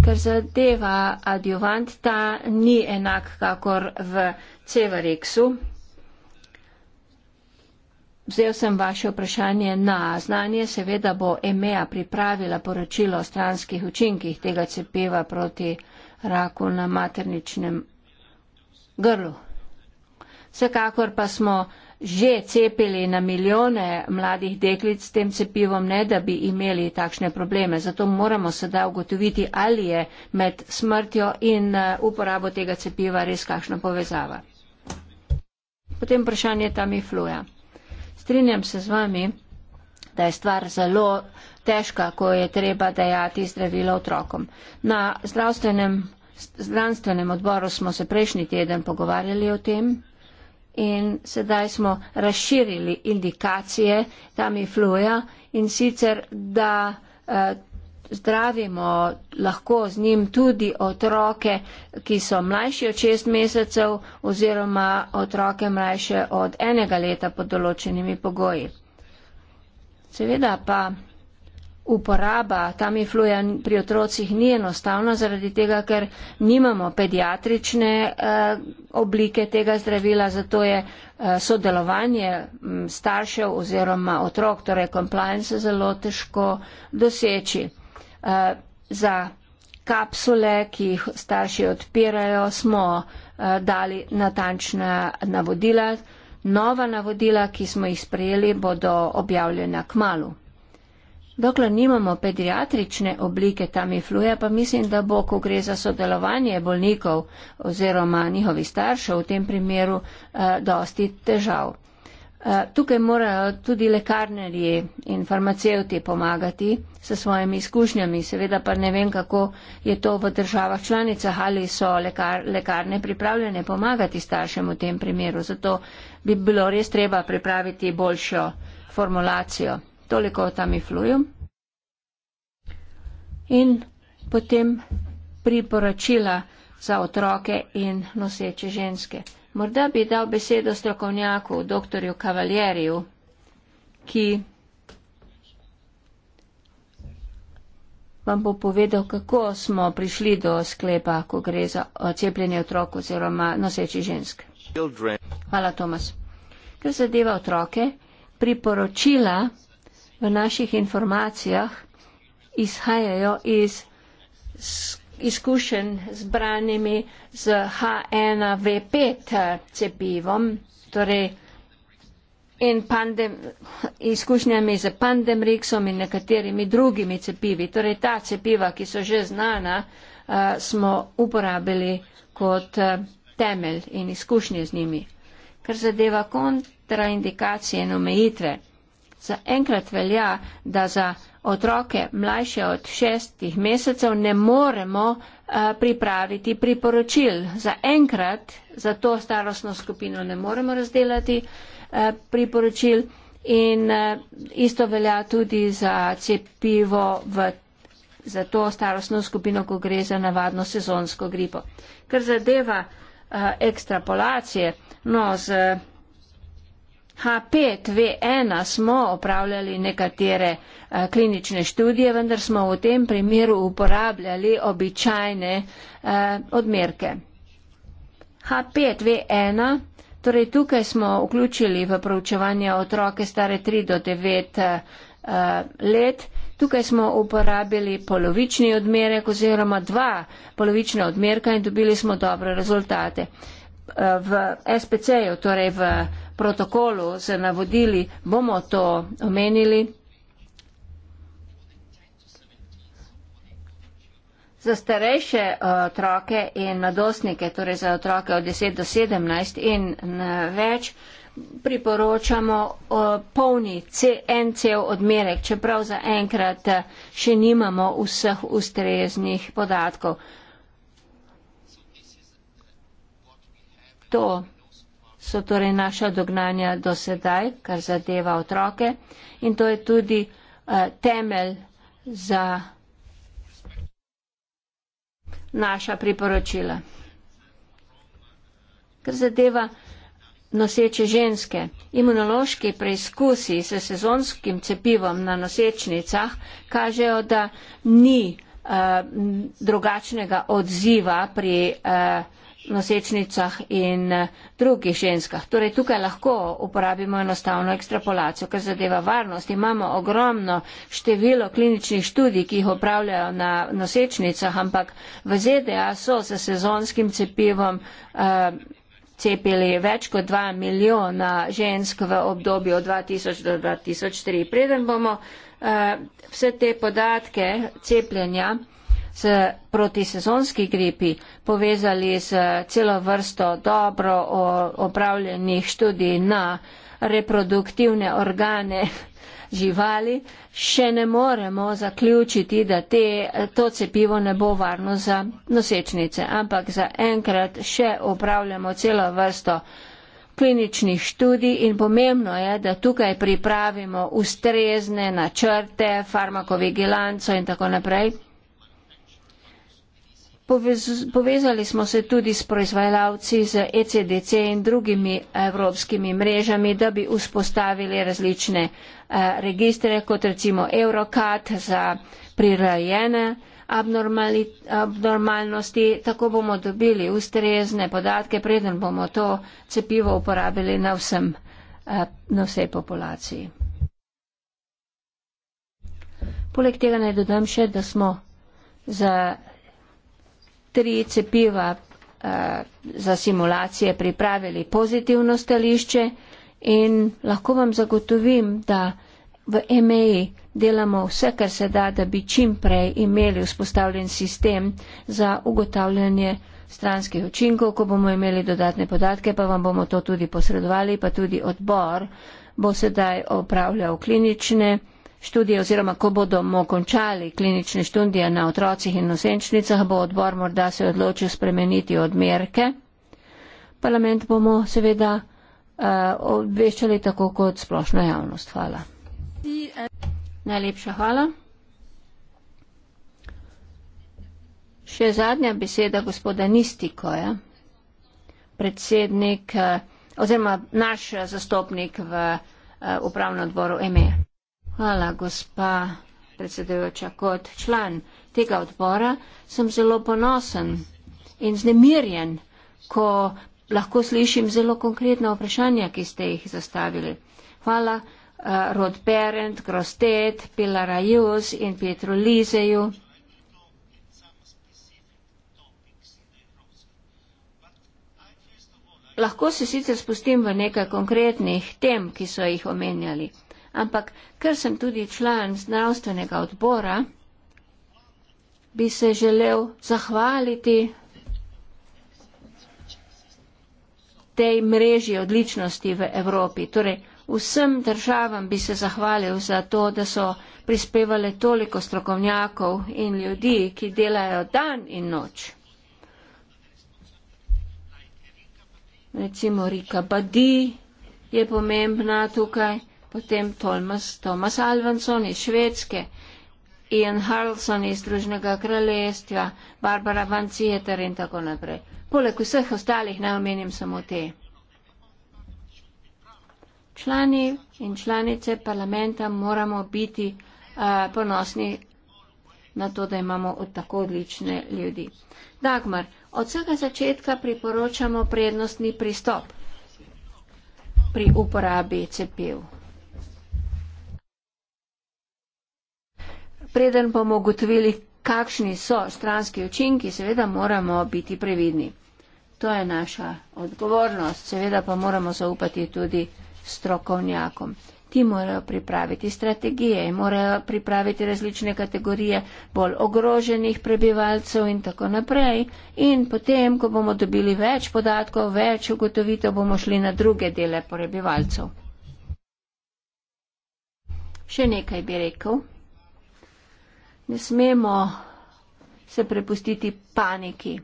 Ker zadeva adjuvant, ta ni enak, kakor v Cevareksu. Vzel sem vaše vprašanje na znanje, seveda bo EMEA pripravila poročilo o stranskih učinkih tega cepiva proti raku na materničnem grlu. Vsekakor pa smo že cepili na milijone mladih deklic s tem cepivom, ne da bi imeli takšne probleme. Zato moramo sedaj ugotoviti, ali je med smrtjo in eh, uporabo tega cepiva res kakšna povezava. Potem vprašanje tam je fluja. Strinjam se z vami da je stvar zelo težka, ko je treba dajati zdravilo otrokom. Na zdravstvenem, zdravstvenem odboru smo se prejšnji teden pogovarjali o tem in sedaj smo razširili indikacije tam in fluja in sicer, da eh, zdravimo lahko z njim tudi otroke, ki so mlajši od 6 mesecev oziroma otroke mlajše od enega leta pod določenimi pogoji. Seveda pa uporaba tamifluja pri otrocih ni enostavna zaradi tega, ker nimamo pediatrične eh, oblike tega zdravila, zato je eh, sodelovanje staršev oziroma otrok, torej compliance, zelo težko doseči. Eh, za kapsule, ki jih starši odpirajo, smo dali natančna navodila, Nova navodila, ki smo jih sprejeli, bodo objavljena k malu. Dokler nimamo pediatrične oblike tamifluja, pa mislim, da bo, ko gre za sodelovanje bolnikov oziroma njihovih staršev v tem primeru, eh, dosti težav. Eh, tukaj morajo tudi lekarnerji in farmacevti pomagati s svojimi izkušnjami. Seveda pa ne vem, kako je to v državah članicah, ali so lekar, lekarne pripravljene pomagati staršem v tem primeru. Zato bi bilo res treba pripraviti boljšo formulacijo. Toliko o tamifluju. In potem priporočila za otroke in noseče ženske. Morda bi dal besedo strokovnjaku, dr. Kavaljeriju, ki vam bo povedal, kako smo prišli do sklepa, ko gre za cepljenje otrok oziroma noseči žensk. Hvala, Tomas. Kar zadeva otroke, priporočila v naših informacijah izhajajo iz izkušenj zbranimi z H1V5 cepivom, torej in pandem, izkušnjami z pandemrixom in nekaterimi drugimi cepivi. Torej ta cepiva, ki so že znana, eh, smo uporabili kot eh, temelj in izkušnje z njimi. Kar zadeva kontraindikacije in omejitve. Za enkrat velja, da za otroke mlajše od šestih mesecev ne moremo uh, pripraviti priporočil. Za enkrat za to starostno skupino ne moremo razdelati uh, priporočil in uh, isto velja tudi za cepivo v, za to starostno skupino, ko gre za navadno sezonsko gripo. Ker zadeva uh, ekstrapolacije, no, z. Uh, H5V1 smo opravljali nekatere a, eh, klinične študije, vendar smo v tem primeru uporabljali običajne a, eh, odmerke. H5V1, torej tukaj smo vključili v proučevanje otroke stare 3 do 9 a, eh, let, tukaj smo uporabili polovični odmerek oziroma dva polovična odmerka in dobili smo dobre rezultate. V SPC-ju, torej v protokolu z navodili bomo to omenili. Za starejše eh, otroke in mladostnike, torej za otroke od 10 do 17 in več, priporočamo eh, polni en cel odmerek, čeprav za enkrat eh, še nimamo vseh ustreznih podatkov. To so torej naša dognanja do sedaj, kar zadeva otroke in to je tudi eh, temelj za naša priporočila. Kar zadeva noseče ženske, imunološki preizkusi s sezonskim cepivom na nosečnicah kažejo, da ni eh, drugačnega odziva pri eh, nosečnicah in eh, drugih ženskah. Torej tukaj lahko uporabimo enostavno ekstrapolacijo, kar zadeva varnost. Imamo ogromno število kliničnih študij, ki jih upravljajo na nosečnicah, ampak v ZDA so se sezonskim cepivom uh, cepili več kot 2 milijona žensk v obdobju od 2000 do 2003. Preden bomo uh, vse te podatke cepljenja, s protisezonski gripi povezali z celo vrsto dobro opravljenih študij na reproduktivne organe živali, še ne moremo zaključiti, da te, to cepivo ne bo varno za nosečnice. Ampak zaenkrat še opravljamo celo vrsto kliničnih študij in pomembno je, da tukaj pripravimo ustrezne načrte, farmakovigilanco in tako naprej. Povez, povezali smo se tudi s proizvajalci z ECDC in drugimi evropskimi mrežami, da bi vzpostavili različne eh, registre, kot recimo Eurocat za prirajene abnormalnosti. Tako bomo dobili ustrezne podatke, preden bomo to cepivo uporabili na, vsem, eh, na vsej populaciji. Poleg tega naj dodam še, da smo za tri cepiva eh, za simulacije pripravili pozitivno stališče in lahko vam zagotovim, da v EMEI delamo vse, kar se da, da bi čim prej imeli vzpostavljen sistem za ugotavljanje stranskih učinkov. Ko bomo imeli dodatne podatke, pa vam bomo to tudi posredovali, pa tudi odbor bo sedaj opravljal klinične študije oziroma ko bodo končali klinične študije na otrocih in nosečnicah, bo odbor morda se odločil spremeniti odmerke. Parlament bomo seveda uh, obveščali tako kot splošna javnost. Hvala. Najlepša hvala. Še zadnja beseda gospoda Nistikoja, predsednik eh, oziroma naš eh, zastopnik v upravnem odboru EMEA. Hvala, gospa predsedujoča. Kot član tega odbora sem zelo ponosen in znemirjen, ko lahko slišim zelo konkretna vprašanja, ki ste jih zastavili. Hvala uh, Rod Berend, Grostet, Pilar Ajus in Petru Lizeju. Lahko se sicer spustim v nekaj konkretnih tem, ki so jih omenjali ampak ker sem tudi član znanstvenega odbora, bi se želel zahvaliti tej mreži odličnosti v Evropi. Torej, vsem državam bi se zahvalil za to, da so prispevali toliko strokovnjakov in ljudi, ki delajo dan in noč. Recimo Rika Badi je pomembna tukaj potem Tomas, Tomas Alvanson iz Švedske, Ian Harlson iz Združnega kraljestva, Barbara Van Cieter in tako naprej. Poleg vseh ostalih ne omenim samo te. Člani in članice parlamenta moramo biti uh, ponosni na to, da imamo od tako odlične ljudi. Dagmar, od vsega začetka priporočamo prednostni pristop pri uporabi cepiv. preden bomo ugotovili, kakšni so stranski učinki, seveda moramo biti previdni. To je naša odgovornost, seveda pa moramo zaupati tudi strokovnjakom. Ti morajo pripraviti strategije, morajo pripraviti različne kategorije bolj ogroženih prebivalcev in tako naprej. In potem, ko bomo dobili več podatkov, več ugotovitev, bomo šli na druge dele prebivalcev. Še nekaj bi rekel. Ne smemo se prepustiti paniki.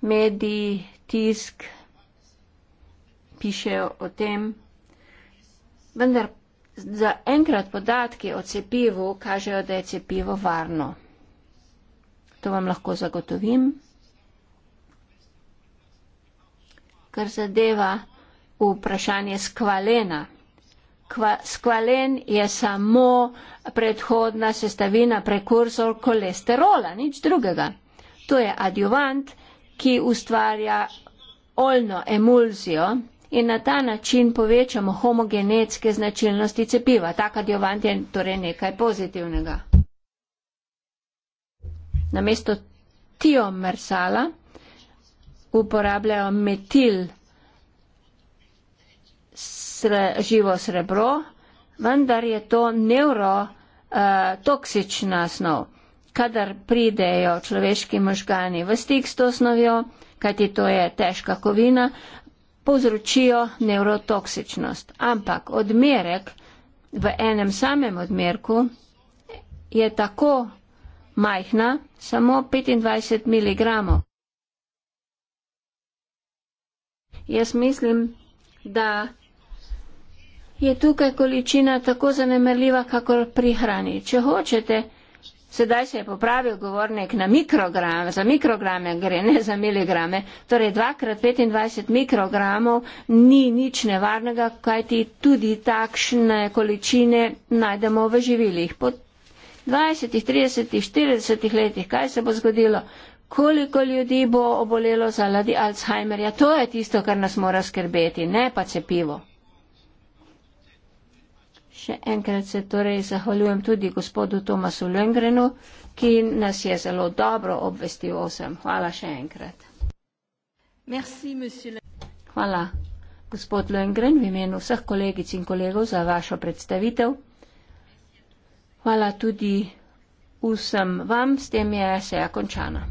Mediji, tisk pišejo o tem, vendar za enkrat podatki o cepivu kažejo, da je cepivo varno. To vam lahko zagotovim. Kar zadeva vprašanje skvalena skvalen je samo predhodna sestavina, prekursor kolesterola, nič drugega. To je adjuvant, ki ustvarja oljno emulzijo in na ta način povečamo homogenetske značilnosti cepiva. Tak adjuvant je torej nekaj pozitivnega. Namesto tiomersala uporabljajo metil sre, živo srebro, vendar je to neurotoksična eh, uh, snov. Kadar pridejo človeški možgani v stik s to snovjo, kajti to je težka kovina, povzročijo neurotoksičnost. Ampak odmerek v enem samem odmerku je tako majhna, samo 25 mg. Jaz mislim, da je tukaj količina tako zanemrljiva, kakor pri hrani. Če hočete, sedaj se je popravil govornik na mikrograme, za mikrograme gre, ne za miligrame, torej 2x25 mikrogramov ni nič nevarnega, kajti tudi takšne količine najdemo v živilih. Po 20, 30, 40 letih, kaj se bo zgodilo? Koliko ljudi bo obolelo zaradi Alzheimerja? To je tisto, kar nas mora skrbeti, ne pa cepivo. Še enkrat se torej zahvaljujem tudi gospodu Tomasu Lengrenu, ki nas je zelo dobro obvestil o vsem. Hvala še enkrat. Merci, Hvala, gospod Lengren, v imenu vseh kolegic in kolegov za vašo predstavitev. Hvala tudi vsem vam, s tem je seja končana.